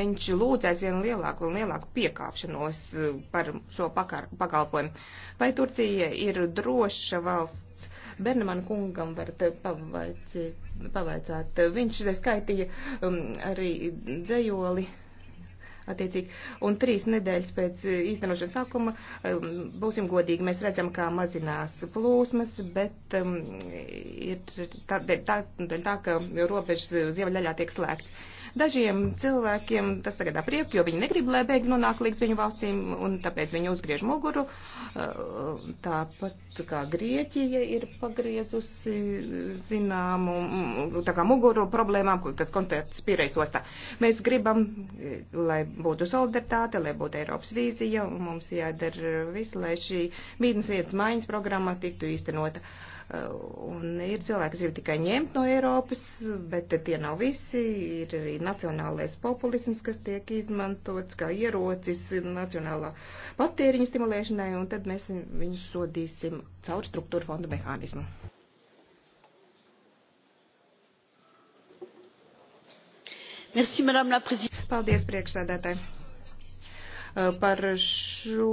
Viņš lūdzēs vienu lielāku un lielāku piekāpšanos e, par šo pakar, pakalpojumu. Vai Turcija ir droša valsts? Bernemann kungam varat pavaicāt. Viņš skaitīja um, arī dzējoli attiecīgi. Un trīs nedēļas pēc eh, īstenošanas sākuma, eh, būsim godīgi, mēs redzam, kā mazinās plūsmas, bet um, ir tā, tā, tā, tā, ka robežas ziemeļaļā tiek slēgts. Dažiem cilvēkiem tas sagādā prieku, jo viņi negrib, lai bēgļi nonāk līdz viņu valstīm, un tāpēc viņi uzgriež muguru. Uh, tāpat kā Grieķija ir pagriezusi zināmu, tā kā muguru problēmām, kas konteksts Pīreis ostā. Mēs gribam, eh, lai būtu solidaritāte, lai būtu Eiropas vīzija, un mums jādara viss, lai šī mītnes vietas maiņas programma tiktu īstenota. Uh, Un ir cilvēki, kas grib tikai ņemt no Eiropas, bet tie nav visi. Ir arī nacionālais populisms, kas tiek izmantots kā ierocis nacionālā patēriņa stimulēšanai, un tad mēs viņus sodīsim caur struktūra fonda mehānismu. Merci, Paldies, priekšsēdētāji, par šo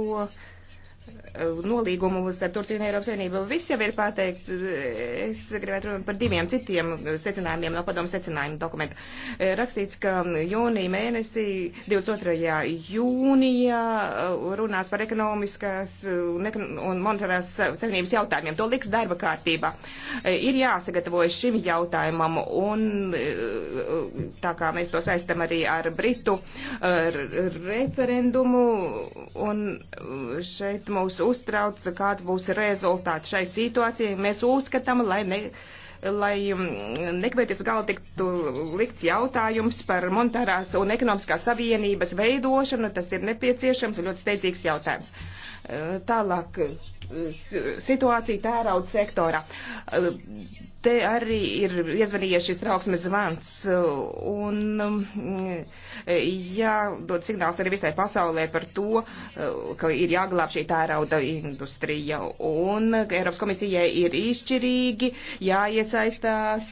nolīgumu starp Turciju un Eiropas Savienību. Viss jau ir pateikts. Es gribētu runāt par diviem citiem secinājumiem no padomu secinājumu dokumenta. Rakstīts, ka jūnija mēnesī, 22. jūnijā, runās par ekonomiskās un monetārās savienības jautājumiem. To liks darba kārtībā. Ir jāsagatavojas šim jautājumam, un tā kā mēs to saistam arī ar Britu ar referendumu, un šeit mūs uztrauc, kāds būs rezultāts šai situācijai. Mēs uzskatām, lai, ne, lai mm, nekavēties gala tiktu likts jautājums par monetārās un ekonomiskās savienības veidošanu. Tas ir nepieciešams un ļoti steidzīgs jautājums. Tālāk situāciju tērauda sektorā. Te arī ir iezvanījies šis trauksmes zvans un jādod signāls arī visai pasaulē par to, ka ir jāglāb šī tērauda industrija. Un Eiropas komisijai ir izšķirīgi jāiesaistās,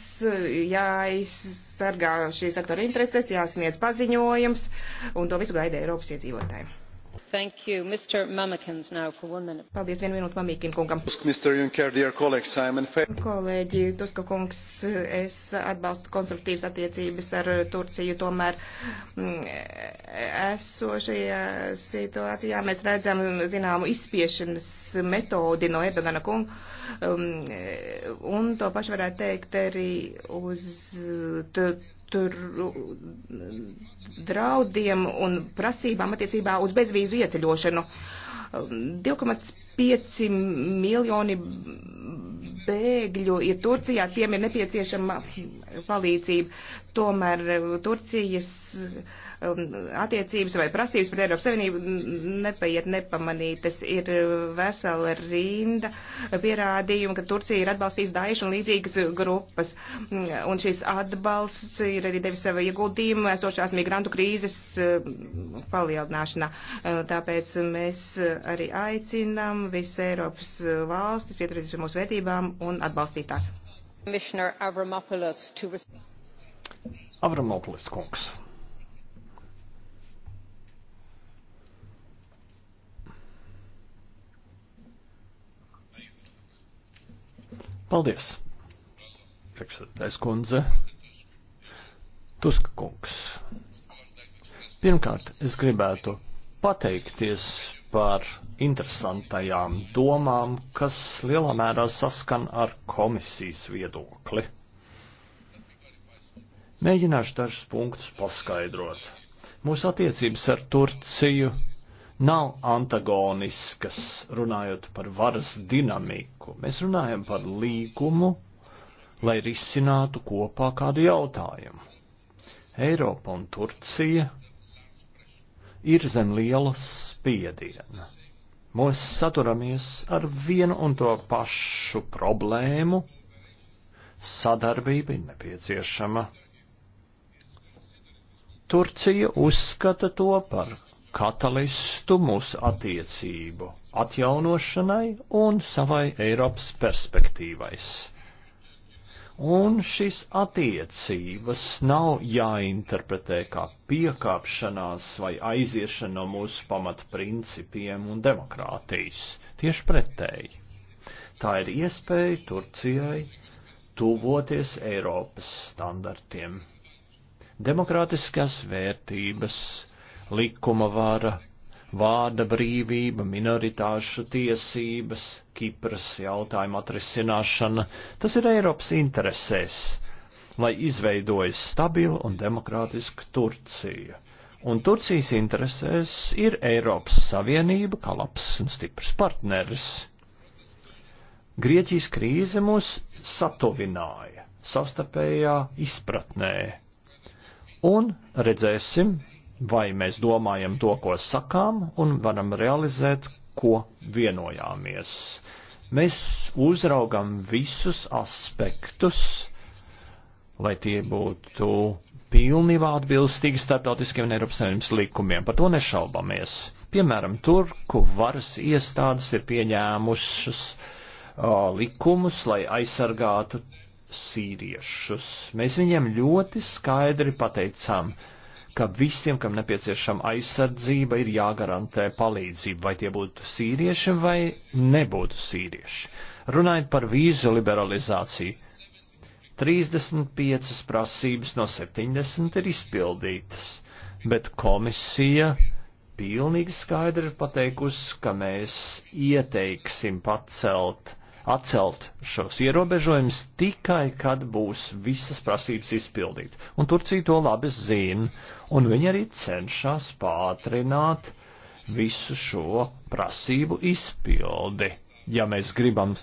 jāizstargā šī sektora intereses, jāsniedz paziņojums un to visu gaida Eiropas iedzīvotājiem. Paldies, vienu minūtu Mamīkin kungam. Kolēģi Tuska kungs, es atbalstu konstruktīvas attiecības ar Turciju, tomēr mm, esošajā situācijā mēs redzam zināmu izspiešanas metodi no Erdogana kunga, mm, un to pašu varētu teikt arī uz tur draudiem un prasībām attiecībā uz bezvīzu ieceļošanu. 2,5 miljoni bēgļu ir Turcijā, tiem ir nepieciešama palīdzība. Tomēr Turcijas uh, Um, attiecības vai prasības pret Eiropas Savienību nepaiet nepamanītas. Ir uh, vesela rinda pierādījumu, ka Turcija ir atbalstījusi Daešu un līdzīgas grupas. Mm, un šis atbalsts ir arī devis savu ieguldījumu esošās migrantu krīzes uh, palielināšanā. Uh, tāpēc mēs arī aicinām visas Eiropas valstis pieturēties pie mūsu vērtībām un atbalstīt tās. Avramopoulos kungs. Paldies, priekšsēdētājs kundze. Tuska kungs. Pirmkārt, es gribētu pateikties par interesantajām domām, kas lielā mērā saskan ar komisijas viedokli. Mēģināšu dažus punktus paskaidrot. Mūsu attiecības ar Turciju nav antagoniskas, runājot par varas dinamiku. Mēs runājam par līgumu, lai risinātu kopā kādu jautājumu. Eiropa un Turcija ir zem liela spiediena. Mēs saturamies ar vienu un to pašu problēmu. Sadarbība ir nepieciešama. Turcija uzskata to par katalistu mūsu attiecību atjaunošanai un savai Eiropas perspektīvais. Un šis attiecības nav jāinterpretē kā piekāpšanās vai aiziešana no mūsu pamatprincipiem un demokrātijas. Tieši pretēji. Tā ir iespēja Turcijai tuvoties Eiropas standartiem. Demokrātiskās vērtības likuma vara, vārda brīvība, minoritāšu tiesības, Kipras jautājuma atrisināšana. Tas ir Eiropas interesēs, lai izveidojas stabila un demokrātiska Turcija. Un Turcijas interesēs ir Eiropas Savienība kā labs un stiprs partneris. Grieķijas krīze mūs satuvināja savstarpējā izpratnē. Un redzēsim, vai mēs domājam to, ko sakām, un varam realizēt, ko vienojāmies. Mēs uzraugam visus aspektus, lai tie būtu pilnībā atbilstīgi starptautiskiem un Eiropas Savienības likumiem. Par to nešaubamies. Piemēram, Turku varas iestādes ir pieņēmušas uh, likumus, lai aizsargātu sīriešus. Mēs viņiem ļoti skaidri pateicām, uh, ka visiem, kam nepieciešama aizsardzība, ir jāgarantē palīdzība, vai tie būtu sīrieši vai nebūtu sīrieši. Runājot par vīzu liberalizāciju, 35 prasības no 70 ir izpildītas, bet komisija pilnīgi skaidri ir pateikusi, ka mēs ieteiksim pacelt atcelt šos ierobežojumus tikai, kad būs visas prasības izpildīt. Un Turcija to labi zina, un viņi arī cenšas pātrināt visu šo prasību izpildi, ja mēs gribam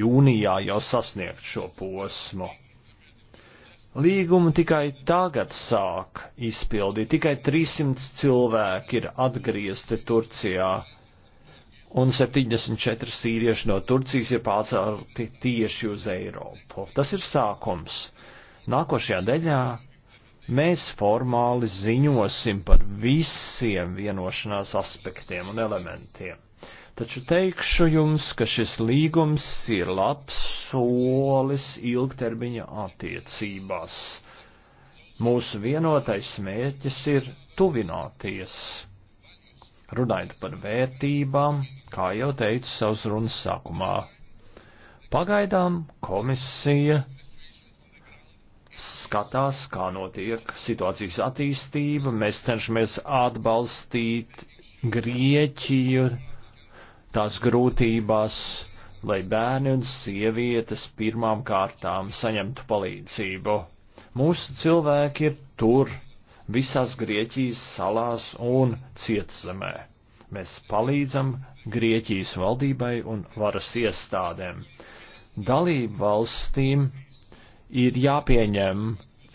jūnijā jau sasniegt šo posmu. Līgumu tikai tagad sāk izpildīt, tikai 300 cilvēki ir atgriezti Turcijā un 74 sīrieši no Turcijas ir pārcelti tieši uz Eiropu. Tas ir sākums. Nākošajā daļā mēs formāli ziņosim par visiem vienošanās aspektiem un elementiem. Taču teikšu jums, ka šis līgums ir labs solis ilgtermiņa attiecībās. Mūsu vienotais mērķis ir tuvināties Runājot par vērtībām, kā jau teicu savas runas sākumā, pagaidām komisija skatās, kā notiek situācijas attīstība, mēs cenšamies atbalstīt Grieķiju tās grūtībās, lai bērni un sievietes pirmām kārtām saņemtu palīdzību. Mūsu cilvēki ir tur, visās Grieķijas salās un cietzemē. Mēs palīdzam Grieķijas valdībai un varas iestādēm. Dalību valstīm ir jāpieņem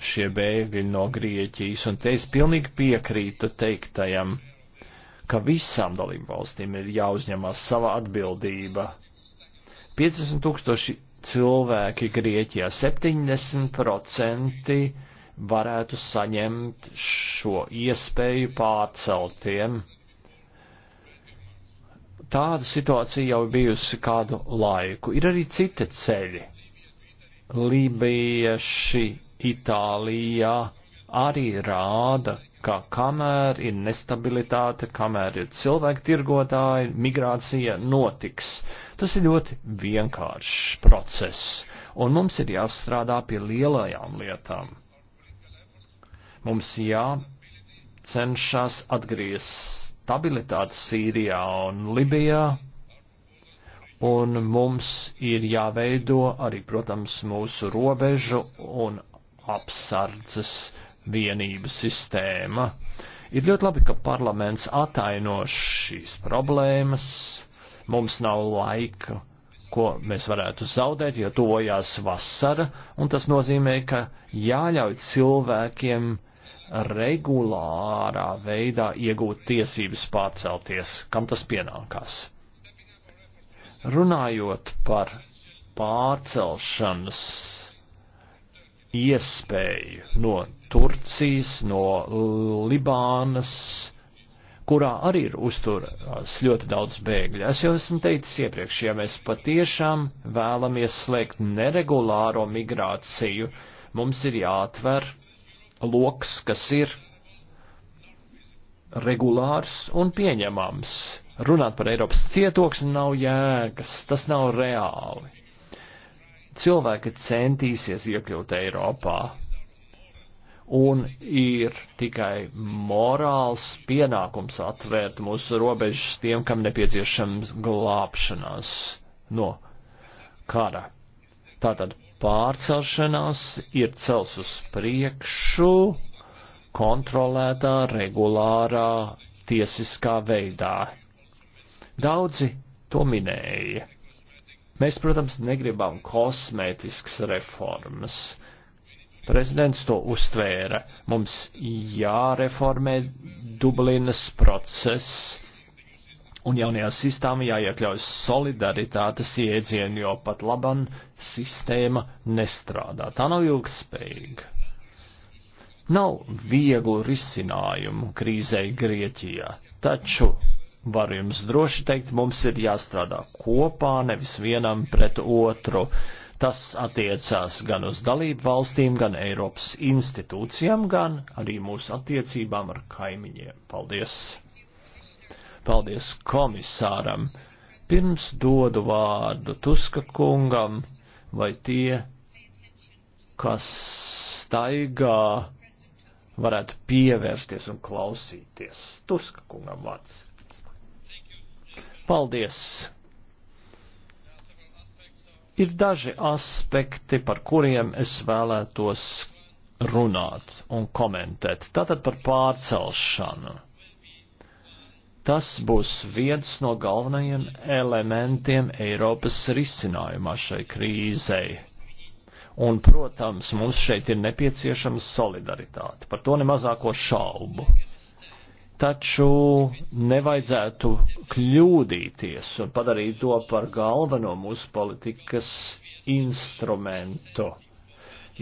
šie bēgļi no Grieķijas, un te es pilnīgi piekrītu teiktajam, ka visām dalību valstīm ir jāuzņemās sava atbildība. 50 tūkstoši cilvēki Grieķijā, 70% varētu saņemt šo iespēju pārceltiem. Tāda situācija jau bijusi kādu laiku. Ir arī citi ceļi. Lībieši Itālijā arī rāda, ka kamēr ir nestabilitāte, kamēr ir cilvēku tirgotāji, migrācija notiks. Tas ir ļoti vienkāršs process, un mums ir jāstrādā pie lielajām lietām. Mums jācenšas atgriezt stabilitāti Sīrijā un Libijā, un mums ir jāveido arī, protams, mūsu robežu un apsardzes vienību sistēma. Ir ļoti labi, ka parlaments ataino šīs problēmas. Mums nav laika, ko mēs varētu zaudēt, jo tojās vasara, un tas nozīmē, ka jāļauj cilvēkiem regulārā veidā iegūt tiesības pārcelties, kam tas pienākās. Runājot par pārcelšanas iespēju no Turcijas, no Libānas, kurā arī ir uzturās ļoti daudz bēgļu. Es jau esmu teicis iepriekš, ja mēs patiešām vēlamies slēgt neregulāro migrāciju, mums ir jāatver loks, kas ir regulārs un pieņemams. Runāt par Eiropas cietoksni nav jēgas, tas nav reāli. Cilvēki centīsies iekļūt Eiropā, un ir tikai morāls pienākums atvērt mūsu robežas tiem, kam nepieciešams glābšanās no kara. Tātad pārcelšanās ir cels uz priekšu kontrolētā, regulārā, tiesiskā veidā. Daudzi to minēja. Mēs, protams, negribam kosmētiskas reformas. Prezidents to uztvēra. Mums jāreformē Dublinas process, Un jaunajā sistēmā jāiekļauj solidaritātes iedzienu, jo pat laban sistēma nestrādā. Tā nav ilgspējīga. Nav vieglu risinājumu krīzei Grieķijā, taču var jums droši teikt, mums ir jāstrādā kopā, nevis vienam pret otru. Tas attiecās gan uz dalību valstīm, gan Eiropas institūcijām, gan arī mūsu attiecībām ar kaimiņiem. Paldies! Paldies komisāram. Pirms dodu vārdu Tuska kungam vai tie, kas staigā, varētu pievērsties un klausīties. Tuska kungam vārds. Paldies! Ir daži aspekti, par kuriem es vēlētos runāt un komentēt. Tātad par pārcelšanu. Tas būs viens no galvenajiem elementiem Eiropas risinājumā šai krīzei. Un, protams, mums šeit ir nepieciešama solidaritāte. Par to nemazāko šaubu. Taču nevajadzētu kļūdīties un padarīt to par galveno mūsu politikas instrumentu,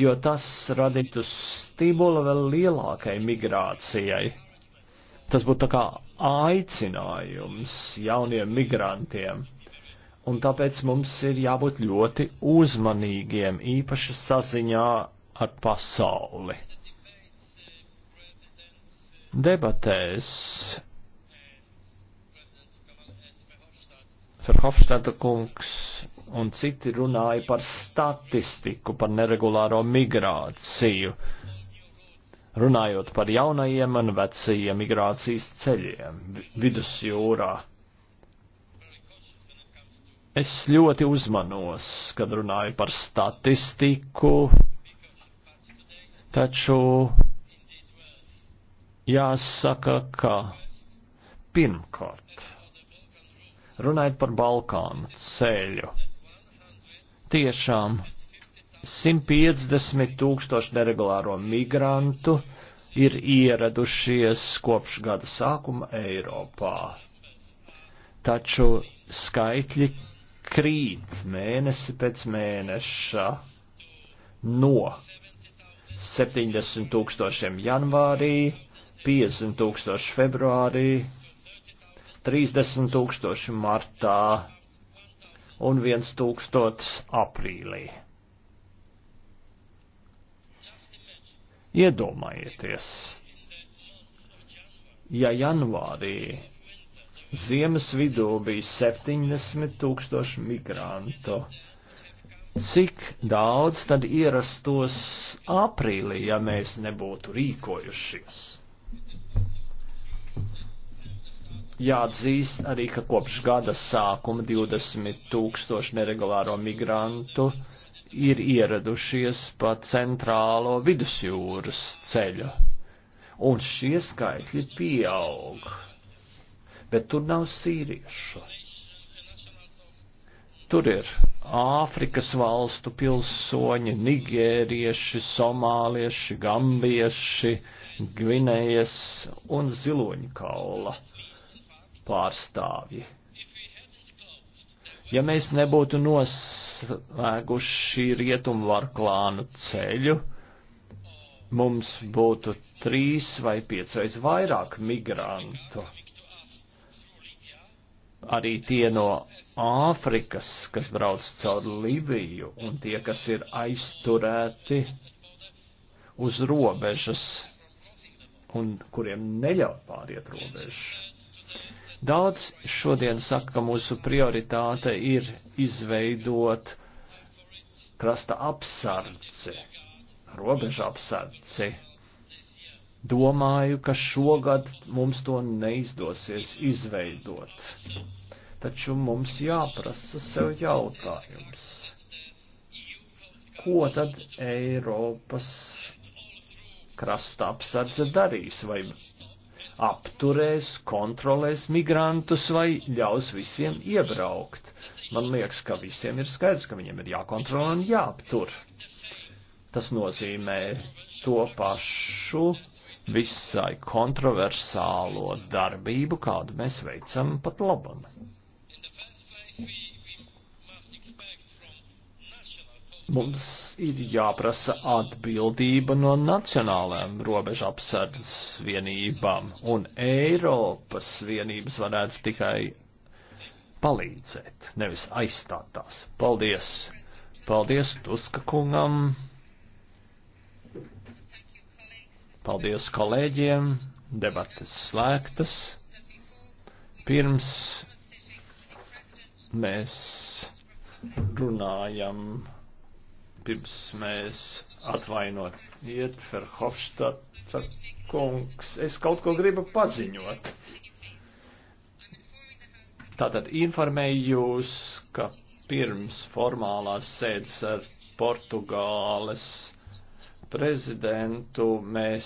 jo tas radītu stimulu vēl lielākai migrācijai Tas būtu tā kā aicinājums jauniem migrantiem. Un tāpēc mums ir jābūt ļoti uzmanīgiem, īpaši saziņā ar pasauli. Debatēs Ferhofstadta kungs un citi runāja par statistiku, par neregulāro migrāciju. Uh, runājot par jaunajiem un vecajiem migrācijas ceļiem vidusjūrā. Es ļoti uzmanos, kad runāju par statistiku, taču jāsaka, ka pirmkārt, runājot par Balkānu ceļu, tiešām 150 tūkstoši neregulāro migrantu ir ieradušies kopš gada sākuma Eiropā. Taču skaitļi krīt mēnesi pēc mēneša no 70 tūkstošiem janvārī, 50 tūkstoši februārī, 30 tūkstoši martā un 1 tūkstots aprīlī. Iedomājieties, ja janvārī ziemas vidū bija 70 tūkstoši migrantu, cik daudz tad ierastos aprīlī, ja mēs nebūtu rīkojušies? Jāatzīst arī, ka kopš gada sākuma 20 tūkstoši neregulāro migrantu ir ieradušies pa centrālo vidusjūras ceļu. Un šie skaitļi pieaug. Bet tur nav sīriešu. Tur ir Āfrikas valstu pilsoņi, nigērieši, somālieši, gambieši, Gvinējas un Ziloņkaula pārstāvji. Ja mēs nebūtu noslēguši rietumu varklānu ceļu, mums būtu trīs vai piecreiz vairāk migrantu. Arī tie no Āfrikas, kas brauc caur Libiju, un tie, kas ir aizturēti uz robežas, un kuriem neļauj pāriet robežu. Daudz šodien saka, ka mūsu prioritāte ir izveidot krasta apsardzi, robeža apsardzi. Domāju, ka šogad mums to neizdosies izveidot. Taču mums jāprasa sev jautājums. Ko tad Eiropas krasta apsardze darīs? Vai apturēs, kontrolēs migrantus vai ļaus visiem iebraukt. Man liekas, ka visiem ir skaidrs, ka viņiem ir jākontrolē un jāaptur. Tas nozīmē to pašu visai kontroversālo darbību, kādu mēs veicam pat labam. Mums ir jāprasa atbildība no nacionālām robežu apsardzes vienībām, un Eiropas vienības varētu tikai palīdzēt, nevis aizstāt tās. Paldies! Paldies Tuska kungam! Paldies kolēģiem! Debates slēgtas. Pirms mēs runājam pirms mēs atvainot iet Ferhofštata kungs. Es kaut ko gribu paziņot. Tātad informēju jūs, ka pirms formālās sēdes ar Portugāles prezidentu mēs